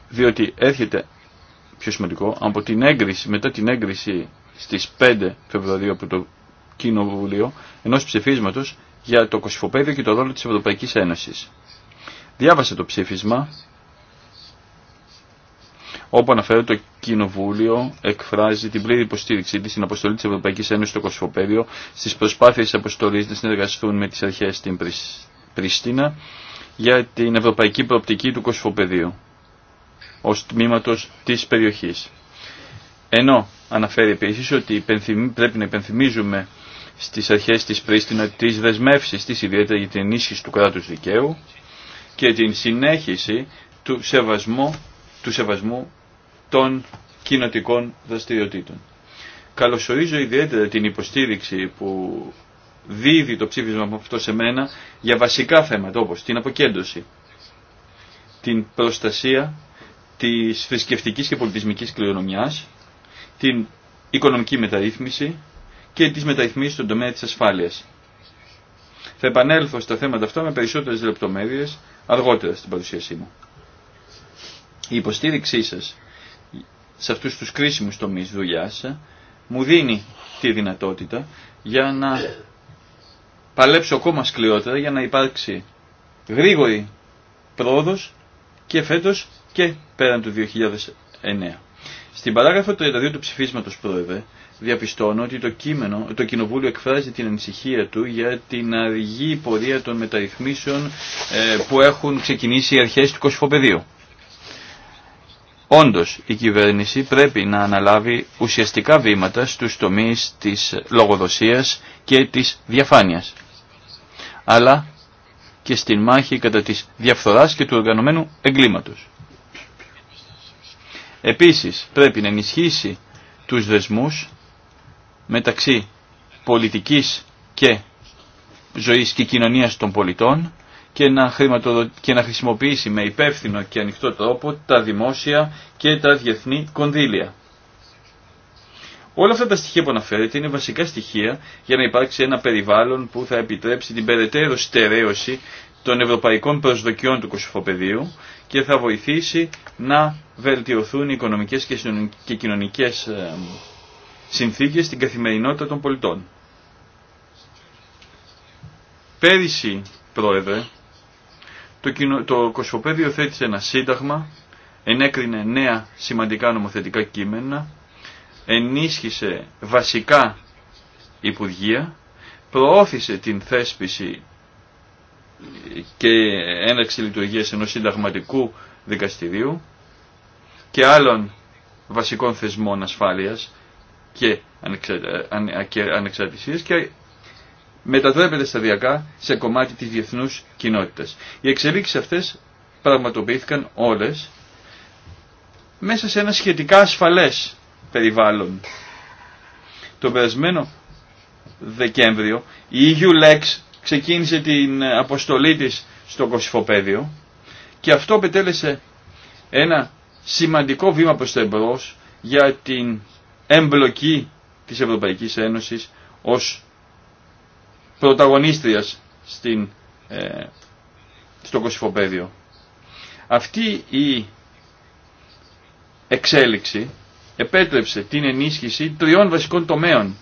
διότι έρχεται, πιο σημαντικό, από την έγκριση, μετά την έγκριση στις 5 Φεβρουαρίου από το Κοινοβουλίο, ενός ψηφίσματος για το κοσυφοπαίδιο και το ρόλο της Ευρωπαϊκής Ένωσης. Διάβασα το ψήφισμα όπου αναφέρεται το Κοινοβούλιο εκφράζει την πλήρη υποστήριξή της στην αποστολή της Ευρωπαϊκής Ένωσης στο Κοσφοπέδιο στις προσπάθειες της αποστολής να συνεργαστούν με τις αρχές στην Πρίστινα για την ευρωπαϊκή προοπτική του Κοσφοπέδιου ως τμήματος της περιοχής. Ενώ αναφέρει επίσης ότι πρέπει να υπενθυμίζουμε στις αρχές της Πρίστινα τις δεσμεύσεις της ιδιαίτερα για την ενίσχυση του κράτους δικαίου και την συνέχιση του σεβασμού του σεβασμού των κοινοτικών δραστηριοτήτων. Καλωσορίζω ιδιαίτερα την υποστήριξη που δίδει το ψήφισμα από αυτό σε μένα για βασικά θέματα όπως την αποκέντρωση, την προστασία της θρησκευτική και πολιτισμικής κληρονομιάς, την οικονομική μεταρρύθμιση και τις μεταρρυθμίσεις στον τομέα της ασφάλειας. Θα επανέλθω στα θέματα αυτά με περισσότερες λεπτομέρειες αργότερα στην παρουσίασή μου. Η υποστήριξή σας σε αυτούς τους κρίσιμους τομείς δουλειάς ε, μου δίνει τη δυνατότητα για να παλέψω ακόμα σκληρότερα για να υπάρξει γρήγορη πρόοδος και φέτος και πέραν του 2009. Στην παράγραφο 32 του ψηφίσματος πρόεδρε διαπιστώνω ότι το, κείμενο, το Κοινοβούλιο εκφράζει την ανησυχία του για την αργή πορεία των μεταρρυθμίσεων ε, που έχουν ξεκινήσει οι αρχές του κοσφοπεδίου. Όντως, η κυβέρνηση πρέπει να αναλάβει ουσιαστικά βήματα στους τομείς της λογοδοσίας και της διαφάνειας, αλλά και στην μάχη κατά της διαφθοράς και του οργανωμένου εγκλήματος. Επίσης, πρέπει να ενισχύσει τους δεσμούς μεταξύ πολιτικής και ζωής και κοινωνίας των πολιτών και να, και να χρησιμοποιήσει με υπεύθυνο και ανοιχτό τρόπο τα δημόσια και τα διεθνή κονδύλια. Όλα αυτά τα στοιχεία που αναφέρεται είναι βασικά στοιχεία για να υπάρξει ένα περιβάλλον που θα επιτρέψει την περαιτέρω στερέωση των ευρωπαϊκών προσδοκιών του κοσυφοπεδίου και θα βοηθήσει να βελτιωθούν οι οικονομικές και κοινωνικές ε, συνθήκες στην καθημερινότητα των πολιτών. Πέρυσι, Πρόεδρε, το, κοινο, Κοσμοπέδιο θέτησε ένα σύνταγμα, ενέκρινε νέα σημαντικά νομοθετικά κείμενα, ενίσχυσε βασικά υπουργεία, προώθησε την θέσπιση και έναρξη λειτουργία ενός συνταγματικού δικαστηρίου και άλλων βασικών θεσμών ασφάλειας και ανεξαρτησίας και μετατρέπεται σταδιακά σε κομμάτι της διεθνούς κοινότητας. Οι εξελίξεις αυτές πραγματοποιήθηκαν όλες μέσα σε ένα σχετικά ασφαλές περιβάλλον. Το περασμένο Δεκέμβριο η EULEX ξεκίνησε την αποστολή της στο Κωσυφοπαίδιο και αυτό πετέλεσε ένα σημαντικό βήμα προς το εμπρός για την εμπλοκή της Ευρωπαϊκής Ένωσης ως πρωταγωνίστριας ε, στο κοσυφοπέδιο. Αυτή η εξέλιξη επέτρεψε την ενίσχυση τριών βασικών τομέων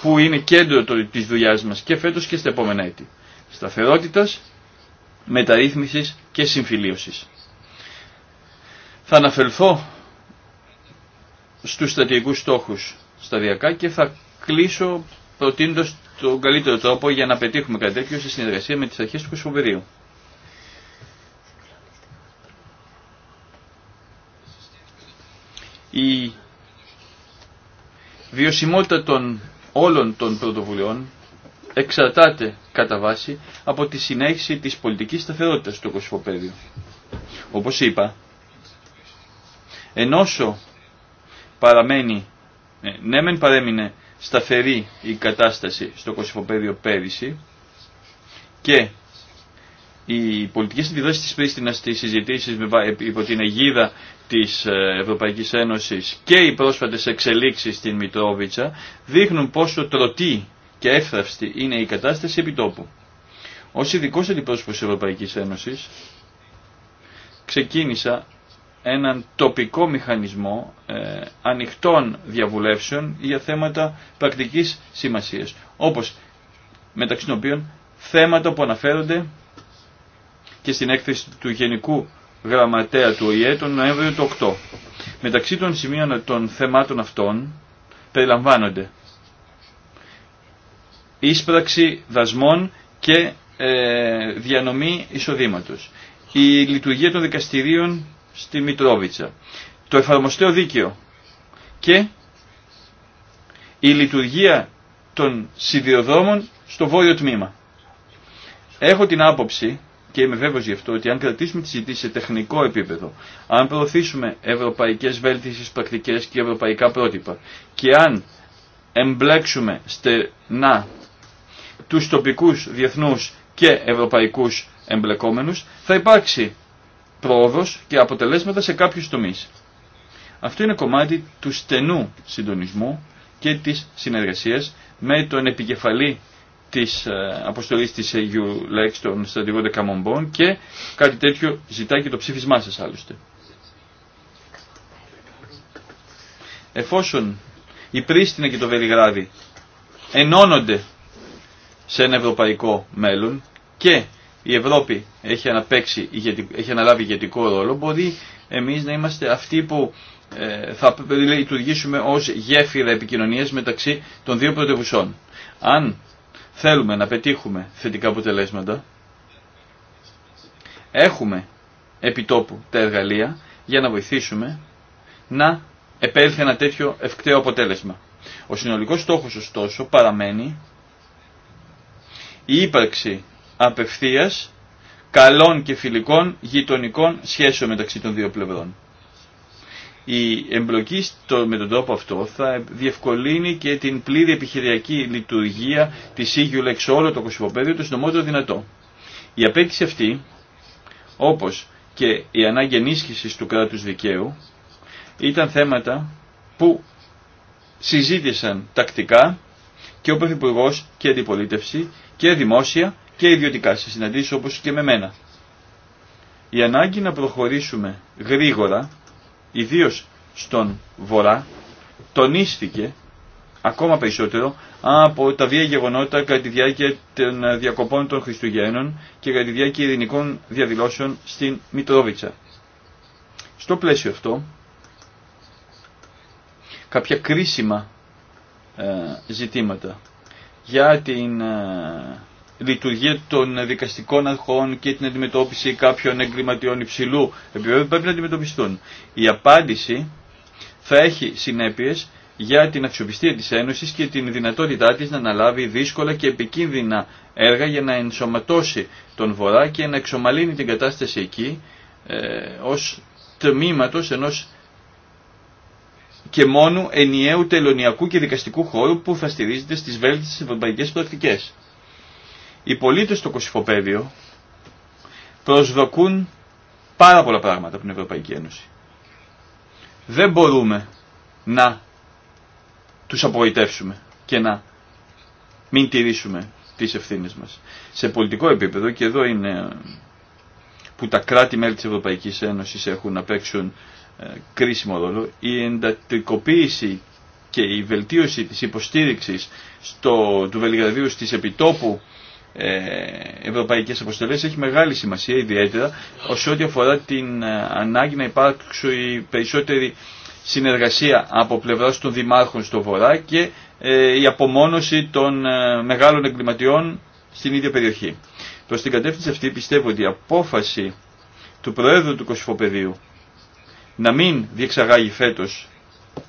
που είναι κέντρο της δουλειά μας και φέτος και στα επόμενα έτη. Σταθερότητας, μεταρρύθμισης και συμφιλίωσης. Θα αναφερθώ στους στρατηγικούς στόχους σταδιακά και θα κλείσω προτείνοντας τον καλύτερο τρόπο για να πετύχουμε κάτι τέτοιο σε συνεργασία με τις αρχές του Κωσοβερίου. Η βιωσιμότητα των όλων των πρωτοβουλειών εξαρτάται κατά βάση από τη συνέχιση της πολιτικής σταθερότητας του κοσμοπέδιου. Όπως είπα, ενώσο παραμένει, ε, ναι μεν παρέμεινε σταθερή η κατάσταση στο Κωσυφοπέδιο πέρυσι και οι πολιτικές αντιδράσεις της Πρίστινας στις συζητήσεις με, υπό την αιγίδα της ε, Ευρωπαϊκής Ένωσης και οι πρόσφατες εξελίξεις στην Μητρόβιτσα δείχνουν πόσο τρωτή και εύθραυστη είναι η κατάσταση επιτόπου. Ως ειδικός αντιπρόσωπος της Ευρωπαϊκής Ένωσης ξεκίνησα έναν τοπικό μηχανισμό ε, ανοιχτών διαβουλεύσεων για θέματα πρακτικής σημασίας, όπως μεταξύ των οποίων θέματα που αναφέρονται και στην έκθεση του Γενικού Γραμματέα του ΟΗΕ τον Νοέμβριο του 8. Μεταξύ των σημείων των θεμάτων αυτών περιλαμβάνονται ίσπραξη δασμών και ε, διανομή εισοδήματος, η λειτουργία των δικαστηρίων στη Μητρόβιτσα, το εφαρμοστέο δίκαιο και η λειτουργία των σιδηροδρόμων στο βόρειο τμήμα. Έχω την άποψη και είμαι βέβαιος γι' αυτό ότι αν κρατήσουμε τη συζήτηση σε τεχνικό επίπεδο, αν προωθήσουμε ευρωπαϊκές βέλτιστες πρακτικές και ευρωπαϊκά πρότυπα και αν εμπλέξουμε στενά τους τοπικούς, διεθνούς και ευρωπαϊκούς εμπλεκόμενους, θα υπάρξει πρόοδος και αποτελέσματα σε κάποιους τομείς. Αυτό είναι κομμάτι του στενού συντονισμού και της συνεργασίας με τον επικεφαλή της ε, αποστολής της EULEX, τον στρατηγό Δεκαμομπών και κάτι τέτοιο ζητάει και το ψήφισμά σας άλλωστε. Εφόσον η Πρίστινα και το Βελιγράδι ενώνονται σε ένα ευρωπαϊκό μέλλον και η Ευρώπη έχει, αναπέξει, έχει αναλάβει ηγετικό ρόλο, μπορεί εμείς να είμαστε αυτοί που ε, θα λειτουργήσουμε ως γέφυρα επικοινωνίας μεταξύ των δύο πρωτευουσών. Αν θέλουμε να πετύχουμε θετικά αποτελέσματα, έχουμε επιτόπου τα εργαλεία για να βοηθήσουμε να επέλθει ένα τέτοιο ευκταίο αποτέλεσμα. Ο συνολικός στόχος ωστόσο παραμένει η ύπαρξη απευθείας καλών και φιλικών γειτονικών σχέσεων μεταξύ των δύο πλευρών. Η εμπλοκή στο, με τον τρόπο αυτό θα διευκολύνει και την πλήρη επιχειριακή λειτουργία της Ήγιουλεξ όλο το κοσμοπέδιο το συντομότερο δυνατό. Η απέκτηση αυτή, όπως και η ανάγκη ενίσχυση του κράτους δικαίου, ήταν θέματα που συζήτησαν τακτικά και ο Πρωθυπουργός και αντιπολίτευση και δημόσια και ιδιωτικά σε συναντήσεις όπως και με μένα. Η ανάγκη να προχωρήσουμε γρήγορα, ιδίως στον Βορρά, τονίστηκε ακόμα περισσότερο από τα βία γεγονότα κατά τη διάρκεια των διακοπών των Χριστουγέννων και κατά τη διάρκεια ειρηνικών διαδηλώσεων στην Μητρόβιτσα. Στο πλαίσιο αυτό, κάποια κρίσιμα ε, ζητήματα για την ε, λειτουργία των δικαστικών αρχών και την αντιμετώπιση κάποιων εγκληματιών υψηλού επίπεδου πρέπει να αντιμετωπιστούν. Η απάντηση θα έχει συνέπειες για την αξιοπιστία της Ένωσης και την δυνατότητά της να αναλάβει δύσκολα και επικίνδυνα έργα για να ενσωματώσει τον Βορρά και να εξομαλύνει την κατάσταση εκεί ε, ως τμήματος ενός και μόνο ενιαίου τελωνιακού και δικαστικού χώρου που θα στηρίζεται στις βέλτιστες ευρωπαϊκές πρακτικές. Οι πολίτες στο Κωσυφοπέδιο προσδοκούν πάρα πολλά πράγματα από την Ευρωπαϊκή Ένωση. Δεν μπορούμε να τους απογοητεύσουμε και να μην τηρήσουμε τις ευθύνες μας. Σε πολιτικό επίπεδο, και εδώ είναι που τα κράτη-μέλη της Ευρωπαϊκής Ένωσης έχουν να παίξουν ε, κρίσιμο ρόλο, η εντατικοποίηση και η βελτίωση της υποστήριξης στο, του Βελιγραδίου στις επιτόπου ε, ευρωπαϊκές αποστολές έχει μεγάλη σημασία ιδιαίτερα ως ό,τι αφορά την ε, ανάγκη να υπάρξει περισσότερη συνεργασία από πλευράς των δημάρχων στο βορρά και ε, η απομόνωση των μεγάλων εγκληματιών στην ίδια περιοχή. Προς την κατεύθυνση αυτή πιστεύω ότι η απόφαση του Προέδρου του Κωσυφοπεδίου να μην διεξαγάγει φέτος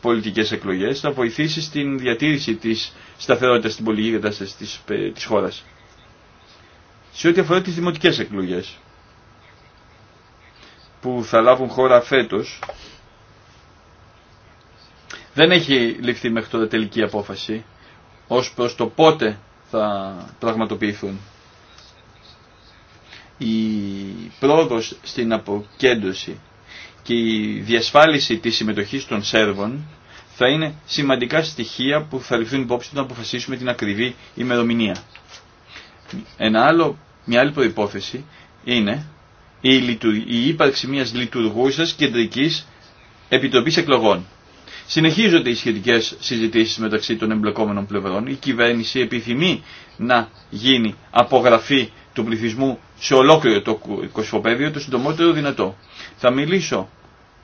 πολιτικές εκλογές θα βοηθήσει στην διατήρηση της σταθερότητας στην πολιτική κατάσταση της, της χώρας σε ό,τι αφορά τις δημοτικές εκλογές που θα λάβουν χώρα φέτος δεν έχει ληφθεί μέχρι τώρα τελική απόφαση ως προς το πότε θα πραγματοποιηθούν. Η πρόοδος στην αποκέντρωση και η διασφάλιση της συμμετοχής των Σέρβων θα είναι σημαντικά στοιχεία που θα ληφθούν υπόψη να αποφασίσουμε την ακριβή ημερομηνία. Ένα άλλο μια άλλη προϋπόθεση είναι η ύπαρξη μιας λειτουργούσας κεντρικής επιτροπής εκλογών. Συνεχίζονται οι σχετικές συζητήσεις μεταξύ των εμπλεκόμενων πλευρών. Η κυβέρνηση επιθυμεί να γίνει απογραφή του πληθυσμού σε ολόκληρο το κοσμοπέδιο το συντομότερο δυνατό. Θα μιλήσω,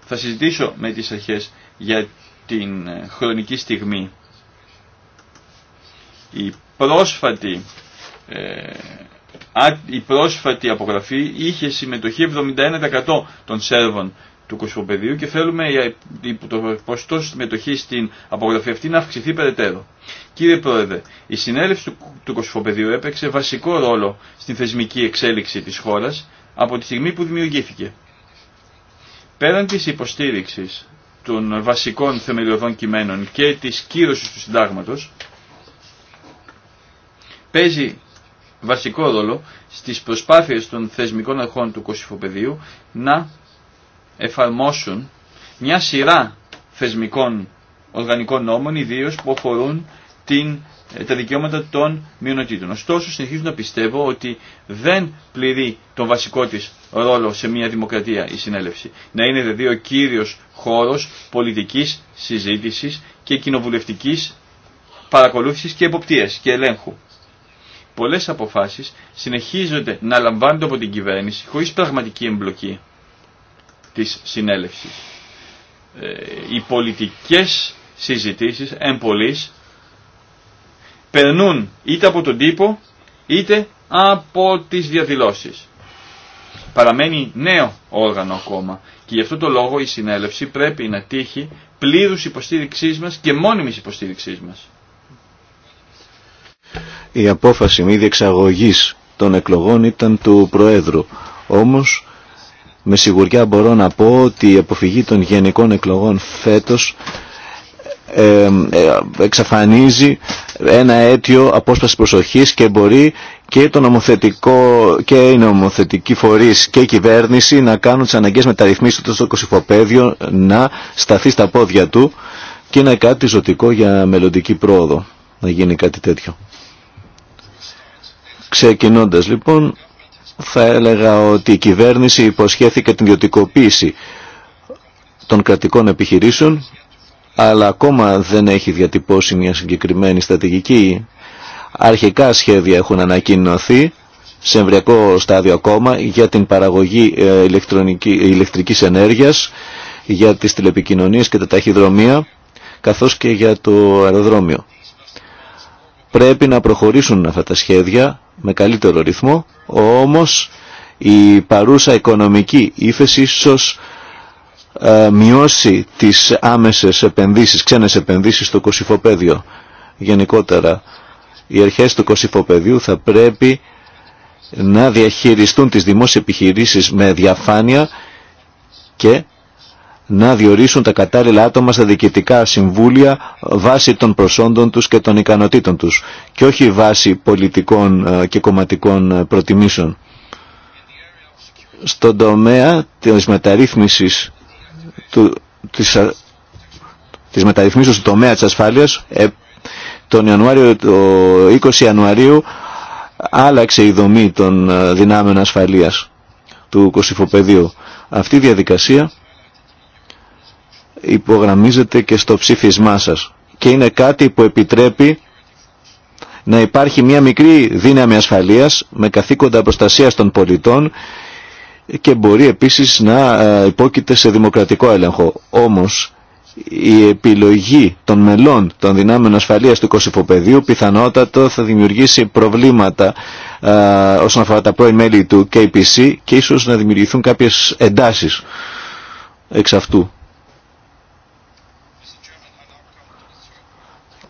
θα συζητήσω με τις αρχές για την ε, χρονική στιγμή. Η πρόσφατη ε, η πρόσφατη απογραφή είχε συμμετοχή 71% των Σέρβων του Κοσμοπεδίου και θέλουμε το ποσοστό συμμετοχή στην απογραφή αυτή να αυξηθεί περαιτέρω. Κύριε Πρόεδρε, η συνέλευση του, του Κοσμοπεδίου έπαιξε βασικό ρόλο στην θεσμική εξέλιξη της χώρας από τη στιγμή που δημιουργήθηκε. Πέραν της υποστήριξης των βασικών θεμελιωδών κειμένων και της κύρωσης του συντάγματος, παίζει βασικό ρόλο στις προσπάθειες των θεσμικών αρχών του Κωσυφοπεδίου να εφαρμόσουν μια σειρά θεσμικών οργανικών νόμων, ιδίω που αφορούν την, ε, τα δικαιώματα των μειονοτήτων. Ωστόσο, συνεχίζω να πιστεύω ότι δεν πληρεί τον βασικό της ρόλο σε μια δημοκρατία η συνέλευση. Να είναι δηλαδή ο κύριος χώρος πολιτικής συζήτησης και κοινοβουλευτικής παρακολούθησης και εποπτείας και ελέγχου. Πολλέ αποφάσεις συνεχίζονται να λαμβάνονται από την κυβέρνηση χωρίς πραγματική εμπλοκή της συνέλευσης. Ε, οι πολιτικές συζητήσεις πολλής, περνούν είτε από τον τύπο είτε από τις διαδηλώσει. Παραμένει νέο όργανο ακόμα και γι' αυτό το λόγο η συνέλευση πρέπει να τύχει πλήρους υποστήριξής μας και μόνιμης υποστήριξής μας. Η απόφαση μη διεξαγωγή των εκλογών ήταν του Προέδρου. Όμως, με σιγουριά μπορώ να πω ότι η αποφυγή των γενικών εκλογών φέτος ε, ε, εξαφανίζει ένα αίτιο απόσπαση προσοχής και μπορεί και το νομοθετικό και οι νομοθετικοί και η κυβέρνηση να κάνουν τις αναγκαίες μεταρρυθμίσεις του στο κοσυφοπαίδιο να σταθεί στα πόδια του και είναι κάτι ζωτικό για μελλοντική πρόοδο να γίνει κάτι τέτοιο. Ξεκινώντας λοιπόν, θα έλεγα ότι η κυβέρνηση υποσχέθηκε την ιδιωτικοποίηση των κρατικών επιχειρήσεων, αλλά ακόμα δεν έχει διατυπώσει μια συγκεκριμένη στρατηγική. Αρχικά σχέδια έχουν ανακοινωθεί σε εμβριακό στάδιο ακόμα για την παραγωγή ε, ηλεκτρικής ενέργειας, για τις τηλεπικοινωνίες και τα ταχυδρομεία, καθώς και για το αεροδρόμιο. Πρέπει να προχωρήσουν αυτά τα σχέδια με καλύτερο ρυθμό, όμως η παρούσα οικονομική ύφεση ίσως ε, μειώσει τις άμεσες επενδύσεις, ξένες επενδύσεις στο κοσυφοπέδιο. Γενικότερα, οι αρχές του κοσυφοπέδιου θα πρέπει να διαχειριστούν τις δημόσιες επιχειρήσεις με διαφάνεια και να διορίσουν τα κατάλληλα άτομα στα διοικητικά συμβούλια βάσει των προσόντων τους και των ικανοτήτων τους και όχι βάσει πολιτικών ε, και κομματικών ε, προτιμήσεων. Στον τομέα της μεταρρύθμισης της, ε, της μεταρρυθμίσεως του τομέα της ασφάλειας τον Ιανουάριο, το 20 Ιανουαρίου άλλαξε η δομή των δυνάμεων ασφαλείας του κοσυφοπεδίου. Αυτή η διαδικασία υπογραμμίζεται και στο ψήφισμά σας και είναι κάτι που επιτρέπει να υπάρχει μια μικρή δύναμη ασφαλείας με καθήκοντα προστασίας των πολιτών και μπορεί επίσης να ε, υπόκειται σε δημοκρατικό έλεγχο. Όμως η επιλογή των μελών των δυνάμεων ασφαλείας του Κωσυφοπεδίου πιθανότατα θα δημιουργήσει προβλήματα α, ε, όσον αφορά τα πρώην μέλη του KPC και ίσως να δημιουργηθούν κάποιες εντάσεις εξ αυτού.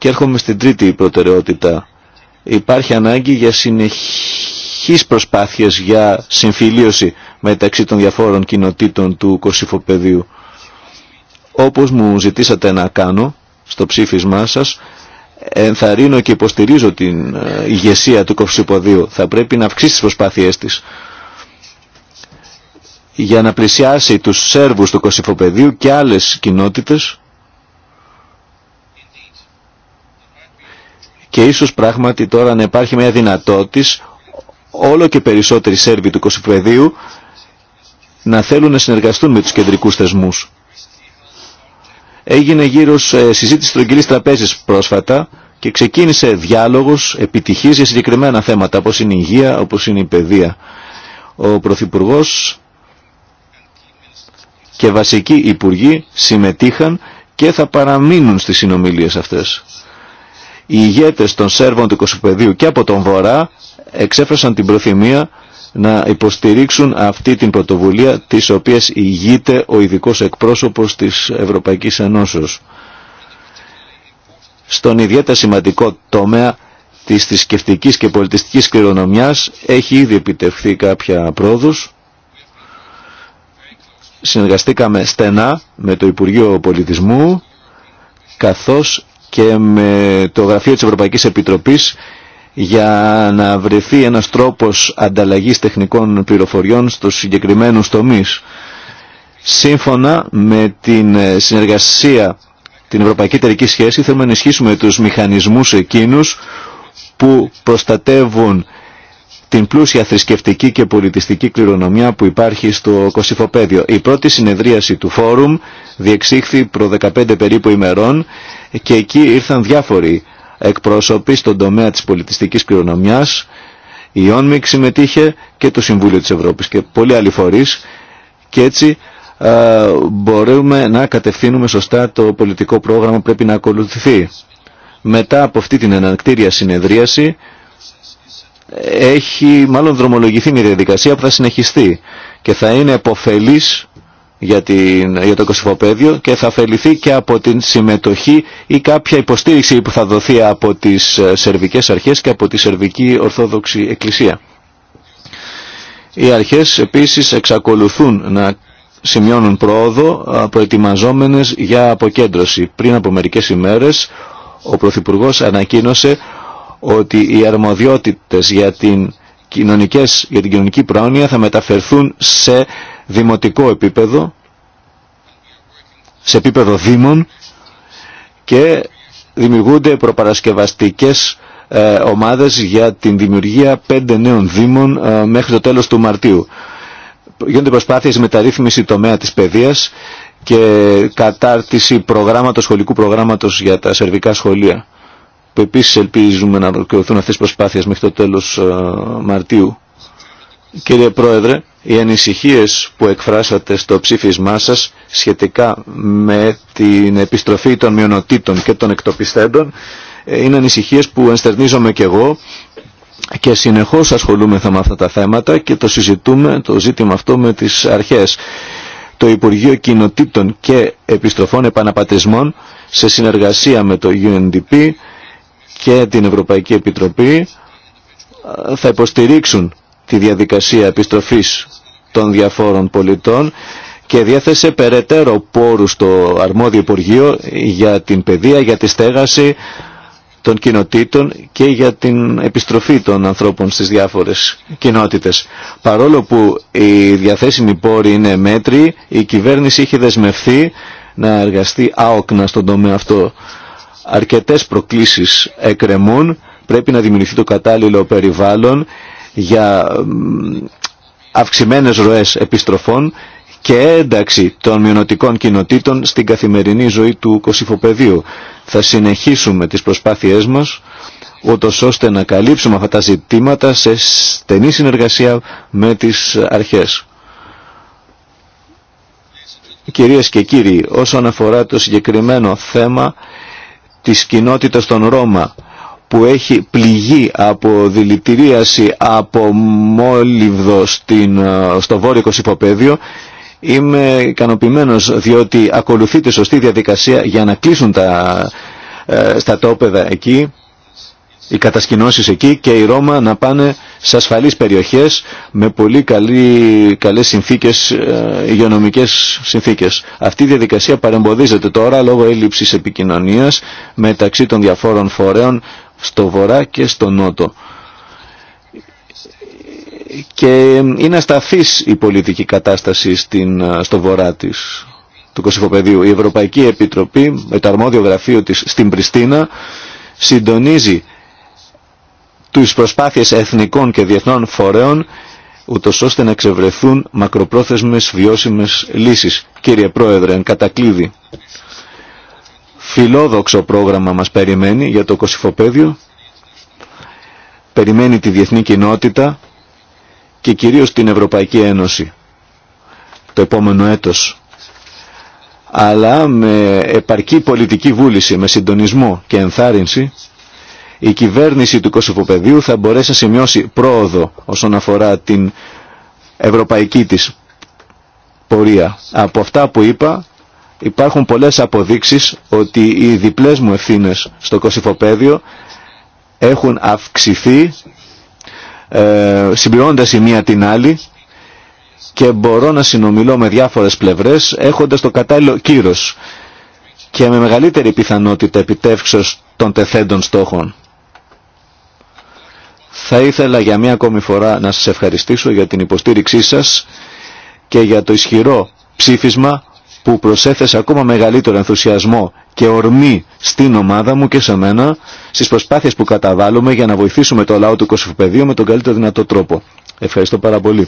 Και έρχομαι στην τρίτη προτεραιότητα. Υπάρχει ανάγκη για συνεχείς προσπάθειες για συμφιλίωση μεταξύ των διαφόρων κοινοτήτων του Κωσυφοπεδίου. Όπως μου ζητήσατε να κάνω στο ψήφισμά σας, ενθαρρύνω και υποστηρίζω την ε, ηγεσία του Κωσυφοπεδίου. Θα πρέπει να αυξήσει τις προσπάθειές της για να πλησιάσει τους Σέρβους του Κωσυφοπεδίου και άλλες κοινότητες και ίσως πράγματι τώρα να υπάρχει μια δυνατότητα όλο και περισσότεροι Σέρβοι του Κωσυφεδίου να θέλουν να συνεργαστούν με τους κεντρικούς θεσμούς. Έγινε γύρω σε συζήτηση τρογγυλής τραπέζης πρόσφατα και ξεκίνησε διάλογος επιτυχής για συγκεκριμένα θέματα όπως είναι η υγεία, όπως είναι η παιδεία. Ο Πρωθυπουργό και βασικοί υπουργοί συμμετείχαν και θα παραμείνουν στις συνομιλίες αυτές. Οι ηγέτες των Σέρβων του Κωσουπεδίου και από τον Βορρά εξέφρασαν την προθυμία να υποστηρίξουν αυτή την πρωτοβουλία της οποίας ηγείται ο ειδικός εκπρόσωπος της Ευρωπαϊκής Ενώσεως. Στον ιδιαίτερα σημαντικό τομέα της θρησκευτική και πολιτιστικής κληρονομιάς έχει ήδη επιτευχθεί κάποια πρόοδους. Συνεργαστήκαμε στενά με το Υπουργείο Πολιτισμού καθώς και με το γραφείο της Ευρωπαϊκής Επιτροπής για να βρεθεί ένας τρόπος ανταλλαγής τεχνικών πληροφοριών στους συγκεκριμένους τομείς. Σύμφωνα με την συνεργασία, την Ευρωπαϊκή Τερική Σχέση, θέλουμε να ενισχύσουμε τους μηχανισμούς εκείνους που προστατεύουν την πλούσια θρησκευτική και πολιτιστική κληρονομιά που υπάρχει στο Κωσυφοπέδιο. Η πρώτη συνεδρίαση του Φόρουμ διεξήχθη προ 15 περίπου ημερών και εκεί ήρθαν διάφοροι εκπρόσωποι στον τομέα της πολιτιστικής κληρονομιάς, η ΟΝΜΙΚ συμμετείχε και το Συμβούλιο της Ευρώπης και πολλοί άλλοι φορείς και έτσι ε, μπορούμε να κατευθύνουμε σωστά το πολιτικό πρόγραμμα που πρέπει να ακολουθηθεί. Μετά από αυτή την ανακτήρια συνεδρίαση έχει μάλλον δρομολογηθεί μια διαδικασία που θα συνεχιστεί και θα είναι επωφελής για, την, για το κοσυφοπαίδιο και θα ωφεληθεί και από την συμμετοχή ή κάποια υποστήριξη που θα δοθεί από τις ε, σερβικές αρχές και από τη σερβική Ορθόδοξη Εκκλησία. Οι αρχές επίσης εξακολουθούν να σημειώνουν πρόοδο ε, προετοιμαζόμενες για αποκέντρωση. Πριν από μερικές ημέρες ο Πρωθυπουργό ανακοίνωσε ότι οι αρμοδιότητες για την, για την κοινωνική πρόνοια θα μεταφερθούν σε δημοτικό επίπεδο, σε επίπεδο δήμων και δημιουργούνται προπαρασκευαστικές ε, ομάδες για την δημιουργία πέντε νέων δήμων ε, μέχρι το τέλος του Μαρτίου. Γίνονται προσπάθειες μεταρρύθμιση τομέα της παιδείας και κατάρτιση προγράμματος, σχολικού προγράμματος για τα σερβικά σχολεία που επίσης ελπίζουμε να ολοκληρωθούν αυτές τις προσπάθειες μέχρι το τέλος ε, Μαρτίου. Κύριε Πρόεδρε, οι ανησυχίες που εκφράσατε στο ψήφισμά σας σχετικά με την επιστροφή των μειονοτήτων και των εκτοπιστέντων ε, είναι ανησυχίες που ενστερνίζομαι και εγώ και συνεχώς ασχολούμεθα με αυτά τα θέματα και το συζητούμε το ζήτημα αυτό με τις αρχές. Το Υπουργείο Κοινοτήτων και Επιστροφών Επαναπατρισμών σε συνεργασία με το UNDP και την Ευρωπαϊκή Επιτροπή ε, θα υποστηρίξουν τη διαδικασία επιστροφής των διαφόρων πολιτών και διέθεσε περαιτέρω πόρους στο αρμόδιο Υπουργείο για την παιδεία, για τη στέγαση των κοινοτήτων και για την επιστροφή των ανθρώπων στις διάφορες κοινότητες. Παρόλο που η διαθέσιμη πόρη είναι μέτρη, η κυβέρνηση είχε δεσμευθεί να εργαστεί άοκνα στον τομέα αυτό. Αρκετές προκλήσεις εκρεμούν, πρέπει να δημιουργηθεί το κατάλληλο περιβάλλον για αυξημένες ροές επιστροφών και ένταξη των μειονοτικών κοινοτήτων στην καθημερινή ζωή του κοσυφοπεδίου. Θα συνεχίσουμε τις προσπάθειές μας ώστε να καλύψουμε αυτά τα ζητήματα σε στενή συνεργασία με τις αρχές. Κυρίες και κύριοι, όσον αφορά το συγκεκριμένο θέμα της κοινότητας των Ρώμα, που έχει πληγεί από δηλητηρίαση από μόλιβδο ε, στο βόρειο υποπέδιο. είμαι ικανοποιημένο διότι ακολουθεί τη σωστή διαδικασία για να κλείσουν τα ε, στατόπεδα εκεί οι κατασκηνώσεις εκεί και οι Ρώμα να πάνε σε ασφαλείς περιοχές με πολύ καλή, καλές συνθήκες, ε, συνθήκες. Αυτή η διαδικασία παρεμποδίζεται τώρα λόγω έλλειψης επικοινωνίας μεταξύ των διαφόρων φορέων στο βορρά και στο νότο. Και είναι ασταθής η πολιτική κατάσταση στην, στο βορρά της, του Κωσυφοπεδίου. Η Ευρωπαϊκή Επιτροπή, με το αρμόδιο γραφείο της στην Πριστίνα, συντονίζει τους προσπάθειες εθνικών και διεθνών φορέων ούτως ώστε να εξευρεθούν μακροπρόθεσμες βιώσιμες λύσεις. Κύριε Πρόεδρε, εν κατακλείδη, φιλόδοξο πρόγραμμα μας περιμένει για το κοσυφοπέδιο, Περιμένει τη διεθνή κοινότητα και κυρίως την Ευρωπαϊκή Ένωση το επόμενο έτος. Αλλά με επαρκή πολιτική βούληση, με συντονισμό και ενθάρρυνση η κυβέρνηση του Κωσυφοπεδίου θα μπορέσει να σημειώσει πρόοδο όσον αφορά την ευρωπαϊκή της πορεία. Από αυτά που είπα Υπάρχουν πολλές αποδείξεις ότι οι διπλές μου ευθύνε στο κοσυφοπέδιο έχουν αυξηθεί ε, συμπληρώνοντας η μία την άλλη και μπορώ να συνομιλώ με διάφορες πλευρές έχοντας το κατάλληλο κύρος και με μεγαλύτερη πιθανότητα επιτεύξεως των τεθέντων στόχων. Θα ήθελα για μία ακόμη φορά να σας ευχαριστήσω για την υποστήριξή σας και για το ισχυρό ψήφισμα που προσέθεσε ακόμα μεγαλύτερο ενθουσιασμό και ορμή στην ομάδα μου και σε μένα στις προσπάθειες που καταβάλουμε για να βοηθήσουμε το λαό του Κωσυφοπεδίου με τον καλύτερο δυνατό τρόπο. Ευχαριστώ πάρα πολύ.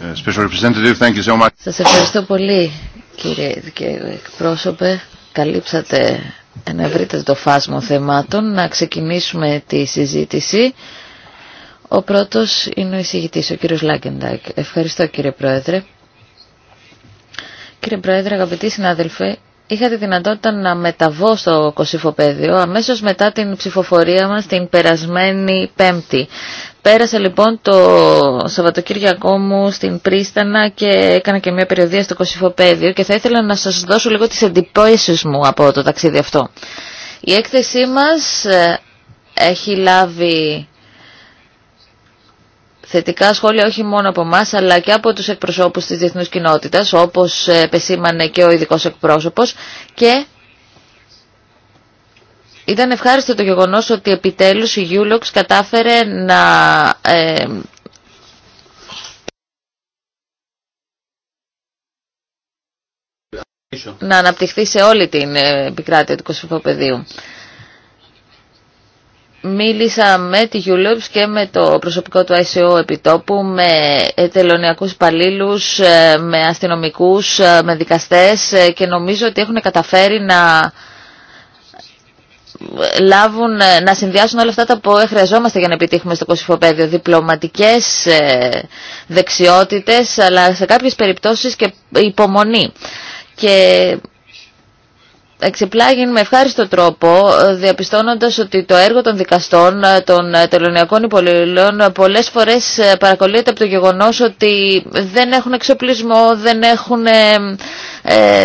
Ε, Σας ευχαριστώ πολύ κύριε εκπρόσωπε. Καλύψατε ένα ευρύτερο φάσμα θεμάτων. Να ξεκινήσουμε τη συζήτηση. Ο πρώτος είναι ο εισηγητής, ο κύριος Λάγκεντακ. Ευχαριστώ κύριε Πρόεδρε. Κύριε Πρόεδρε, αγαπητοί συνάδελφοι, είχα τη δυνατότητα να μεταβώ στο κοσυφοπέδιο, αμέσως μετά την ψηφοφορία μας την περασμένη Πέμπτη. Πέρασα λοιπόν το Σαββατοκύριακό μου στην Πρίστανα και έκανα και μια περιοδία στο κοσυφοπέδιο και θα ήθελα να σας δώσω λίγο τις εντυπώσεις μου από το ταξίδι αυτό. Η έκθεσή μας ε, έχει λάβει θετικά σχόλια όχι μόνο από εμά αλλά και από τους εκπροσώπους της διεθνούς κοινότητας όπως ε, επεσήμανε και ο ειδικό εκπρόσωπος και ήταν ευχάριστο το γεγονός ότι επιτέλους η Ulox κατάφερε να ε, να αναπτυχθεί σε όλη την ε, επικράτεια του Κωσυφοπεδίου. Μίλησα με τη Γιουλόπ και με το προσωπικό του ICO επιτόπου, με τελωνιακούς υπαλλήλου, ε, με αστυνομικούς, ε, με δικαστές ε, και νομίζω ότι έχουν καταφέρει να λάβουν, να συνδυάσουν όλα αυτά τα που χρειαζόμαστε για να επιτύχουμε στο κοσυφοπαίδιο. Διπλωματικές δεξιότητες, αλλά σε κάποιες περιπτώσεις και υπομονή. Και εξεπλάγει με ευχάριστο τρόπο ε, διαπιστώνοντας ότι το έργο των δικαστών ε, των ε, τελωνιακών υπολογιών πολλές φορές παρακολύεται από το γεγονός ότι δεν έχουν εξοπλισμό, δεν έχουν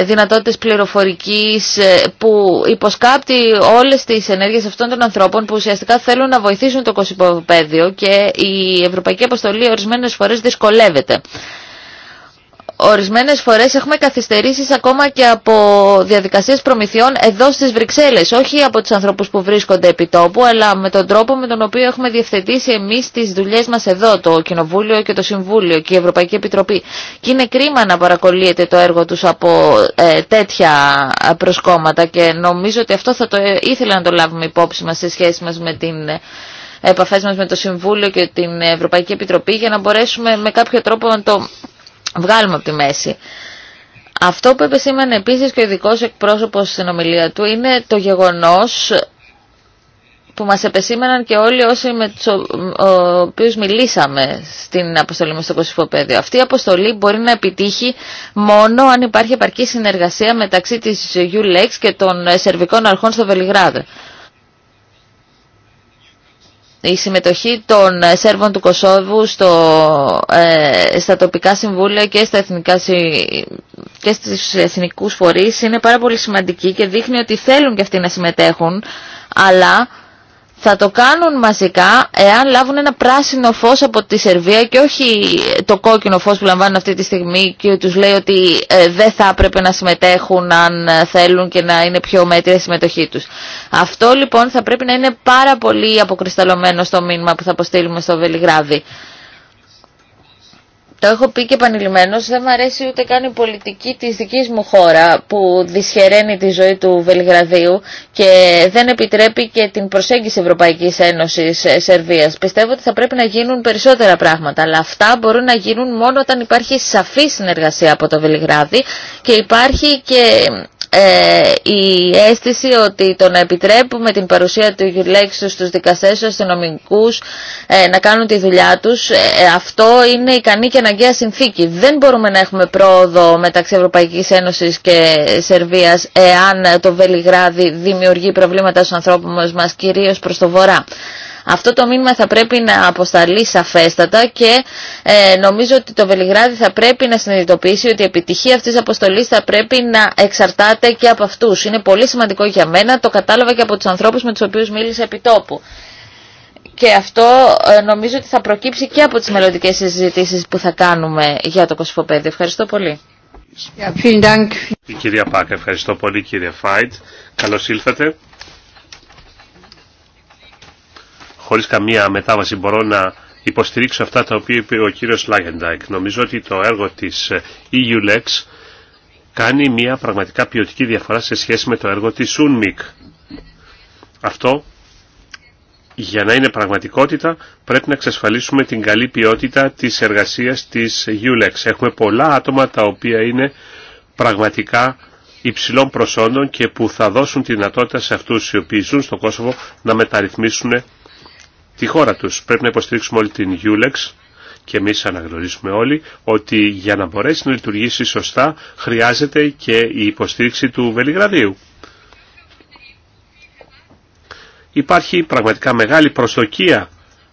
δυνατότητες πληροφορικής που υποσκάπτει όλες τις ενέργειες αυτών των ανθρώπων που ουσιαστικά θέλουν να βοηθήσουν το κοσυποπέδιο και η Ευρωπαϊκή Αποστολή ορισμένες φορές δυσκολεύεται. Ορισμένες φορές έχουμε καθυστερήσεις ακόμα και από διαδικασίες προμηθειών εδώ στις Βρυξέλλες, όχι από τους ανθρώπους που βρίσκονται επί τόπου, αλλά με τον τρόπο με τον οποίο έχουμε διευθετήσει εμείς τις δουλειές μας εδώ, το Κοινοβούλιο και το Συμβούλιο και η Ευρωπαϊκή Επιτροπή. Και είναι κρίμα να παρακολύεται το έργο τους από ε, τέτοια προσκόμματα και νομίζω ότι αυτό θα το ε, ήθελα να το λάβουμε υπόψη μας σε σχέση μας με την ε, επαφές μας με το Συμβούλιο και την Ευρωπαϊκή Επιτροπή για να μπορέσουμε με κάποιο τρόπο να το βγάλουμε από τη μέση. Αυτό που επεσήμανε επίσης και ο ειδικό εκπρόσωπος στην ομιλία του είναι το γεγονός που μας επεσήμαναν και όλοι όσοι με τους οποίους μιλήσαμε στην αποστολή μας στο Κωσυφοπέδιο. Αυτή η αποστολή μπορεί να επιτύχει μόνο αν υπάρχει επαρκή συνεργασία μεταξύ της ULEX και των σερβικών αρχών στο Βελιγράδο η συμμετοχή των ε, Σέρβων του Κωσόβου στο, ε, στα τοπικά συμβούλια και, στα εθνικά, και στις εθνικούς φορείς είναι πάρα πολύ σημαντική και δείχνει ότι θέλουν και αυτοί να συμμετέχουν, αλλά θα το κάνουν μαζικά εάν λάβουν ένα πράσινο φως από τη Σερβία και όχι το κόκκινο φως που λαμβάνουν αυτή τη στιγμή και τους λέει ότι ε, δεν θα έπρεπε να συμμετέχουν αν ε, θέλουν και να είναι πιο μέτρια η συμμετοχή τους. Αυτό λοιπόν θα πρέπει να είναι πάρα πολύ αποκρισταλωμένο στο μήνυμα που θα αποστείλουμε στο Βελιγράδι. Το έχω πει και επανειλημμένω, δεν μου αρέσει ούτε καν η πολιτική τη δική μου χώρα που δυσχεραίνει τη ζωή του Βελιγραδίου και δεν επιτρέπει και την προσέγγιση Ευρωπαϊκή Ένωση Σερβία. Πιστεύω ότι θα πρέπει να γίνουν περισσότερα πράγματα, αλλά αυτά μπορούν να γίνουν μόνο όταν υπάρχει σαφή συνεργασία από το Βελιγράδι και υπάρχει και ε, η αίσθηση ότι το να επιτρέπουμε την παρουσία του γιουλέξου στους δικαστές, στους αστυνομικούς ε, να κάνουν τη δουλειά τους, ε, αυτό είναι ικανή και αναγκαία συνθήκη. Δεν μπορούμε να έχουμε πρόοδο μεταξύ Ευρωπαϊκής Ένωσης και Σερβίας εάν το Βελιγράδι δημιουργεί προβλήματα στους ανθρώπους μας, κυρίως προς το βορρά. Αυτό το μήνυμα θα πρέπει να αποσταλεί σαφέστατα και ε, νομίζω ότι το Βελιγράδι θα πρέπει να συνειδητοποιήσει ότι η επιτυχία αυτής της αποστολής θα πρέπει να εξαρτάται και από αυτούς. Είναι πολύ σημαντικό για μένα, το κατάλαβα και από τους ανθρώπους με τους οποίους μίλησα επί τόπου. Και αυτό ε, νομίζω ότι θα προκύψει και από τις μελλοντικέ συζητήσεις που θα κάνουμε για το Κωσυφοπέδιο. Ευχαριστώ πολύ. Η κυρία Πάκα, ευχαριστώ πολύ κύριε Φάιτ. Καλώς ήλθατε. χωρίς καμία μετάβαση μπορώ να υποστηρίξω αυτά τα οποία είπε ο κύριος Λάγεντάικ. Νομίζω ότι το έργο της ε, EULEX κάνει μια πραγματικά ποιοτική διαφορά σε σχέση με το έργο της UNMIC. Αυτό για να είναι πραγματικότητα πρέπει να εξασφαλίσουμε την καλή ποιότητα της εργασίας της EULEX. Έχουμε πολλά άτομα τα οποία είναι πραγματικά υψηλών προσόντων και που θα δώσουν τη δυνατότητα σε αυτούς οι οποίοι ζουν στο Κόσοβο να μεταρρυθμίσουν τη χώρα τους. Πρέπει να υποστηρίξουμε όλη την Ulex και εμείς αναγνωρίσουμε όλοι ότι για να μπορέσει να λειτουργήσει σωστά χρειάζεται και η υποστήριξη του Βελιγραδίου. Υπάρχει πραγματικά μεγάλη προσδοκία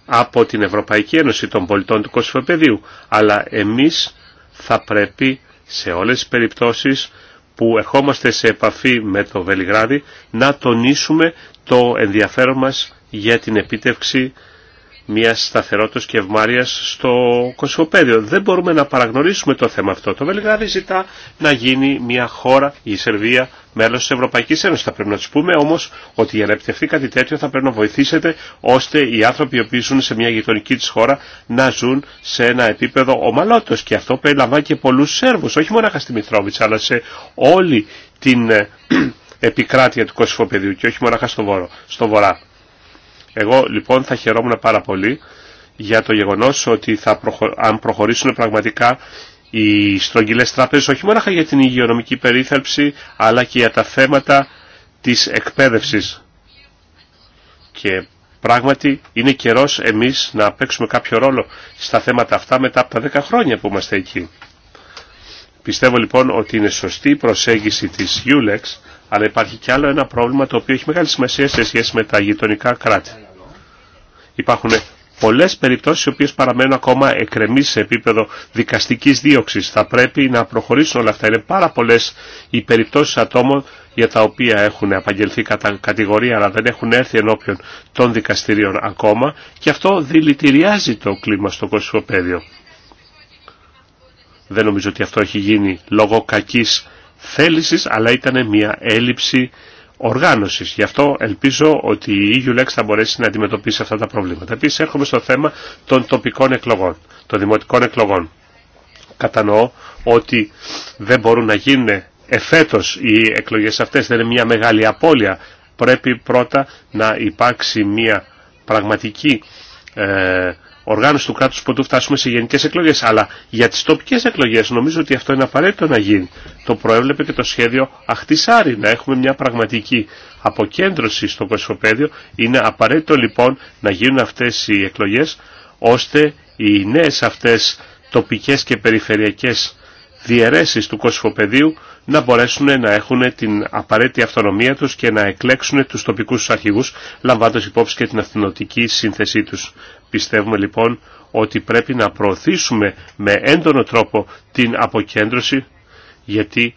από την Ευρωπαϊκή Ένωση των πολιτών του Κωσυφοπεδίου, αλλά εμείς θα πρέπει σε όλες τις περιπτώσεις που ερχόμαστε σε επαφή με το Βελιγράδι να τονίσουμε το ενδιαφέρον μας για την επίτευξη μια σταθερότητα και ευμάρεια στο κοσμοπέδιο. Δεν μπορούμε να παραγνωρίσουμε το θέμα αυτό. Το Βελιγράδι ζητά να γίνει μια χώρα, η Σερβία, μέλο τη Ευρωπαϊκή Ένωση. Θα πρέπει να του πούμε όμω ότι για να επιτευχθεί κάτι τέτοιο θα πρέπει να βοηθήσετε ώστε οι άνθρωποι οι οποίοι ζουν σε μια γειτονική τη χώρα να ζουν σε ένα επίπεδο ομαλότο. Και αυτό περιλαμβάνει και πολλού Σέρβου, όχι μόνο στη Μητρόβιτσα, αλλά σε όλη την ε, επικράτεια του κοσμοπεδίου και όχι μόνο στο βορρά. Εγώ λοιπόν θα χαιρόμουν πάρα πολύ για το γεγονός ότι θα αν προχωρήσουν πραγματικά οι στρογγυλές τράπεζες όχι μόνο για την υγειονομική περίθαλψη αλλά και για τα θέματα της εκπαίδευσης. Και πράγματι είναι καιρός εμείς να παίξουμε κάποιο ρόλο στα θέματα αυτά μετά από τα 10 χρόνια που είμαστε εκεί. Πιστεύω λοιπόν ότι είναι σωστή η προσέγγιση της Ulex αλλά υπάρχει κι άλλο ένα πρόβλημα το οποίο έχει μεγάλη σημασία σε σχέση με τα γειτονικά κράτη. Υπάρχουν πολλέ περιπτώσει οι οποίε παραμένουν ακόμα εκρεμή σε επίπεδο δικαστική δίωξη. Θα πρέπει να προχωρήσουν όλα αυτά. Είναι πάρα πολλέ οι περιπτώσει ατόμων για τα οποία έχουν απαγγελθεί κατά κατηγορία αλλά δεν έχουν έρθει ενώπιον των δικαστηρίων ακόμα και αυτό δηλητηριάζει το κλίμα στο κοσυφοπαίδιο. Δεν νομίζω ότι αυτό έχει γίνει λόγω κακής θέλησης, αλλά ήταν μια έλλειψη οργάνωσης. Γι' αυτό ελπίζω ότι η EULEX θα μπορέσει να αντιμετωπίσει αυτά τα προβλήματα. Επίσης έρχομαι στο θέμα των τοπικών εκλογών, των δημοτικών εκλογών. Κατανοώ ότι δεν μπορούν να γίνουν εφέτος οι εκλογές αυτές, δεν είναι μια μεγάλη απώλεια. Πρέπει πρώτα να υπάρξει μια πραγματική ε, οργάνωση του κράτους του φτάσουμε σε γενικές εκλογές. Αλλά για τις τοπικές εκλογές νομίζω ότι αυτό είναι απαραίτητο να γίνει. Το προέβλεπε και το σχέδιο Αχτισάρι να έχουμε μια πραγματική αποκέντρωση στο κοσμοπέδιο. Είναι απαραίτητο λοιπόν να γίνουν αυτές οι εκλογές ώστε οι νέες αυτές τοπικές και περιφερειακές διαιρέσεις του κοσφοπεδίου να μπορέσουν να έχουν την απαραίτητη αυτονομία τους και να εκλέξουν τους τοπικούς αρχηγούς λαμβάνοντας υπόψη και την αυθινοτική σύνθεσή τους. Πιστεύουμε λοιπόν ότι πρέπει να προωθήσουμε με έντονο τρόπο την αποκέντρωση γιατί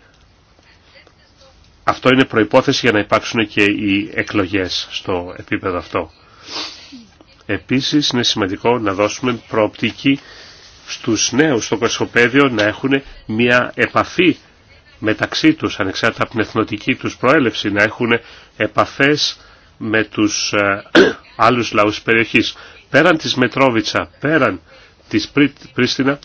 αυτό είναι προϋπόθεση για να υπάρξουν και οι εκλογές στο επίπεδο αυτό. Επίσης είναι σημαντικό να δώσουμε προοπτική στους νέους στο κοσμοπέδιο να έχουν μια επαφή μεταξύ τους ανεξάρτητα από την εθνοτική τους προέλευση, να έχουν επαφές με τους ε, άλλους λαούς της περιοχής πέραν της Μετρόβιτσα, πέραν της Πρίστινα,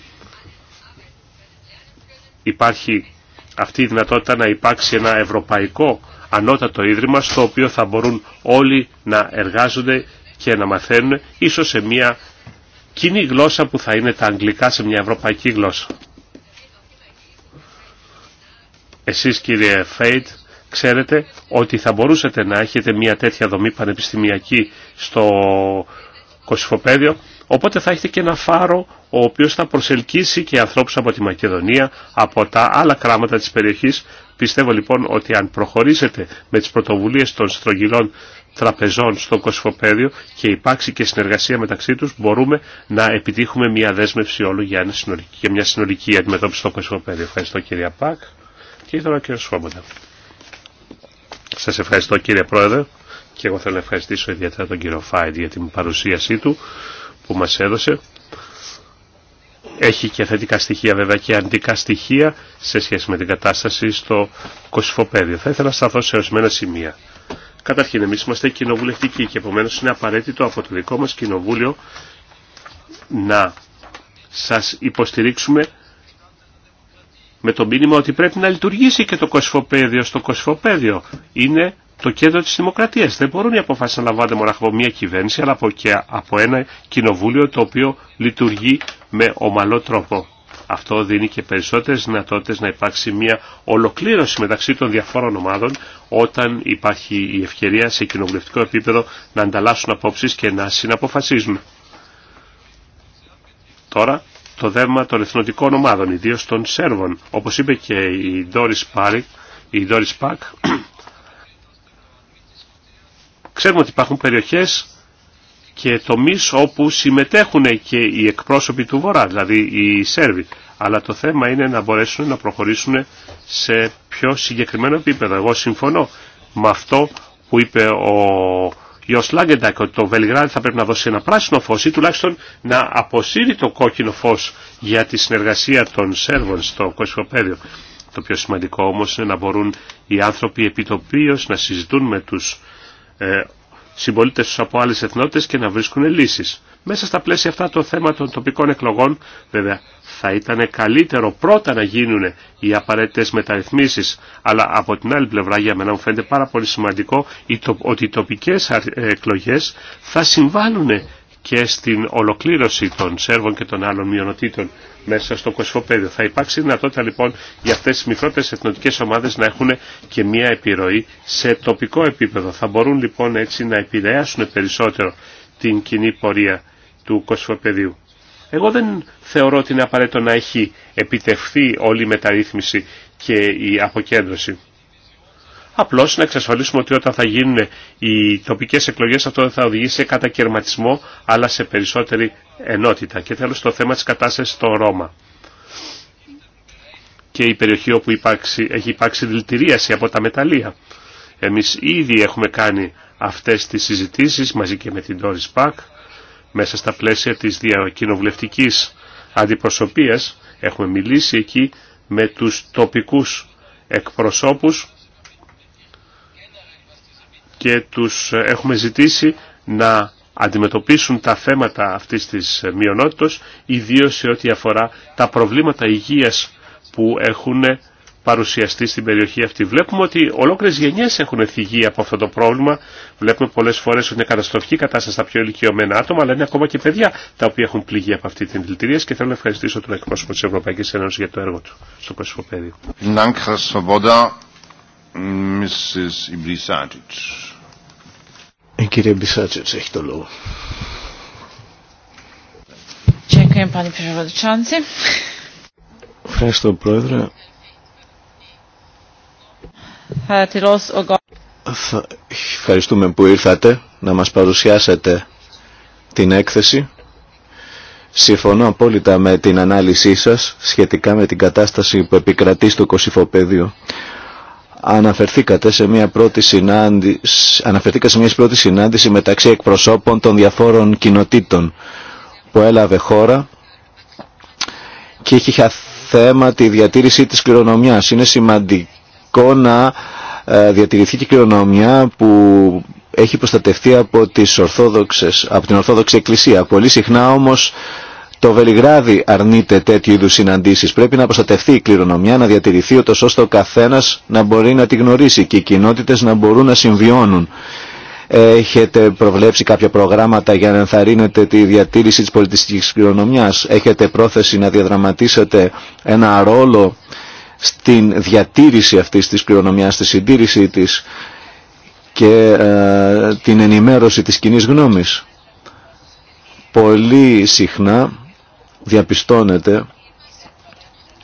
υπάρχει αυτή η δυνατότητα να υπάρξει ένα ευρωπαϊκό ανώτατο ίδρυμα στο οποίο θα μπορούν όλοι να εργάζονται και να μαθαίνουν ίσως σε μια κοινή γλώσσα που θα είναι τα αγγλικά σε μια ευρωπαϊκή γλώσσα. Εσείς κύριε Φέιτ ξέρετε ότι θα μπορούσατε να έχετε μια τέτοια δομή πανεπιστημιακή στο οπότε θα έχετε και ένα φάρο ο οποίος θα προσελκύσει και ανθρώπους από τη Μακεδονία, από τα άλλα κράματα της περιοχής. Πιστεύω λοιπόν ότι αν προχωρήσετε με τις πρωτοβουλίες των στρογγυλών τραπεζών στο κοσφοπέδιο και υπάρξει και συνεργασία μεταξύ τους, μπορούμε να επιτύχουμε μια δέσμευση όλου για, ένα συνολική, για μια συνολική αντιμετώπιση στο Κωσυφοπέδιο. Ευχαριστώ κύριε Πακ και ήθελα κύριο Σφόμοντα. Σας ευχαριστώ κύριε Πρόεδρε. Και εγώ θέλω να ευχαριστήσω ιδιαίτερα τον κύριο Φάιντ για την παρουσίασή του που μας έδωσε. Έχει και θετικά στοιχεία βέβαια και αντικά στοιχεία σε σχέση με την κατάσταση στο κοσυφοπέδιο. Θα ήθελα να σταθώ σε ορισμένα σημεία. Καταρχήν εμείς είμαστε κοινοβουλευτικοί και επομένως είναι απαραίτητο από το δικό μας κοινοβούλιο να σας υποστηρίξουμε με το μήνυμα ότι πρέπει να λειτουργήσει και το κοσφοπέδιο στο κοσφοπέδιο. Είναι το κέντρο της δημοκρατίας. Δεν μπορούν οι αποφάσεις να λαμβάνονται μόνο από μια κυβέρνηση, αλλά και από ένα κοινοβούλιο το οποίο λειτουργεί με ομαλό τρόπο. Αυτό δίνει και περισσότερες δυνατότητες να υπάρξει μια ολοκλήρωση μεταξύ των διαφόρων ομάδων όταν υπάρχει η ευκαιρία σε κοινοβουλευτικό επίπεδο να ανταλλάσσουν απόψεις και να συναποφασίζουν. Τώρα το δεύμα των εθνοτικών ομάδων, ιδίως των Σέρβων. Όπως είπε και η Doris Park, η Doris Ξέρουμε ότι υπάρχουν περιοχές και τομείς όπου συμμετέχουν και οι εκπρόσωποι του Βορρά, δηλαδή οι Σέρβοι. Αλλά το θέμα είναι να μπορέσουν να προχωρήσουν σε πιο συγκεκριμένο επίπεδο. Εγώ συμφωνώ με αυτό που είπε ο Ιωσ Λάγκεντακ ότι το Βελιγράδι θα πρέπει να δώσει ένα πράσινο φως ή τουλάχιστον να αποσύρει το κόκκινο φως για τη συνεργασία των Σέρβων στο Κωσικοπαίδιο. Το πιο σημαντικό όμως είναι να μπορούν οι άνθρωποι επιτοπίως να συζητούν με τους ε, συμπολίτε του από άλλε εθνότητε και να βρίσκουν λύσει. Μέσα στα πλαίσια αυτά το θέμα των τοπικών εκλογών βέβαια θα ήταν καλύτερο πρώτα να γίνουν οι απαραίτητε μεταρρυθμίσει αλλά από την άλλη πλευρά για μένα μου φαίνεται πάρα πολύ σημαντικό ότι οι τοπικέ εκλογέ θα συμβάλλουν και στην ολοκλήρωση των Σέρβων και των άλλων μειονοτήτων μέσα στο Κοσμοπέδιο. Θα υπάρξει δυνατότητα λοιπόν για αυτές τις μικρότερες εθνοτικές ομάδες να έχουν και μια επιρροή σε τοπικό επίπεδο. Θα μπορούν λοιπόν έτσι να επηρεάσουν περισσότερο την κοινή πορεία του Κοσμοπέδιου. Εγώ δεν θεωρώ ότι είναι απαραίτητο να έχει επιτευχθεί όλη η μεταρρύθμιση και η αποκέντρωση. Απλώς να εξασφαλίσουμε ότι όταν θα γίνουν οι τοπικές εκλογές αυτό θα οδηγήσει σε κατακαιρματισμό αλλά σε περισσότερη ενότητα. Και τέλος το θέμα της κατάστασης στο Ρώμα και η περιοχή όπου υπάρξει, έχει υπάρξει δηλητηρίαση από τα μεταλλεία. Εμείς ήδη έχουμε κάνει αυτές τις συζητήσεις μαζί και με την Doris Πακ μέσα στα πλαίσια της διακοινοβουλευτικής αντιπροσωπείας έχουμε μιλήσει εκεί με τους τοπικούς εκπροσώπους και τους ε, έχουμε ζητήσει να αντιμετωπίσουν τα θέματα αυτής της ε, μειονότητος, ιδίως σε ό,τι αφορά τα προβλήματα υγείας που έχουν ε, παρουσιαστεί στην περιοχή αυτή. Βλέπουμε ότι ολόκληρε γενιέ έχουν θυγεί από αυτό το πρόβλημα. Βλέπουμε πολλέ φορέ ότι είναι καταστροφική κατάσταση στα πιο ηλικιωμένα άτομα, αλλά είναι ακόμα και παιδιά τα οποία έχουν πληγεί από αυτή την δηλητηρία και θέλω να ευχαριστήσω τον εκπρόσωπο τη Ευρωπαϊκή Ένωση για το έργο του στο Κωσυφοπέδιο. Η ε, κυρία Μπισάτσετς έχει το λόγο. Ευχαριστώ πρόεδρε. ευχαριστούμε που ήρθατε να μας παρουσιάσετε την έκθεση. Συμφωνώ απόλυτα με την ανάλυση σας σχετικά με την κατάσταση που επικρατεί στο κοσυφοπέδιο αναφερθήκατε σε μια πρώτη συνάντηση, σε μια πρώτη συνάντηση μεταξύ εκπροσώπων των διαφόρων κοινοτήτων που έλαβε χώρα και είχε θέμα τη διατήρηση της κληρονομιάς. Είναι σημαντικό να ε, διατηρηθεί και η κληρονομιά που έχει προστατευτεί από, τις από την Ορθόδοξη Εκκλησία. Πολύ συχνά όμως το Βελιγράδι αρνείται τέτοιου είδου συναντήσει. Πρέπει να προστατευτεί η κληρονομιά, να διατηρηθεί ούτω ώστε ο καθένα να μπορεί να τη γνωρίσει και οι κοινότητε να μπορούν να συμβιώνουν. Έχετε προβλέψει κάποια προγράμματα για να ενθαρρύνετε τη διατήρηση της πολιτιστικής κληρονομιάς. Έχετε πρόθεση να διαδραματίσετε ένα ρόλο στην διατήρηση αυτής της κληρονομιάς, στη συντήρηση της και ε, την ενημέρωση της κοινή γνώμης. Πολύ συχνά διαπιστώνεται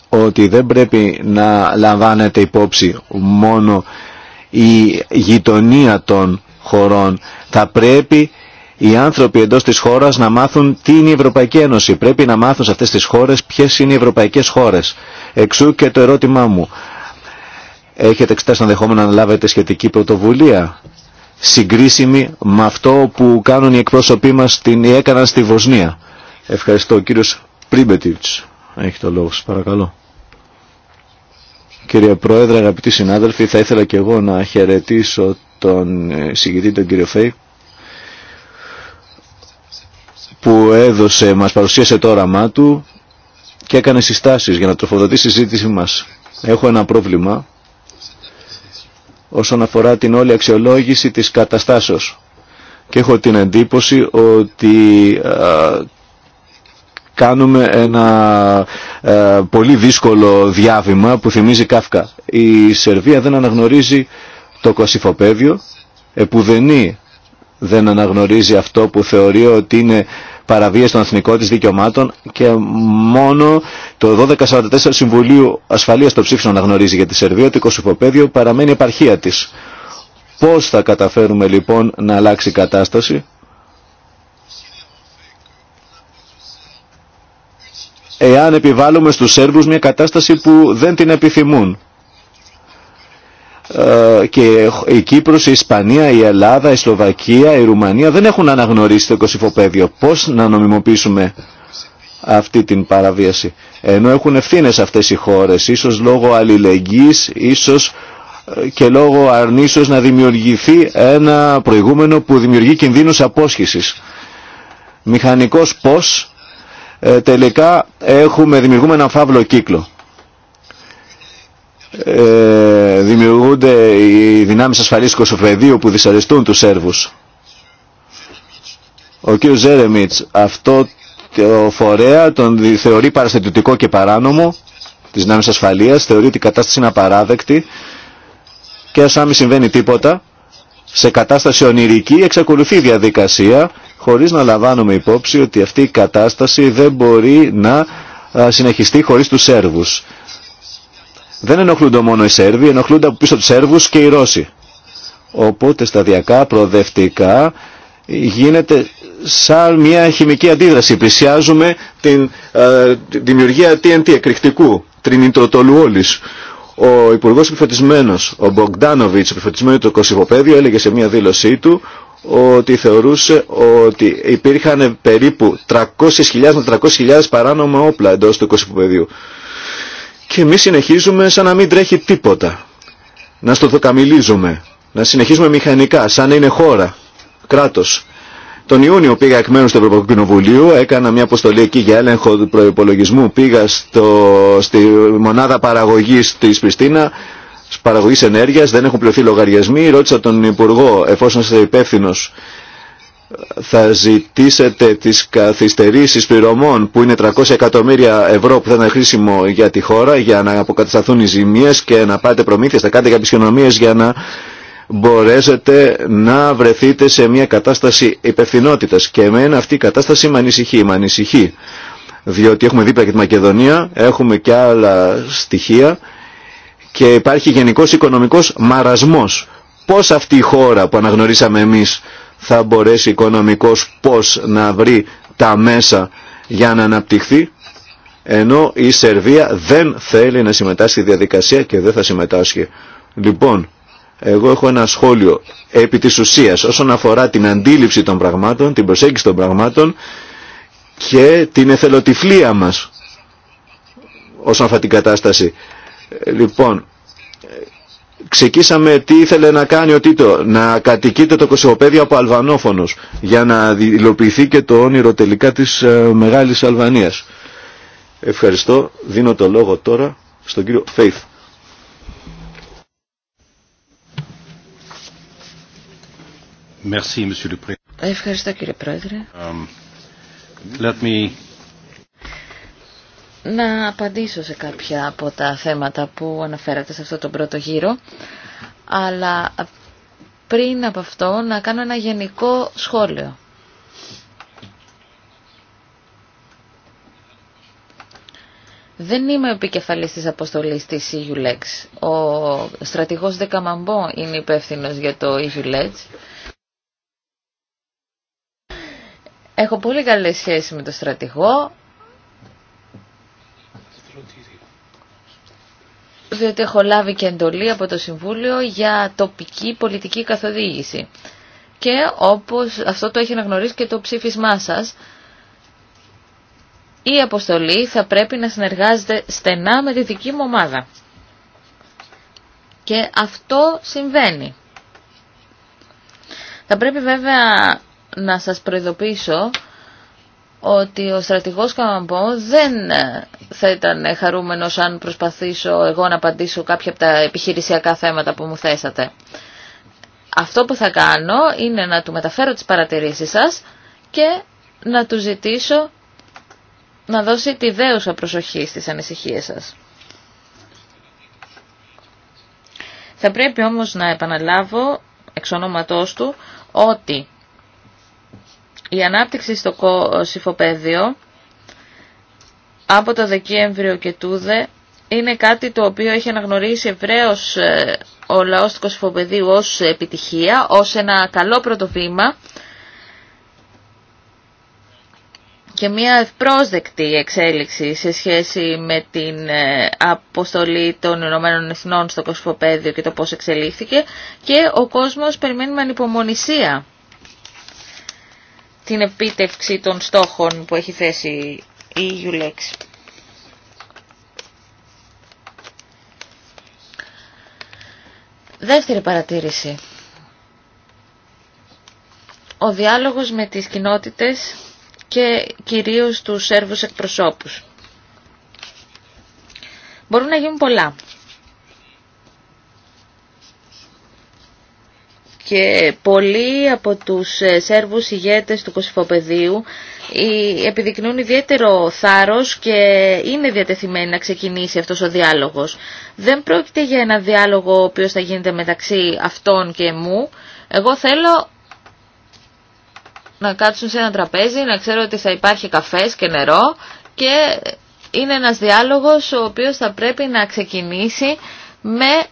ότι δεν πρέπει να λαμβάνεται υπόψη μόνο η γειτονία των χωρών. Θα πρέπει οι άνθρωποι εντός της χώρας να μάθουν τι είναι η Ευρωπαϊκή Ένωση. Πρέπει να μάθουν σε αυτές τις χώρες ποιες είναι οι ευρωπαϊκές χώρες. Εξού και το ερώτημά μου. Έχετε εξετάσει το ενδεχόμενο να λάβετε σχετική πρωτοβουλία συγκρίσιμη με αυτό που κάνουν οι εκπρόσωποι μας την έκαναν στη Βοσνία. Ευχαριστώ κύριος Πρίμπετιτς έχει το λόγο σας, παρακαλώ. Κύριε Πρόεδρε, αγαπητοί συνάδελφοι, θα ήθελα και εγώ να χαιρετήσω τον ε, συγκητή τον κύριο που έδωσε, μας παρουσίασε το όραμά του και έκανε συστάσεις για να τροφοδοτήσει η συζήτηση μας. Έχω ένα πρόβλημα όσον αφορά την όλη αξιολόγηση της καταστάσεως και έχω την εντύπωση ότι κάνουμε ένα ε, πολύ δύσκολο διάβημα που θυμίζει Κάφκα. Η Σερβία δεν αναγνωρίζει το κοσυφοπέδιο, επουδενή δεν αναγνωρίζει αυτό που θεωρεί ότι είναι παραβίαση των εθνικών της δικαιωμάτων και μόνο το 1244 Συμβουλίου Ασφαλείας το ψήφισμα αναγνωρίζει για τη Σερβία ότι το κοσυφοπέδιο παραμένει επαρχία της. Πώς θα καταφέρουμε λοιπόν να αλλάξει η κατάσταση εάν επιβάλλουμε στους Σέρβους μια κατάσταση που δεν την επιθυμούν. Ε, και η Κύπρος, η Ισπανία, η Ελλάδα, η Σλοβακία, η Ρουμανία δεν έχουν αναγνωρίσει το κοσυφοπαίδιο. Πώς να νομιμοποιήσουμε αυτή την παραβίαση. Ενώ έχουν ευθύνε αυτές οι χώρες, ίσως λόγω αλληλεγγύης, ίσως ε, και λόγω αρνήσεως να δημιουργηθεί ένα προηγούμενο που δημιουργεί κινδύνους απόσχησης. Μηχανικός πώς ε, τελικά έχουμε, δημιουργούμε ένα φαύλο κύκλο. Ε, δημιουργούνται οι δυνάμεις ασφαλής κοσοφεδίου που δυσαρεστούν τους Σέρβους. Ο κ. Ζέρεμιτς αυτό το φορέα τον θεωρεί παραστατητικό και παράνομο της δυνάμεις ασφαλείας, θεωρεί ότι η κατάσταση είναι απαράδεκτη και ας άμει συμβαίνει τίποτα σε κατάσταση ονειρική εξακολουθεί η διαδικασία χωρίς να λαμβάνουμε υπόψη ότι αυτή η κατάσταση δεν μπορεί να συνεχιστεί χωρίς τους Σέρβους. Δεν ενοχλούνται μόνο οι Σέρβοι, ενοχλούνται από πίσω τους Σέρβους και οι Ρώσοι. Οπότε σταδιακά, προοδευτικά, γίνεται σαν μια χημική αντίδραση. Πλησιάζουμε την δημιουργία TNT, εκρηκτικού, τρινιτροτολουόλης. Ο υπουργό επιφωτισμένο, ο Μπογκδάνοβιτ, επιφωτισμένο του Κωσυφοπέδιου, έλεγε σε μια δήλωσή του ότι θεωρούσε ότι υπήρχαν περίπου 300.000 με παράνομα όπλα εντό του Κωσυφοπέδιου. Και εμεί συνεχίζουμε σαν να μην τρέχει τίποτα. Να στο δοκαμιλίζουμε. Να συνεχίζουμε μηχανικά, σαν να είναι χώρα, κράτο. Τον Ιούνιο πήγα εκ μέρου του Ευρωπαϊκού Κοινοβουλίου, έκανα μια αποστολή εκεί για έλεγχο προπολογισμού. Πήγα στο, στη μονάδα παραγωγή τη Πριστίνα, παραγωγή ενέργεια, δεν έχουν πληρωθεί λογαριασμοί. Ρώτησα τον Υπουργό, εφόσον είστε υπεύθυνο, θα ζητήσετε τι καθυστερήσει πληρωμών που είναι 300 εκατομμύρια ευρώ που θα είναι χρήσιμο για τη χώρα για να αποκατασταθούν οι ζημίε και να πάτε προμήθειε, θα κάνετε κάποιε για να μπορέσετε να βρεθείτε σε μια κατάσταση υπευθυνότητα. Και εμένα αυτή η κατάσταση με ανησυχεί. Με ανησυχεί. Διότι έχουμε δίπλα και τη Μακεδονία, έχουμε και άλλα στοιχεία και υπάρχει γενικός οικονομικός μαρασμός. Πώς αυτή η χώρα που αναγνωρίσαμε εμείς θα μπορέσει οικονομικός πώς να βρει τα μέσα για να αναπτυχθεί ενώ η Σερβία δεν θέλει να συμμετάσχει στη διαδικασία και δεν θα συμμετάσχει. Λοιπόν, εγώ έχω ένα σχόλιο επί της ουσίας όσον αφορά την αντίληψη των πραγμάτων, την προσέγγιση των πραγμάτων και την εθελοτυφλία μας όσον αφορά την κατάσταση. Λοιπόν, ξεκίσαμε τι ήθελε να κάνει ο Τίτο, να κατοικείται το Κωσοπέδιο από Αλβανόφωνος για να υλοποιηθεί και το όνειρο τελικά της ε, Μεγάλης Αλβανίας. Ευχαριστώ. Δίνω το λόγο τώρα στον κύριο Φέιθ. Ευχαριστώ κύριε Πρόεδρε. Um, να απαντήσω σε κάποια από τα θέματα που αναφέρατε σε αυτό τον πρώτο γύρο, αλλά πριν από αυτό να κάνω ένα γενικό σχόλιο. Δεν είμαι επικεφαλής της αποστολής της EULEX. Ο στρατηγός Δεκαμαμπό είναι υπεύθυνος για το EULEX Έχω πολύ καλή σχέση με τον στρατηγό. διότι έχω λάβει και εντολή από το Συμβούλιο για τοπική πολιτική καθοδήγηση. Και όπως αυτό το έχει αναγνωρίσει και το ψήφισμά σας, η αποστολή θα πρέπει να συνεργάζεται στενά με τη δική μου ομάδα. Και αυτό συμβαίνει. Θα πρέπει βέβαια να σας προειδοποιήσω ότι ο στρατηγός Καμαμπό δεν θα ήταν χαρούμενος αν προσπαθήσω εγώ να απαντήσω κάποια από τα επιχειρησιακά θέματα που μου θέσατε. Αυτό που θα κάνω είναι να του μεταφέρω τις παρατηρήσεις σας και να του ζητήσω να δώσει τη δέουσα προσοχή στις ανησυχίες σας. Θα πρέπει όμως να επαναλάβω εξ του ότι η ανάπτυξη στο Κωσυφοπαίδιο από το Δεκέμβριο και τούδε είναι κάτι το οποίο έχει αναγνωρίσει ευρέω ε, ο λαός του Κωσυφοπαίδιου ως επιτυχία, ως ένα καλό πρωτοβήμα και μια ευπρόσδεκτη εξέλιξη σε σχέση με την ε, αποστολή των Ηνωμένων Εθνών στο Κωσυφοπαίδιο και το πώς εξελίχθηκε και ο κόσμος περιμένει με ανυπομονησία την επίτευξη των στόχων που έχει θέσει η EULEX. Δεύτερη παρατήρηση. Ο διάλογος με τις κοινότητες και κυρίως τους Σέρβους εκπροσώπους. Μπορούν να γίνουν πολλά. και πολλοί από τους ε, Σέρβους ηγέτες του Κωσυφοπεδίου επιδεικνύουν ιδιαίτερο θάρρος και είναι διατεθειμένοι να ξεκινήσει αυτός ο διάλογος. Δεν πρόκειται για ένα διάλογο ο οποίος θα γίνεται μεταξύ αυτών και μου. Εγώ θέλω να κάτσουν σε ένα τραπέζι, να ξέρω ότι θα υπάρχει καφές και νερό και είναι ένας διάλογος ο οποίος θα πρέπει να ξεκινήσει με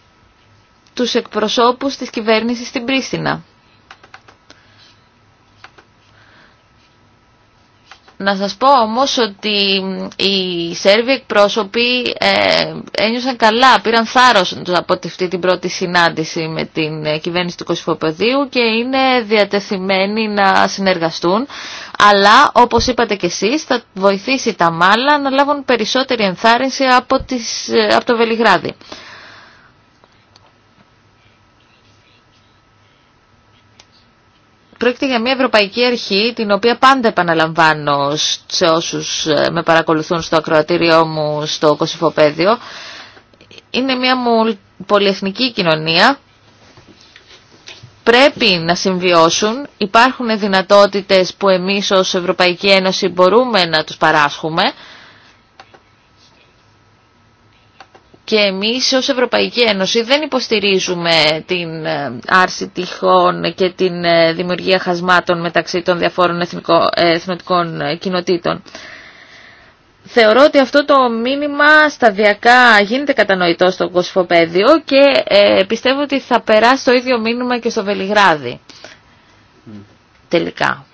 τους εκπροσώπους της κυβέρνησης στην Πρίστινα. Να σας πω όμως ότι οι Σέρβοι εκπρόσωποι ε, ένιωσαν καλά, πήραν θάρρος από αυτή την πρώτη συνάντηση με την ε, κυβέρνηση του Κωσυφοπεδίου και είναι διατεθειμένοι να συνεργαστούν. Αλλά, όπως είπατε και εσείς, θα βοηθήσει τα μάλλα να λάβουν περισσότερη ενθάρρυνση από ε, το Βελιγράδι. Πρόκειται για μια ευρωπαϊκή αρχή, την οποία πάντα επαναλαμβάνω σε όσους ε, με παρακολουθούν στο ακροατήριό μου στο Κωσυφοπαίδιο. Είναι μια πολυεθνική κοινωνία, πρέπει να συμβιώσουν, υπάρχουν δυνατότητες που εμείς ως Ευρωπαϊκή Ένωση μπορούμε να τους παράσχουμε, και εμείς ως Ευρωπαϊκή Ένωση δεν υποστηρίζουμε την ε, άρση τυχών και την ε, δημιουργία χασμάτων μεταξύ των διαφόρων εθνικών, ε, εθνοτικών κοινοτήτων. Θεωρώ ότι αυτό το μήνυμα σταδιακά γίνεται κατανοητό στο κοσφοπέδιο και πιστεύω ότι θα περάσει το ίδιο μήνυμα και στο Βελιγράδι. Τελικά.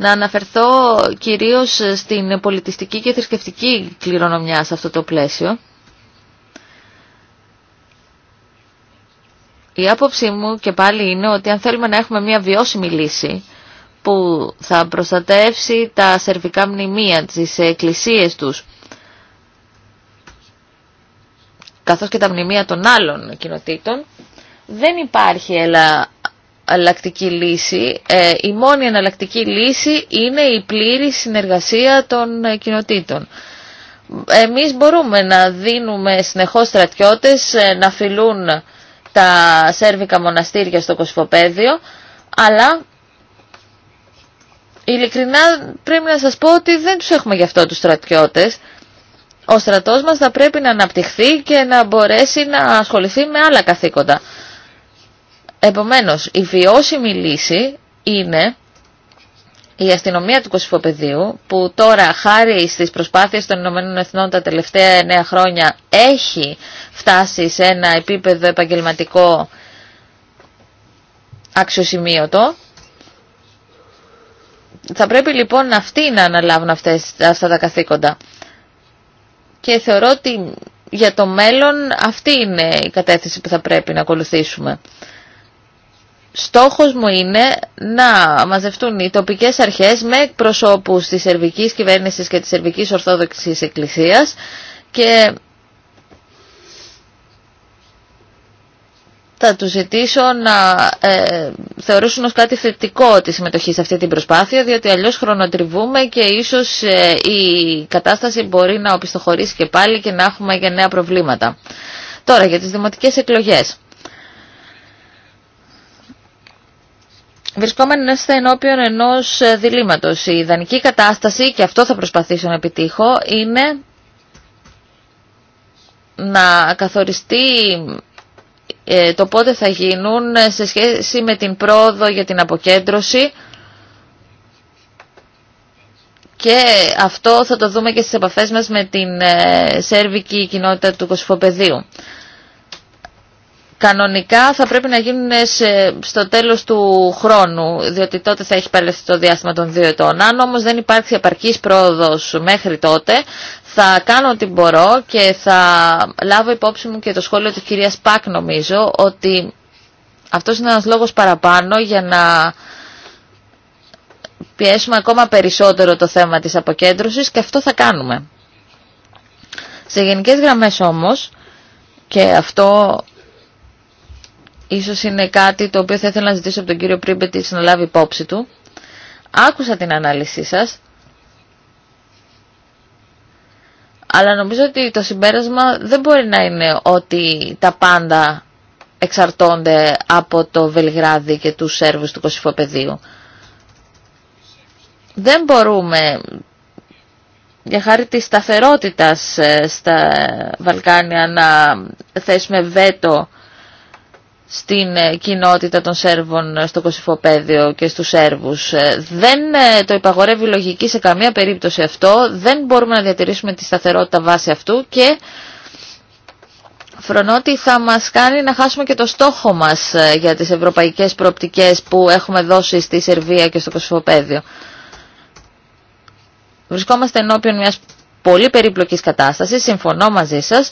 να αναφερθώ κυρίως στην πολιτιστική και θρησκευτική κληρονομιά σε αυτό το πλαίσιο. Η άποψή μου και πάλι είναι ότι αν θέλουμε να έχουμε μια βιώσιμη λύση που θα προστατεύσει τα σερβικά μνημεία, της εκκλησίες τους, καθώς και τα μνημεία των άλλων κοινοτήτων, δεν υπάρχει έλα εναλλακτική λύση. Ε, η μόνη εναλλακτική λύση είναι η πλήρη συνεργασία των ε, κοινοτήτων. Εμείς μπορούμε να δίνουμε συνεχώς στρατιώτες ε, να φιλούν τα σέρβικα μοναστήρια στο Κοσφοπέδιο, αλλά ειλικρινά πρέπει να σας πω ότι δεν τους έχουμε γι' αυτό τους στρατιώτες. Ο στρατός μας θα πρέπει να αναπτυχθεί και να μπορέσει να ασχοληθεί με άλλα καθήκοντα. Επομένως, η βιώσιμη λύση είναι η αστυνομία του Κωσυφοπεδίου, που τώρα χάρη στις προσπάθειες των Ηνωμένων Εθνών τα τελευταία 9 χρόνια έχει φτάσει σε ένα επίπεδο επαγγελματικό αξιοσημείωτο. Θα πρέπει λοιπόν αυτοί να αναλάβουν αυτές, αυτά τα καθήκοντα. Και θεωρώ ότι για το μέλλον αυτή είναι η κατεύθυνση που θα πρέπει να ακολουθήσουμε στόχος μου είναι να μαζευτούν οι τοπικές αρχές με εκπροσώπους της Σερβικής Κυβέρνησης και της Σερβικής Ορθόδοξης Εκκλησίας και θα τους ζητήσω να ε, θεωρήσουν ως κάτι θετικό τη συμμετοχή σε αυτή την προσπάθεια, διότι αλλιώς χρονοτριβούμε και ίσως ε, η κατάσταση μπορεί να οπισθοχωρήσει και πάλι και να έχουμε και νέα προβλήματα. Τώρα για τις δημοτικές εκλογές. είστε ενώπιον ενό ε, διλήμματος. Η ιδανική κατάσταση, και αυτό θα προσπαθήσω να επιτύχω, είναι να καθοριστεί ε, το πότε θα γίνουν ε, σε σχέση με την πρόοδο για την αποκέντρωση και αυτό θα το δούμε και στις επαφές μας με την σέρβικη κοινότητα του Κοσφοπεδίου. Κανονικά θα πρέπει να γίνουν ε, στο τέλος του χρόνου, διότι τότε θα έχει παρελθεί το διάστημα των δύο ετών. Αν όμως δεν υπάρχει επαρκής πρόοδος μέχρι τότε, θα κάνω ό,τι μπορώ και θα λάβω υπόψη μου και το σχόλιο της κυρίας Πακ νομίζω, ότι αυτός είναι ένας λόγος παραπάνω για να πιέσουμε ακόμα περισσότερο το θέμα της αποκέντρωσης και αυτό θα κάνουμε. Σε γενικές γραμμές όμως, και αυτό Ίσως είναι κάτι το οποίο θα ήθελα να ζητήσω από τον κύριο Πρίμπετης να λάβει υπόψη του. Άκουσα την ανάλυση σας. Αλλά νομίζω ότι το συμπέρασμα δεν μπορεί να είναι ότι τα πάντα εξαρτώνται από το Βελιγράδι και τους Σέρβους του Κωσυφοπεδίου. Δεν μπορούμε, για χάρη της σταθερότητας ε, στα Βαλκάνια, να θέσουμε βέτο στην ε, κοινότητα των Σέρβων ε, στο Κωσυφοπαίδιο και στους Σέρβους. Ε, δεν το υπαγορεύει λογική σε καμία περίπτωση αυτό, δεν μπορούμε να διατηρήσουμε τη σταθερότητα βάση αυτού και φρονώ ότι θα μας κάνει να χάσουμε και το στόχο μας για τις ευρωπαϊκές προοπτικές που έχουμε δώσει στη Σερβία και στο Κωσυφοπαίδιο. Βρισκόμαστε ενώπιον μιας πολύ περίπλοκης κατάστασης, συμφωνώ μαζί σας,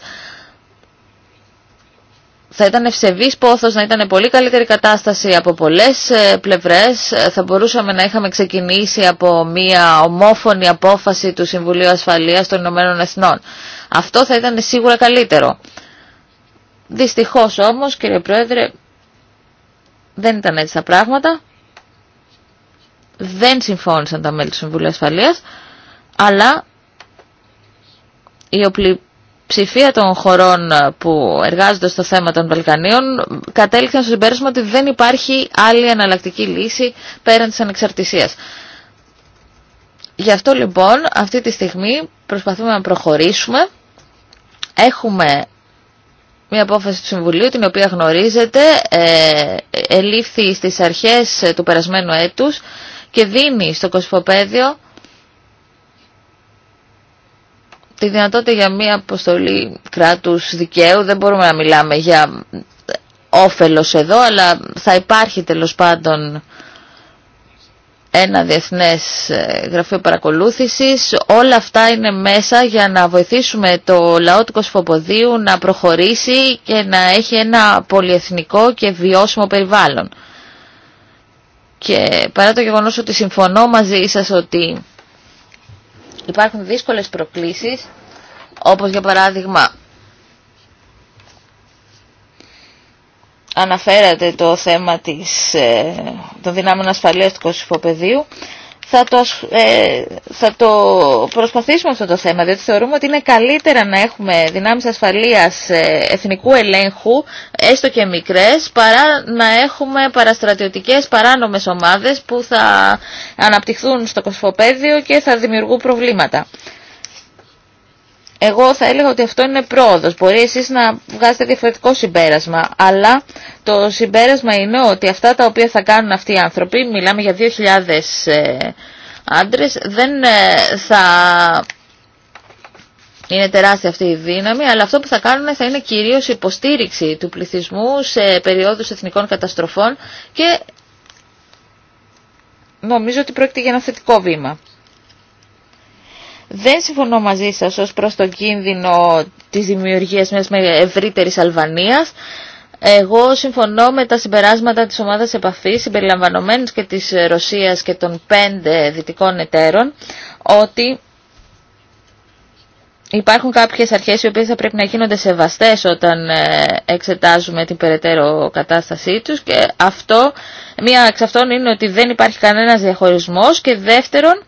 θα ήταν ευσεβής πόθος να ήταν πολύ καλύτερη κατάσταση από πολλές ε, πλευρές. Ε, θα μπορούσαμε να είχαμε ξεκινήσει από μια ομόφωνη απόφαση του Συμβουλίου Ασφαλείας των Ηνωμένων Εθνών. Αυτό θα ήταν σίγουρα καλύτερο. Δυστυχώς όμως, κύριε Πρόεδρε, δεν ήταν έτσι τα πράγματα. Δεν συμφώνησαν τα μέλη του Συμβουλίου Ασφαλείας, αλλά η οπλή ψηφία των χωρών ε, που εργάζονται στο θέμα των Βαλκανίων κατέληξαν στο συμπέρασμα ότι δεν υπάρχει άλλη εναλλακτική λύση πέραν της ανεξαρτησίας. Γι' αυτό λοιπόν αυτή τη στιγμή προσπαθούμε να προχωρήσουμε. Έχουμε μια απόφαση του Συμβουλίου την οποία γνωρίζετε, ε, ελήφθη στις αρχές του περασμένου έτους και δίνει στο κοσφοπέδιο τη δυνατότητα για μια αποστολή κράτους δικαίου. Δεν μπορούμε να μιλάμε για όφελος εδώ, αλλά θα υπάρχει τέλος πάντων ένα διεθνές ε, γραφείο παρακολούθησης. Όλα αυτά είναι μέσα για να βοηθήσουμε το λαό του Κοσφοποδίου να προχωρήσει και να έχει ένα πολυεθνικό και βιώσιμο περιβάλλον. Και παρά το γεγονός ότι συμφωνώ μαζί σας ότι Υπάρχουν δύσκολες προκλήσεις, όπως για παράδειγμα αναφέρατε το θέμα της, ε, των δυνάμεων ασφαλείας του κοσυφοπεδίου θα το, ε, θα το προσπαθήσουμε αυτό το θέμα, διότι θεωρούμε ότι είναι καλύτερα να έχουμε δυνάμεις ασφαλείας ε, εθνικού ελέγχου, έστω και μικρές, παρά να έχουμε παραστρατιωτικές παράνομες ομάδες που θα αναπτυχθούν στο κοσφοπέδιο και θα δημιουργούν προβλήματα. Εγώ θα έλεγα ότι αυτό είναι πρόοδος. Μπορεί εσείς να βγάζετε διαφορετικό συμπέρασμα, αλλά το συμπέρασμα είναι ότι αυτά τα οποία θα κάνουν αυτοί οι άνθρωποι, μιλάμε για 2.000 ε, άντρες, δεν ε, θα είναι τεράστια αυτή η δύναμη, αλλά αυτό που θα κάνουν θα είναι κυρίως υποστήριξη του πληθυσμού σε περιόδους εθνικών καταστροφών και νομίζω ότι πρόκειται για ένα θετικό βήμα. Δεν συμφωνώ μαζί σας ως προς τον κίνδυνο της δημιουργίας μιας ευρύτερης Αλβανίας. Εγώ συμφωνώ με τα συμπεράσματα της ομάδας επαφής συμπεριλαμβανομένους και της Ρωσίας και των πέντε δυτικών εταίρων ότι υπάρχουν κάποιες αρχές οι οποίες θα πρέπει να γίνονται σεβαστές όταν ε, εξετάζουμε την περαιτέρω κατάστασή τους και αυτό, μία εξ αυτών είναι ότι δεν υπάρχει κανένας διαχωρισμός και δεύτερον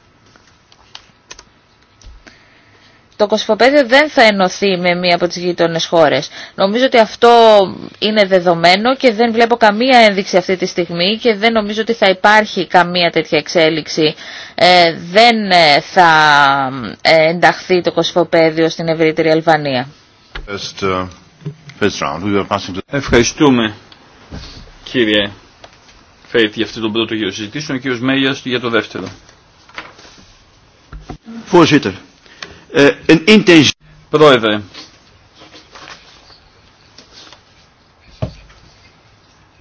το κοσφοπέδιο δεν θα ενωθεί με μία από τις γείτονες χώρες. Νομίζω ότι αυτό είναι δεδομένο και δεν βλέπω καμία ένδειξη αυτή τη στιγμή και δεν νομίζω ότι θα υπάρχει καμία τέτοια εξέλιξη. Ε, δεν ε, θα ε, ενταχθεί το κοσφοπέδιο στην ευρύτερη Αλβανία. Uh, Ευχαριστούμε κύριε Φέιτ για αυτό το πρώτο γύρο συζητήσεων και ο κύριος Μέγιας για το δεύτερο. Voorzitter, Een ε, Πρόεδρε.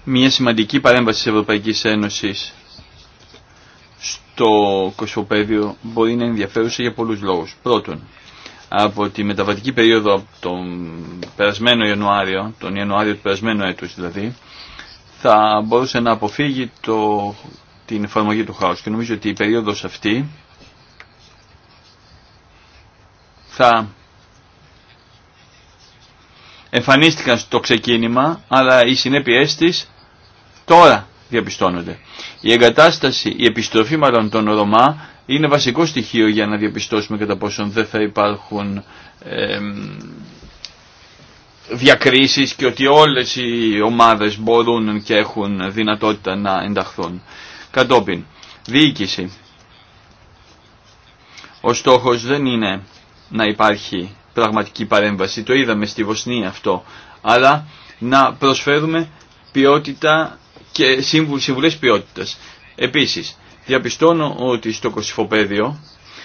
Μια σημαντική παρέμβαση της Ευρωπαϊκής Ένωσης στο κοσμοπέδιο μπορεί να ενδιαφέρουσε για πολλούς λόγους. Πρώτον, από τη μεταβατική περίοδο από τον περασμένο Ιανουάριο, τον Ιανουάριο του περασμένου έτους δηλαδή, θα μπορούσε να αποφύγει το, την εφαρμογή του χάους. Και νομίζω ότι η περίοδος αυτή θα εμφανίστηκαν στο ξεκίνημα, αλλά οι συνέπειές της τώρα διαπιστώνονται. Η εγκατάσταση, η επιστροφή μάλλον των Ρωμά είναι βασικό στοιχείο για να διαπιστώσουμε κατά πόσον δεν θα υπάρχουν ε, διακρίσεις και ότι όλες οι ομάδες μπορούν και έχουν δυνατότητα να ενταχθούν. Κατόπιν, διοίκηση. Ο στόχος δεν είναι να υπάρχει πραγματική παρέμβαση. Το είδαμε στη Βοσνία αυτό. Αλλά να προσφέρουμε ποιότητα και συμβουλές ποιότητας. Επίσης, διαπιστώνω ότι στο Κωσυφοπέδιο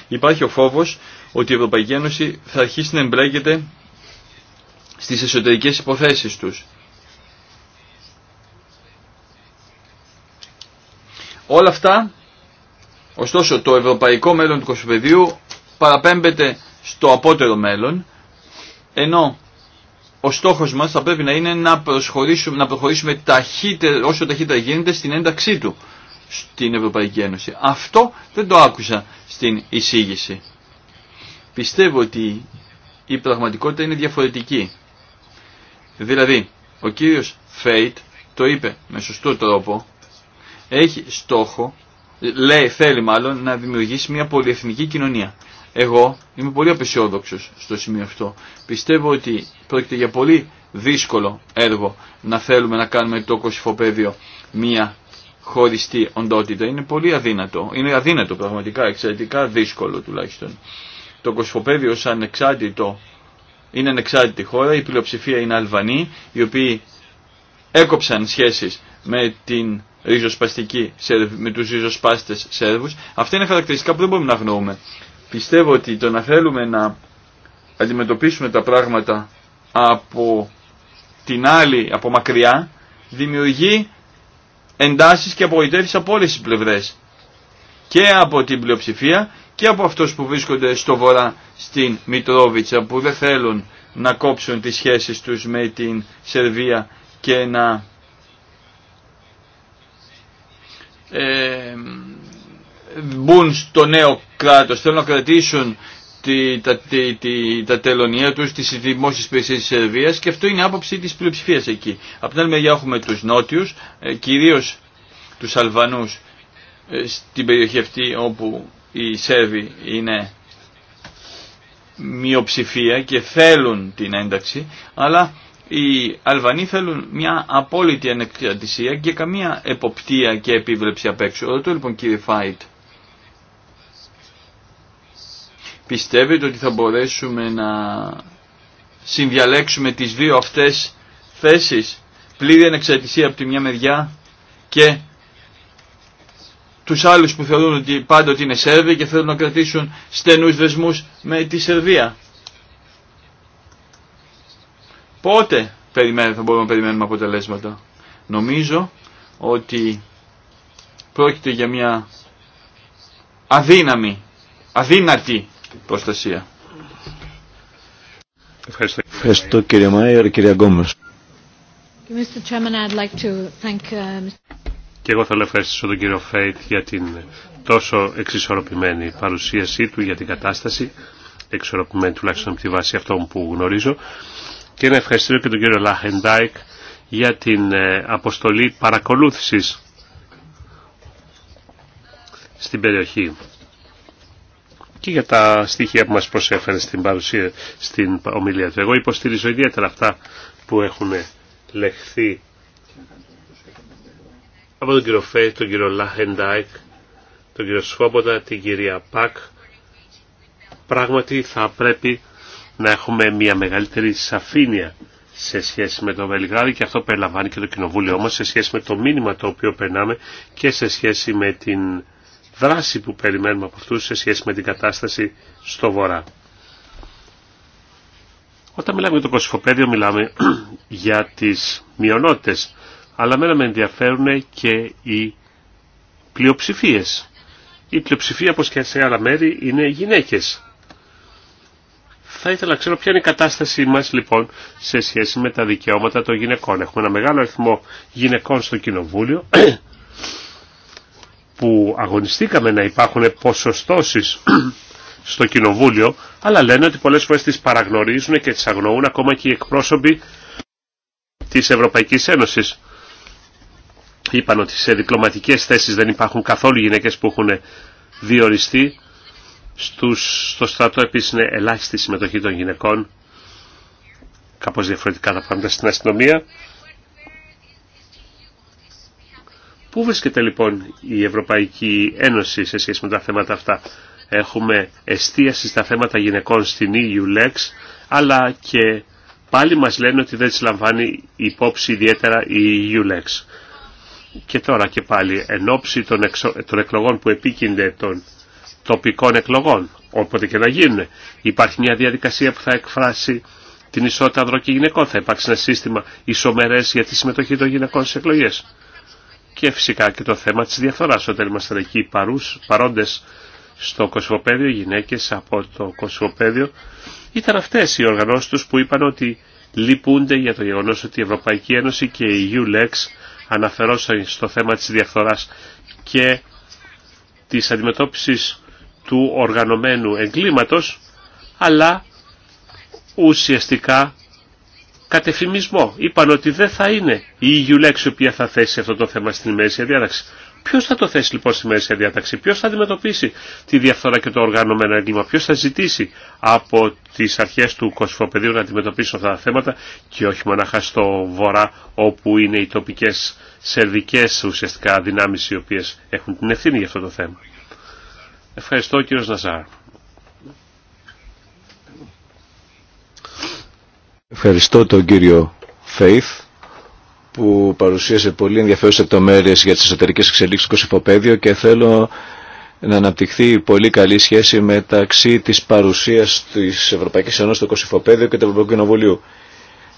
υπάρχει ο φόβος ότι η Ευρωπαϊκή Ένωση θα αρχίσει να εμπλέκεται στις εσωτερικές υποθέσεις τους. Όλα αυτά, ωστόσο το ευρωπαϊκό μέλλον του Κωσυφοπέδιου παραπέμπεται στο απότερο μέλλον, ενώ ο στόχος μας θα πρέπει να είναι να, προσχωρήσουμε, να προχωρήσουμε ταχύτερα, όσο ταχύτερα γίνεται στην ένταξή του στην Ευρωπαϊκή Ένωση. Αυτό δεν το άκουσα στην εισήγηση. Πιστεύω ότι η πραγματικότητα είναι διαφορετική. Δηλαδή, ο κύριος Φέιτ το είπε με σωστό τρόπο, έχει στόχο, λέει, θέλει μάλλον, να δημιουργήσει μια πολυεθνική κοινωνία. Εγώ είμαι πολύ απεσιόδοξο στο σημείο αυτό. Πιστεύω ότι πρόκειται για πολύ δύσκολο έργο να θέλουμε να κάνουμε το κοσυφοπέδιο μία χωριστή οντότητα. Είναι πολύ αδύνατο. Είναι αδύνατο πραγματικά, εξαιρετικά δύσκολο τουλάχιστον. Το κοσυφοπέδιο σαν ανεξάρτητο είναι ανεξάρτητη χώρα, η πλειοψηφία είναι Αλβανοί, οι οποίοι έκοψαν σχέσεις με την ριζοσπαστική, με τους ριζοσπάστες Σέρβους. Αυτά είναι χαρακτηριστικά που δεν μπορούμε να γνωρούμε. Πιστεύω ότι το να θέλουμε να αντιμετωπίσουμε τα πράγματα από την άλλη, από μακριά, δημιουργεί εντάσεις και απογοητεύσεις από όλες τις πλευρές. Και από την πλειοψηφία και από αυτούς που βρίσκονται στο βορρά στην Μητρόβιτσα που δεν θέλουν να κόψουν τις σχέσεις τους με την Σερβία και να ε, μπουν στο νέο κράτος, θέλουν να κρατήσουν τη, τα, τελωνία τους, τις δημόσιες υπηρεσίες της Σερβίας και αυτό είναι άποψη της πλειοψηφίας εκεί. Από την άλλη μεριά έχουμε τους νότιους, ε, κυρίως τους Αλβανούς ε, στην περιοχή αυτή όπου οι Σέρβοι είναι μειοψηφία και θέλουν την ένταξη, αλλά οι Αλβανοί θέλουν μια απόλυτη ανεξαρτησία και καμία εποπτεία και επίβλεψη απ' έξω. Ρωτώ λοιπόν κύριε Φάιτ, Πιστεύετε ότι θα μπορέσουμε να συνδιαλέξουμε τις δύο αυτές θέσεις, πλήρη ανεξαρτησία από τη μια μεριά και τους άλλους που θεωρούν ότι πάντοτε είναι Σέρβοι και θέλουν να κρατήσουν στενούς δεσμούς με τη Σερβία. Πότε θα μπορούμε να περιμένουμε αποτελέσματα. Νομίζω ότι πρόκειται για μια αδύναμη, αδύνατη προστασία. Ευχαριστώ, Ευχαριστώ κύριε Μάιερ, κύριε Γκόμες. Uh, και εγώ θέλω να ευχαριστήσω τον κύριο Φέιτ για την τόσο εξισορροπημένη παρουσίασή του για την κατάσταση, εξισορροπημένη τουλάχιστον από τη βάση αυτών που γνωρίζω, και να ευχαριστήσω και τον κύριο Λάχεντάικ για την ε, αποστολή παρακολούθησης στην περιοχή και για τα στοιχεία που μας προσέφερε στην παρουσία, στην ομιλία του. Εγώ υποστηρίζω ιδιαίτερα αυτά που έχουν λεχθεί από τον κύριο Φέι, τον κύριο Λάχεντάικ, τον κύριο Σφόμποντα, την κυρία Πακ. Πράγματι θα πρέπει να έχουμε μια μεγαλύτερη σαφήνεια σε σχέση με το Βελιγράδι και αυτό περιλαμβάνει και το κοινοβούλιο μας σε σχέση με το μήνυμα το οποίο περνάμε και σε σχέση με την δράση που περιμένουμε από αυτούς σε σχέση με την κατάσταση στο Βορρά. Όταν μιλάμε για το κοσυφοπέδιο μιλάμε για τις μειονότητες, αλλά μένα με ενδιαφέρουν και οι πλειοψηφίε. Η πλειοψηφία, όπως και σε άλλα μέρη, είναι γυναίκες. Θα ήθελα να ξέρω ποια είναι η κατάστασή μας, λοιπόν, σε σχέση με τα δικαιώματα των γυναικών. Έχουμε ένα μεγάλο αριθμό γυναικών στο Κοινοβούλιο που αγωνιστήκαμε να υπάρχουν ποσοστώσεις στο κοινοβούλιο, αλλά λένε ότι πολλές φορές τις παραγνωρίζουν και τις αγνοούν ακόμα και οι εκπρόσωποι της Ευρωπαϊκής Ένωσης. Είπαν ότι σε διπλωματικές θέσεις δεν υπάρχουν καθόλου γυναίκες που έχουν διοριστεί. Στους, στο στρατό επίσης είναι ελάχιστη συμμετοχή των γυναικών, κάπως διαφορετικά τα πράγματα στην αστυνομία. Πού βρίσκεται λοιπόν η Ευρωπαϊκή Ένωση σε σχέση με τα θέματα αυτά. Έχουμε εστίαση στα θέματα γυναικών στην EULEX, αλλά και πάλι μας λένε ότι δεν τις λαμβάνει υπόψη ιδιαίτερα η EULEX. Και τώρα και πάλι, εν ώψη των, εκλογών που επίκυνται των τοπικών εκλογών, όποτε και να γίνουν, υπάρχει μια διαδικασία που θα εκφράσει την ισότητα ανδρών και γυναικών. Θα υπάρξει ένα σύστημα ισομερές για τη συμμετοχή των γυναικών στις εκλογές και φυσικά και το θέμα της διαφθοράς. Όταν ήμασταν εκεί παρούς, παρόντες στο Κοσμοπέδιο, γυναίκες από το Κοσμοπέδιο, ήταν αυτές οι οργανώσεις τους που είπαν ότι λυπούνται για το γεγονός ότι η Ευρωπαϊκή Ένωση και η EULEX αναφερόσαν στο θέμα της διαφθοράς και της αντιμετώπισης του οργανωμένου εγκλήματος, αλλά ουσιαστικά κατεφημισμό. Είπαν ότι δεν θα είναι η EU λέξη η θα θέσει αυτό το θέμα στην ημερήσια διάταξη. Ποιο θα το θέσει λοιπόν στη Μέση διάταξη, ποιο θα αντιμετωπίσει τη διαφθορά και το οργανωμένο έγκλημα, ποιο θα ζητήσει από τι αρχέ του Κοσφοπεδίου να αντιμετωπίσει αυτά τα θέματα και όχι μονάχα στο βορρά όπου είναι οι τοπικέ σερβικέ ουσιαστικά δυνάμει οι οποίε έχουν την ευθύνη για αυτό το θέμα. Ευχαριστώ κύριο Ναζάρ. Ευχαριστώ τον κύριο Faith που παρουσίασε πολύ ενδιαφέρουσες λεπτομέρειες για τις εσωτερικές εξελίξεις του Κωσυφοπαίδιο και θέλω να αναπτυχθεί πολύ καλή σχέση μεταξύ της παρουσίας της Ευρωπαϊκής Ένωσης στο Κωσυφοπαίδιο και του Ευρωπαϊκού Κοινοβουλίου.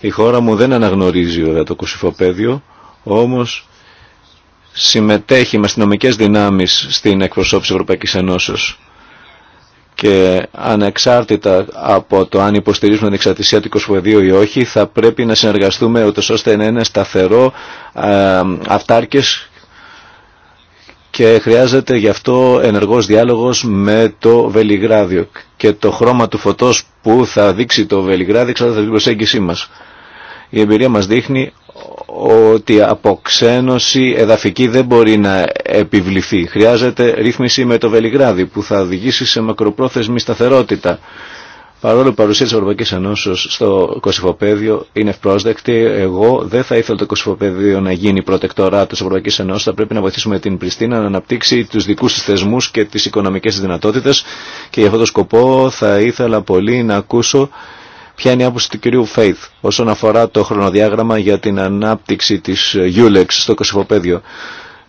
Η χώρα μου δεν αναγνωρίζει βέβαια το Κωσυφοπαίδιο, όμως συμμετέχει με αστυνομικέ δυνάμεις στην εκπροσώπηση Ευρωπαϊκής Ενώσης και ανεξάρτητα από το αν υποστηρίζουμε την εξαρτησία του Κοσμοδίου ή όχι θα πρέπει να συνεργαστούμε ούτως ώστε να είναι σταθερό ε, αυτάρκες και χρειάζεται γι' αυτό ενεργός διάλογος με το Βελιγράδιο και το χρώμα του φωτός που θα δείξει το Βελιγράδιο εξαρτάται την προσέγγιση μας. Η εμπειρία μας δείχνει ότι αποξένωση εδαφική δεν μπορεί να επιβληθεί. Χρειάζεται ρύθμιση με το Βελιγράδι που θα οδηγήσει σε μακροπρόθεσμη σταθερότητα. Παρόλο που παρουσία τη Ευρωπαϊκή Ενώσεω στο Κωσυφοπαίδιο είναι ευπρόσδεκτη, εγώ δεν θα ήθελα το Κωσυφοπαίδιο να γίνει προτεκτορά τη Ευρωπαϊκή Ενώσεω. Θα πρέπει να βοηθήσουμε την Πριστίνα να αναπτύξει του δικού τη θεσμού και τι οικονομικέ δυνατότητε και για αυτόν τον σκοπό θα ήθελα πολύ να ακούσω Ποια είναι η άποψη του κυρίου Φέιθ όσον αφορά το χρονοδιάγραμμα για την ανάπτυξη της Γιούλεξ στο Κωσυφοπαίδιο.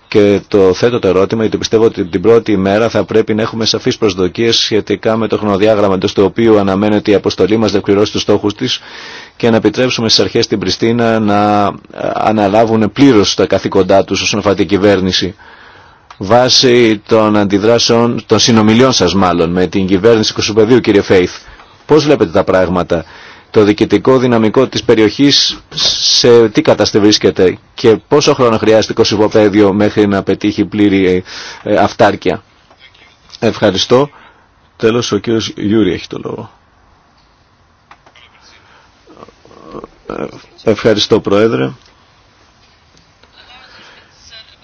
Και το θέτω το ερώτημα γιατί πιστεύω ότι την πρώτη ημέρα θα πρέπει να έχουμε σαφεί προσδοκίε σχετικά με το χρονοδιάγραμμα εντό του οποίου αναμένεται η αποστολή μα να εκπληρώσει του στόχου τη και να επιτρέψουμε στι αρχέ στην Πριστίνα να ε, αναλάβουν πλήρω τα καθήκοντά του όσον αφορά την κυβέρνηση. Βάσει των αντιδράσεων, των συνομιλιών σα μάλλον με την κυβέρνηση Κωσοπεδίου, κύριε Φέιθ, Πώς βλέπετε τα πράγματα, το διοικητικό δυναμικό της περιοχής σε τι κατάσταση βρίσκεται και πόσο χρόνο χρειάζεται το κοσυβοπαίδιο μέχρι να πετύχει πλήρη ε, ε, αυτάρκεια. Ευχαριστώ. Τέλος ο κύριος Γιούρι έχει το λόγο. Ευχαριστώ Πρόεδρε.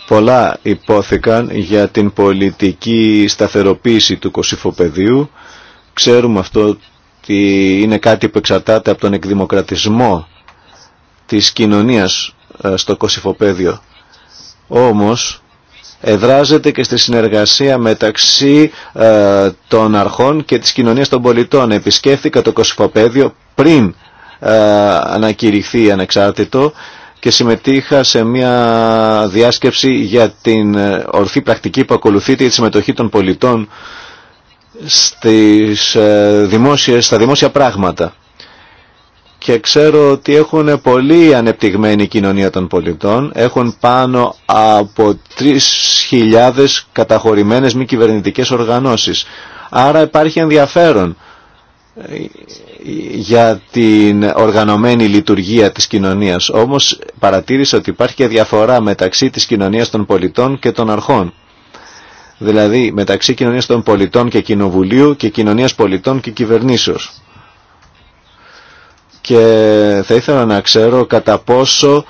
Πολλά υπόθηκαν για την πολιτική σταθεροποίηση του κοσυφοπεδίου. Ξέρουμε αυτό ότι είναι κάτι που εξαρτάται από τον εκδημοκρατισμό της κοινωνίας ε, στο Κωσυφοπαίδιο. Όμως εδράζεται και στη συνεργασία μεταξύ ε, των αρχών και της κοινωνίας των πολιτών. Επισκέφθηκα το Κωσυφοπαίδιο πριν ε, ανακηρυχθεί ανεξάρτητο και συμμετείχα σε μια διάσκεψη για την ε, ορθή πρακτική που ακολουθείται τη συμμετοχή των πολιτών στις, ε, δημόσιες, στα δημόσια πράγματα. Και ξέρω ότι έχουν πολύ ανεπτυγμένη κοινωνία των πολιτών. Έχουν πάνω από 3.000 καταχωρημένες μη κυβερνητικές οργανώσεις. Άρα υπάρχει ενδιαφέρον ε, για την οργανωμένη λειτουργία της κοινωνίας. Όμως παρατήρησα ότι υπάρχει και διαφορά μεταξύ της κοινωνίας των πολιτών και των αρχών δηλαδή μεταξύ κοινωνίας των πολιτών και κοινοβουλίου και κοινωνίας πολιτών και κυβερνήσεως. Και θα ήθελα να ξέρω κατά πόσο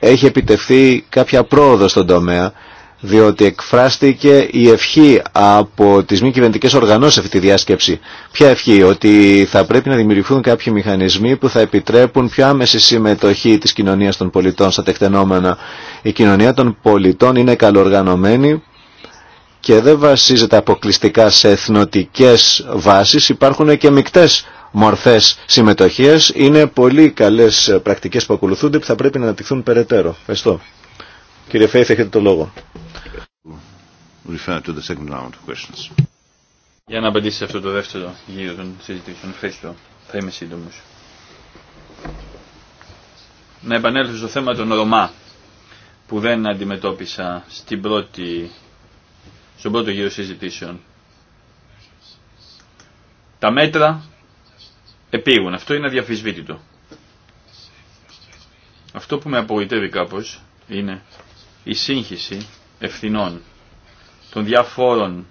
έχει επιτευχθεί κάποια πρόοδο στον τομέα, διότι εκφράστηκε η ευχή από τις μη κυβερνητικές οργανώσεις αυτή τη διάσκεψη. Ποια ευχή, ότι θα πρέπει να δημιουργηθούν κάποιοι μηχανισμοί που θα επιτρέπουν πιο άμεση συμμετοχή της κοινωνίας των πολιτών στα τεκτενόμενα. Η κοινωνία των πολιτών είναι καλοργανωμένη, και δεν βασίζεται αποκλειστικά σε εθνοτικές βάσεις, υπάρχουν και μικτές μορφές συμμετοχίες Είναι πολύ καλές πρακτικές που ακολουθούνται που θα πρέπει να αναπτυχθούν περαιτέρω. Ευχαριστώ. Κύριε Φέιθ, έχετε το λόγο. Για να απαντήσει σε αυτό το δεύτερο γύρο των συζητήσεων, ευχαριστώ. Θα είμαι σύντομο. Να επανέλθω στο θέμα των Ρωμά, που δεν αντιμετώπισα στην πρώτη στον πρώτο γύρο συζητήσεων. Τα μέτρα επίγουν. Αυτό είναι αδιαφυσβήτητο. Αυτό που με απογοητεύει κάπως είναι η σύγχυση ευθυνών των διαφόρων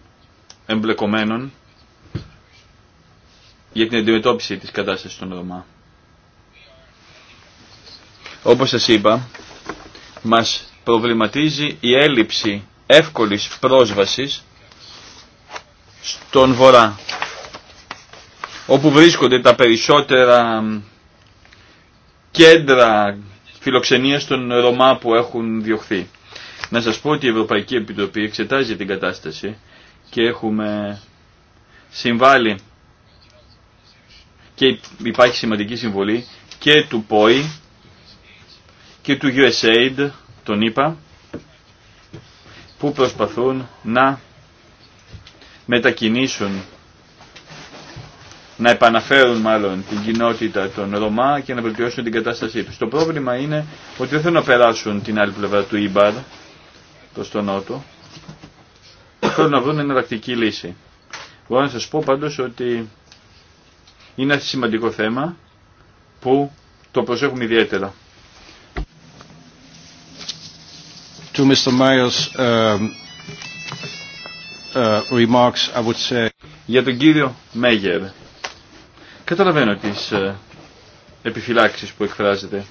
εμπλεκομένων για την αντιμετώπιση της κατάστασης των Ρωμά. Όπως σας είπα, μας προβληματίζει η έλλειψη εύκολης πρόσβασης στον βορρά όπου βρίσκονται τα περισσότερα κέντρα φιλοξενίας των Ρωμά που έχουν διωχθεί. Να σας πω ότι η Ευρωπαϊκή Επιτροπή εξετάζει την κατάσταση και έχουμε συμβάλει και υπάρχει σημαντική συμβολή και του ΠΟΗ και του USAID, τον είπα, που προσπαθούν να μετακινήσουν, να επαναφέρουν μάλλον την κοινότητα των Ρωμά και να βελτιώσουν την κατάστασή τους. Το πρόβλημα είναι ότι δεν θέλουν να περάσουν την άλλη πλευρά του Ιμπαρ, το τον νότο, θέλουν να βρουν εναλλακτική λύση. Μπορώ να σας πω πάντως ότι είναι ένα σημαντικό θέμα που το προσέχουμε ιδιαίτερα. Um, uh, για τον κύριο Μέγερ, καταλαβαίνω τις uh, επιφυλάξεις που εκφράζεται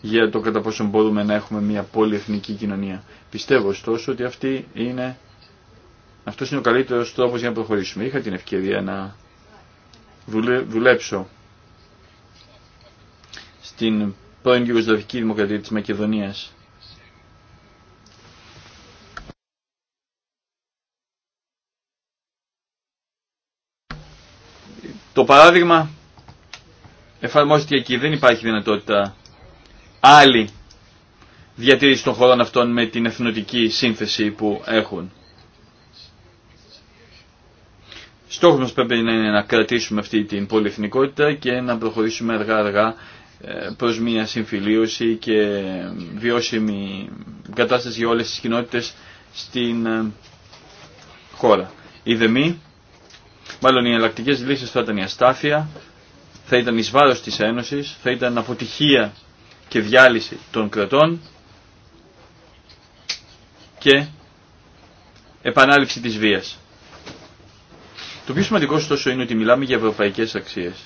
για το κατά πόσο μπορούμε να έχουμε μια πολυεθνική κοινωνία. Πιστεύω ωστόσο ότι αυτή είναι, αυτός είναι ο καλύτερος τρόπος για να προχωρήσουμε. Είχα την ευκαιρία να δουλέψω στην πρώην Γιουγκοσλαβική Δημοκρατία της Μακεδονίας Το παράδειγμα εφαρμόστηκε εκεί. Δεν υπάρχει δυνατότητα άλλη διατήρηση των χωρών αυτών με την εθνοτική σύνθεση που έχουν. Στόχος μας πρέπει να είναι να κρατήσουμε αυτή την πολυεθνικότητα και να προχωρήσουμε αργά-αργά ε, προς μια συμφιλίωση και βιώσιμη κατάσταση για όλες τις κοινότητες στην ε, χώρα. Η Μάλλον οι εναλλακτικέ λύσει θα ήταν η αστάθεια, θα ήταν ει βάρο της Ένωσης, θα ήταν αποτυχία και διάλυση των κρατών και επανάληψη της βίας. Το πιο σημαντικό ωστόσο είναι ότι μιλάμε για ευρωπαϊκές αξίες.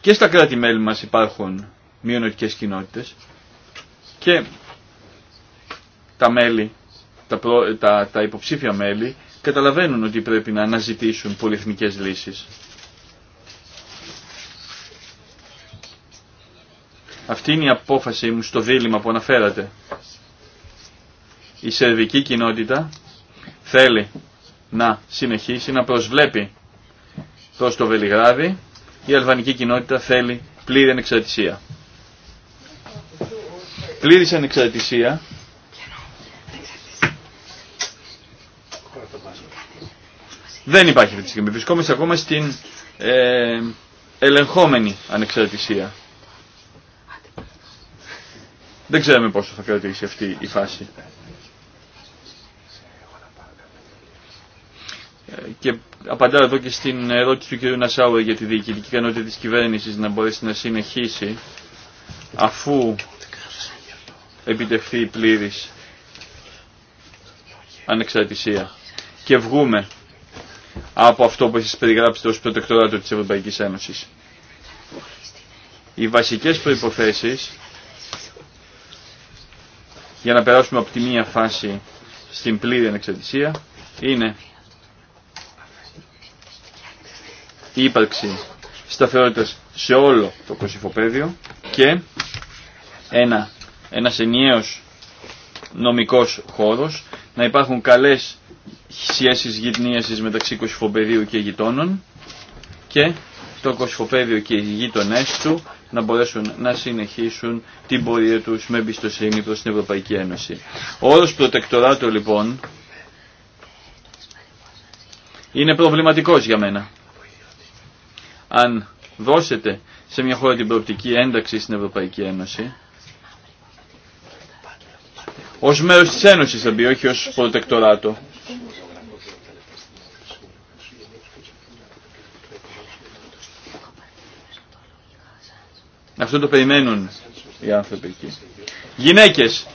Και στα κράτη-μέλη μας υπάρχουν μειονοτικές κοινότητες και τα μέλη, τα, τα, τα υποψήφια μέλη καταλαβαίνουν ότι πρέπει να αναζητήσουν πολυεθνικές λύσεις. Αυτή είναι η απόφαση μου στο δίλημα που αναφέρατε. Η σερβική κοινότητα θέλει να συνεχίσει να προσβλέπει προς το Βελιγράδι. Η αλβανική κοινότητα θέλει πλήρη ανεξαρτησία. Πλήρης ανεξαρτησία Δεν υπάρχει αυτή τη στιγμή. Βρισκόμαστε ακόμα στην ε, ελεγχόμενη ανεξαρτησία. Δεν ξέρουμε πόσο θα κρατήσει αυτή η φάση. Ε, και απαντάω εδώ και στην ερώτηση του κ. Νασάουερ για τη διοικητική ικανότητα της κυβέρνησης να μπορέσει να συνεχίσει αφού επιτευχθεί η πλήρης ανεξαρτησία και βγούμε από αυτό που εσείς περιγράψετε ως προτεκτοράτο της Ευρωπαϊκής Ένωσης. Οι βασικές προϋποθέσεις για να περάσουμε από τη μία φάση στην πλήρη ανεξαρτησία είναι η ύπαρξη σταθερότητας σε όλο το κοσυφοπαίδιο και ένα, ένας ενιαίος νομικός χώρος να υπάρχουν καλές σχέσεις γυτνίασης μεταξύ κοσφοπεδίου και γειτόνων και το κοσφοπέδιο και οι γείτονές του να μπορέσουν να συνεχίσουν την πορεία τους με εμπιστοσύνη προς την Ευρωπαϊκή Ένωση. Ο όρος προτεκτοράτο λοιπόν είναι προβληματικός για μένα. Αν δώσετε σε μια χώρα την προοπτική ένταξη στην Ευρωπαϊκή Ένωση, ως μέρος της Ένωσης θα μπει, όχι ως προτεκτοράτο. Αυτό το περιμένουν οι άνθρωποι εκεί. Γυναίκες.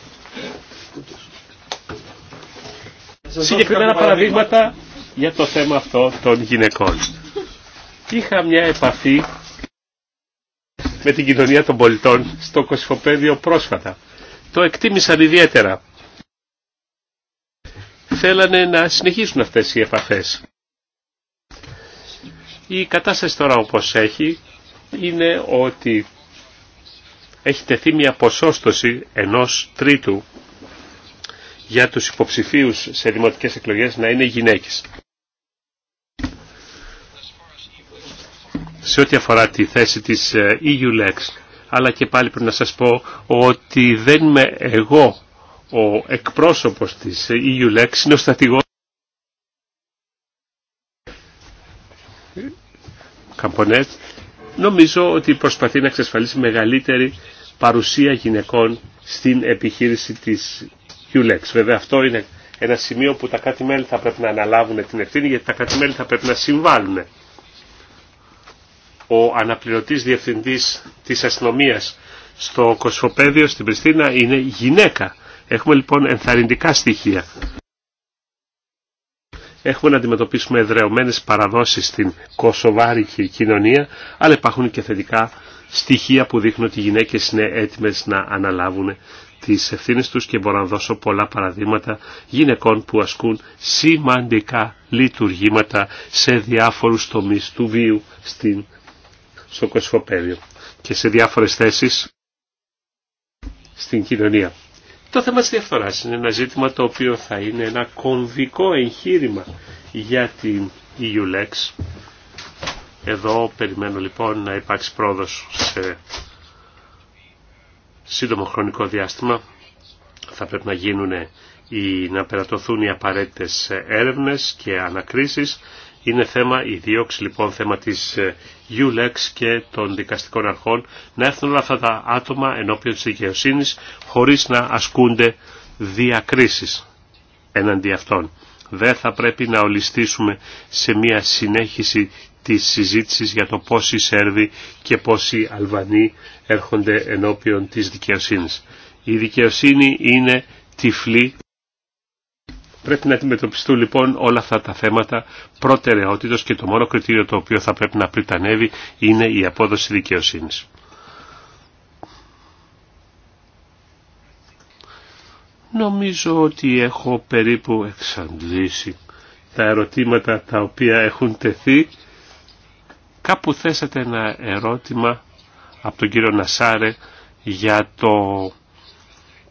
Συγκεκριμένα παραδείγματα για το θέμα αυτό των γυναικών. Είχα μια επαφή με την κοινωνία των πολιτών στο Κωσφοπέδιο πρόσφατα το εκτίμησαν ιδιαίτερα. Θέλανε να συνεχίσουν αυτές οι επαφές. Η κατάσταση τώρα όπως έχει είναι ότι έχει τεθεί μια ποσόστοση ενός τρίτου για τους υποψηφίους σε δημοτικές εκλογές να είναι γυναίκες. Σε ό,τι αφορά τη θέση της ε, EULEX αλλά και πάλι πρέπει να σας πω ότι δεν είμαι εγώ ο εκπρόσωπος της EULEX, είναι ο στρατηγός Καμπονέτ. Νομίζω ότι προσπαθεί να εξασφαλίσει μεγαλύτερη παρουσία γυναικών στην επιχείρηση της EULEX. Βέβαια αυτό είναι ένα σημείο που τα κάτι μέλη θα πρέπει να αναλάβουν την ευθύνη γιατί τα κάτι μέλη θα πρέπει να συμβάλλουν ο αναπληρωτής διευθυντής της αστυνομίας στο Κοσφοπέδιο στην Πριστίνα είναι γυναίκα. Έχουμε λοιπόν ενθαρρυντικά στοιχεία. Έχουμε να αντιμετωπίσουμε εδρεωμένες παραδόσεις στην κοσοβάρικη κοινωνία, αλλά υπάρχουν και θετικά στοιχεία που δείχνουν ότι οι γυναίκες είναι έτοιμες να αναλάβουν τις ευθύνες τους και μπορώ να δώσω πολλά παραδείγματα γυναικών που ασκούν σημαντικά λειτουργήματα σε διάφορους τομείς του βίου στην στο Κοσφοπέδιο και σε διάφορες θέσεις στην κοινωνία. Το θέμα της διαφθοράς είναι ένα ζήτημα το οποίο θα είναι ένα κομβικό εγχείρημα για την EULEX. Εδώ περιμένω λοιπόν να υπάρξει πρόοδος σε σύντομο χρονικό διάστημα. Θα πρέπει να γίνουν ή να περατωθούν οι απαραίτητες έρευνες και ανακρίσεις. Είναι θέμα, η δίωξη λοιπόν θέμα της ULEX και των δικαστικών αρχών να έρθουν όλα αυτά τα άτομα ενώπιον της δικαιοσύνης χωρίς να ασκούνται διακρίσεις εναντί αυτών. Δεν θα πρέπει να ολιστήσουμε σε μια συνέχιση της συζήτησης για το πόσοι Σέρβοι και πόσοι Αλβανοί έρχονται ενώπιον της δικαιοσύνης. Η δικαιοσύνη είναι τυφλή Πρέπει να αντιμετωπιστούν λοιπόν όλα αυτά τα θέματα προτεραιότητος και το μόνο κριτήριο το οποίο θα πρέπει να πριτανεύει είναι η απόδοση δικαιοσύνης. Νομίζω ότι έχω περίπου εξαντλήσει τα ερωτήματα τα οποία έχουν τεθεί. Κάπου θέσατε ένα ερώτημα από τον κύριο Νασάρε για το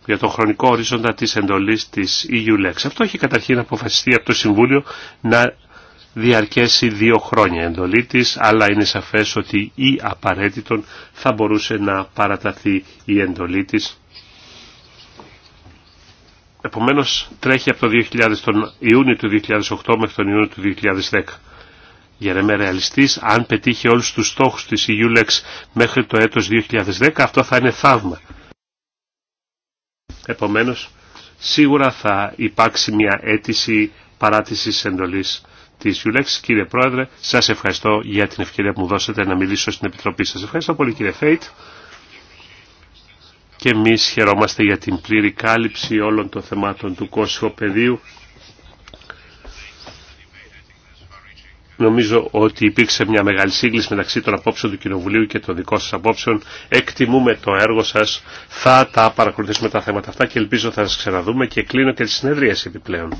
για το χρονικό ορίζοντα της εντολής της EULEX. Αυτό έχει καταρχήν αποφασιστεί από το Συμβούλιο να διαρκέσει δύο χρόνια εντολή της, αλλά είναι σαφές ότι ή απαραίτητον θα μπορούσε να παραταθεί η εντολή της. Επομένως τρέχει από το 2000, τον Ιούνιο του 2008 μέχρι τον Ιούνιο του 2010. Για να είμαι ρεαλιστής, αν πετύχει όλους τους στόχους της EULEX μέχρι το έτος 2010, αυτό θα είναι θαύμα. Επομένως, σίγουρα θα υπάρξει μια αίτηση παράτησης εντολής της Ιουλέξ. Κύριε Πρόεδρε, σας ευχαριστώ για την ευκαιρία που μου δώσατε να μιλήσω στην Επιτροπή σας. Ευχαριστώ πολύ κύριε Φέιτ. Και εμεί χαιρόμαστε για την πλήρη κάλυψη όλων των θεμάτων του κόσμου πεδίου Νομίζω ότι υπήρξε μια μεγάλη σύγκληση μεταξύ των απόψεων του Κοινοβουλίου και των δικών σας απόψεων. Εκτιμούμε το έργο σας. Θα τα παρακολουθήσουμε τα θέματα αυτά και ελπίζω θα σας ξαναδούμε και κλείνω και τις συνεδρίαση επιπλέον.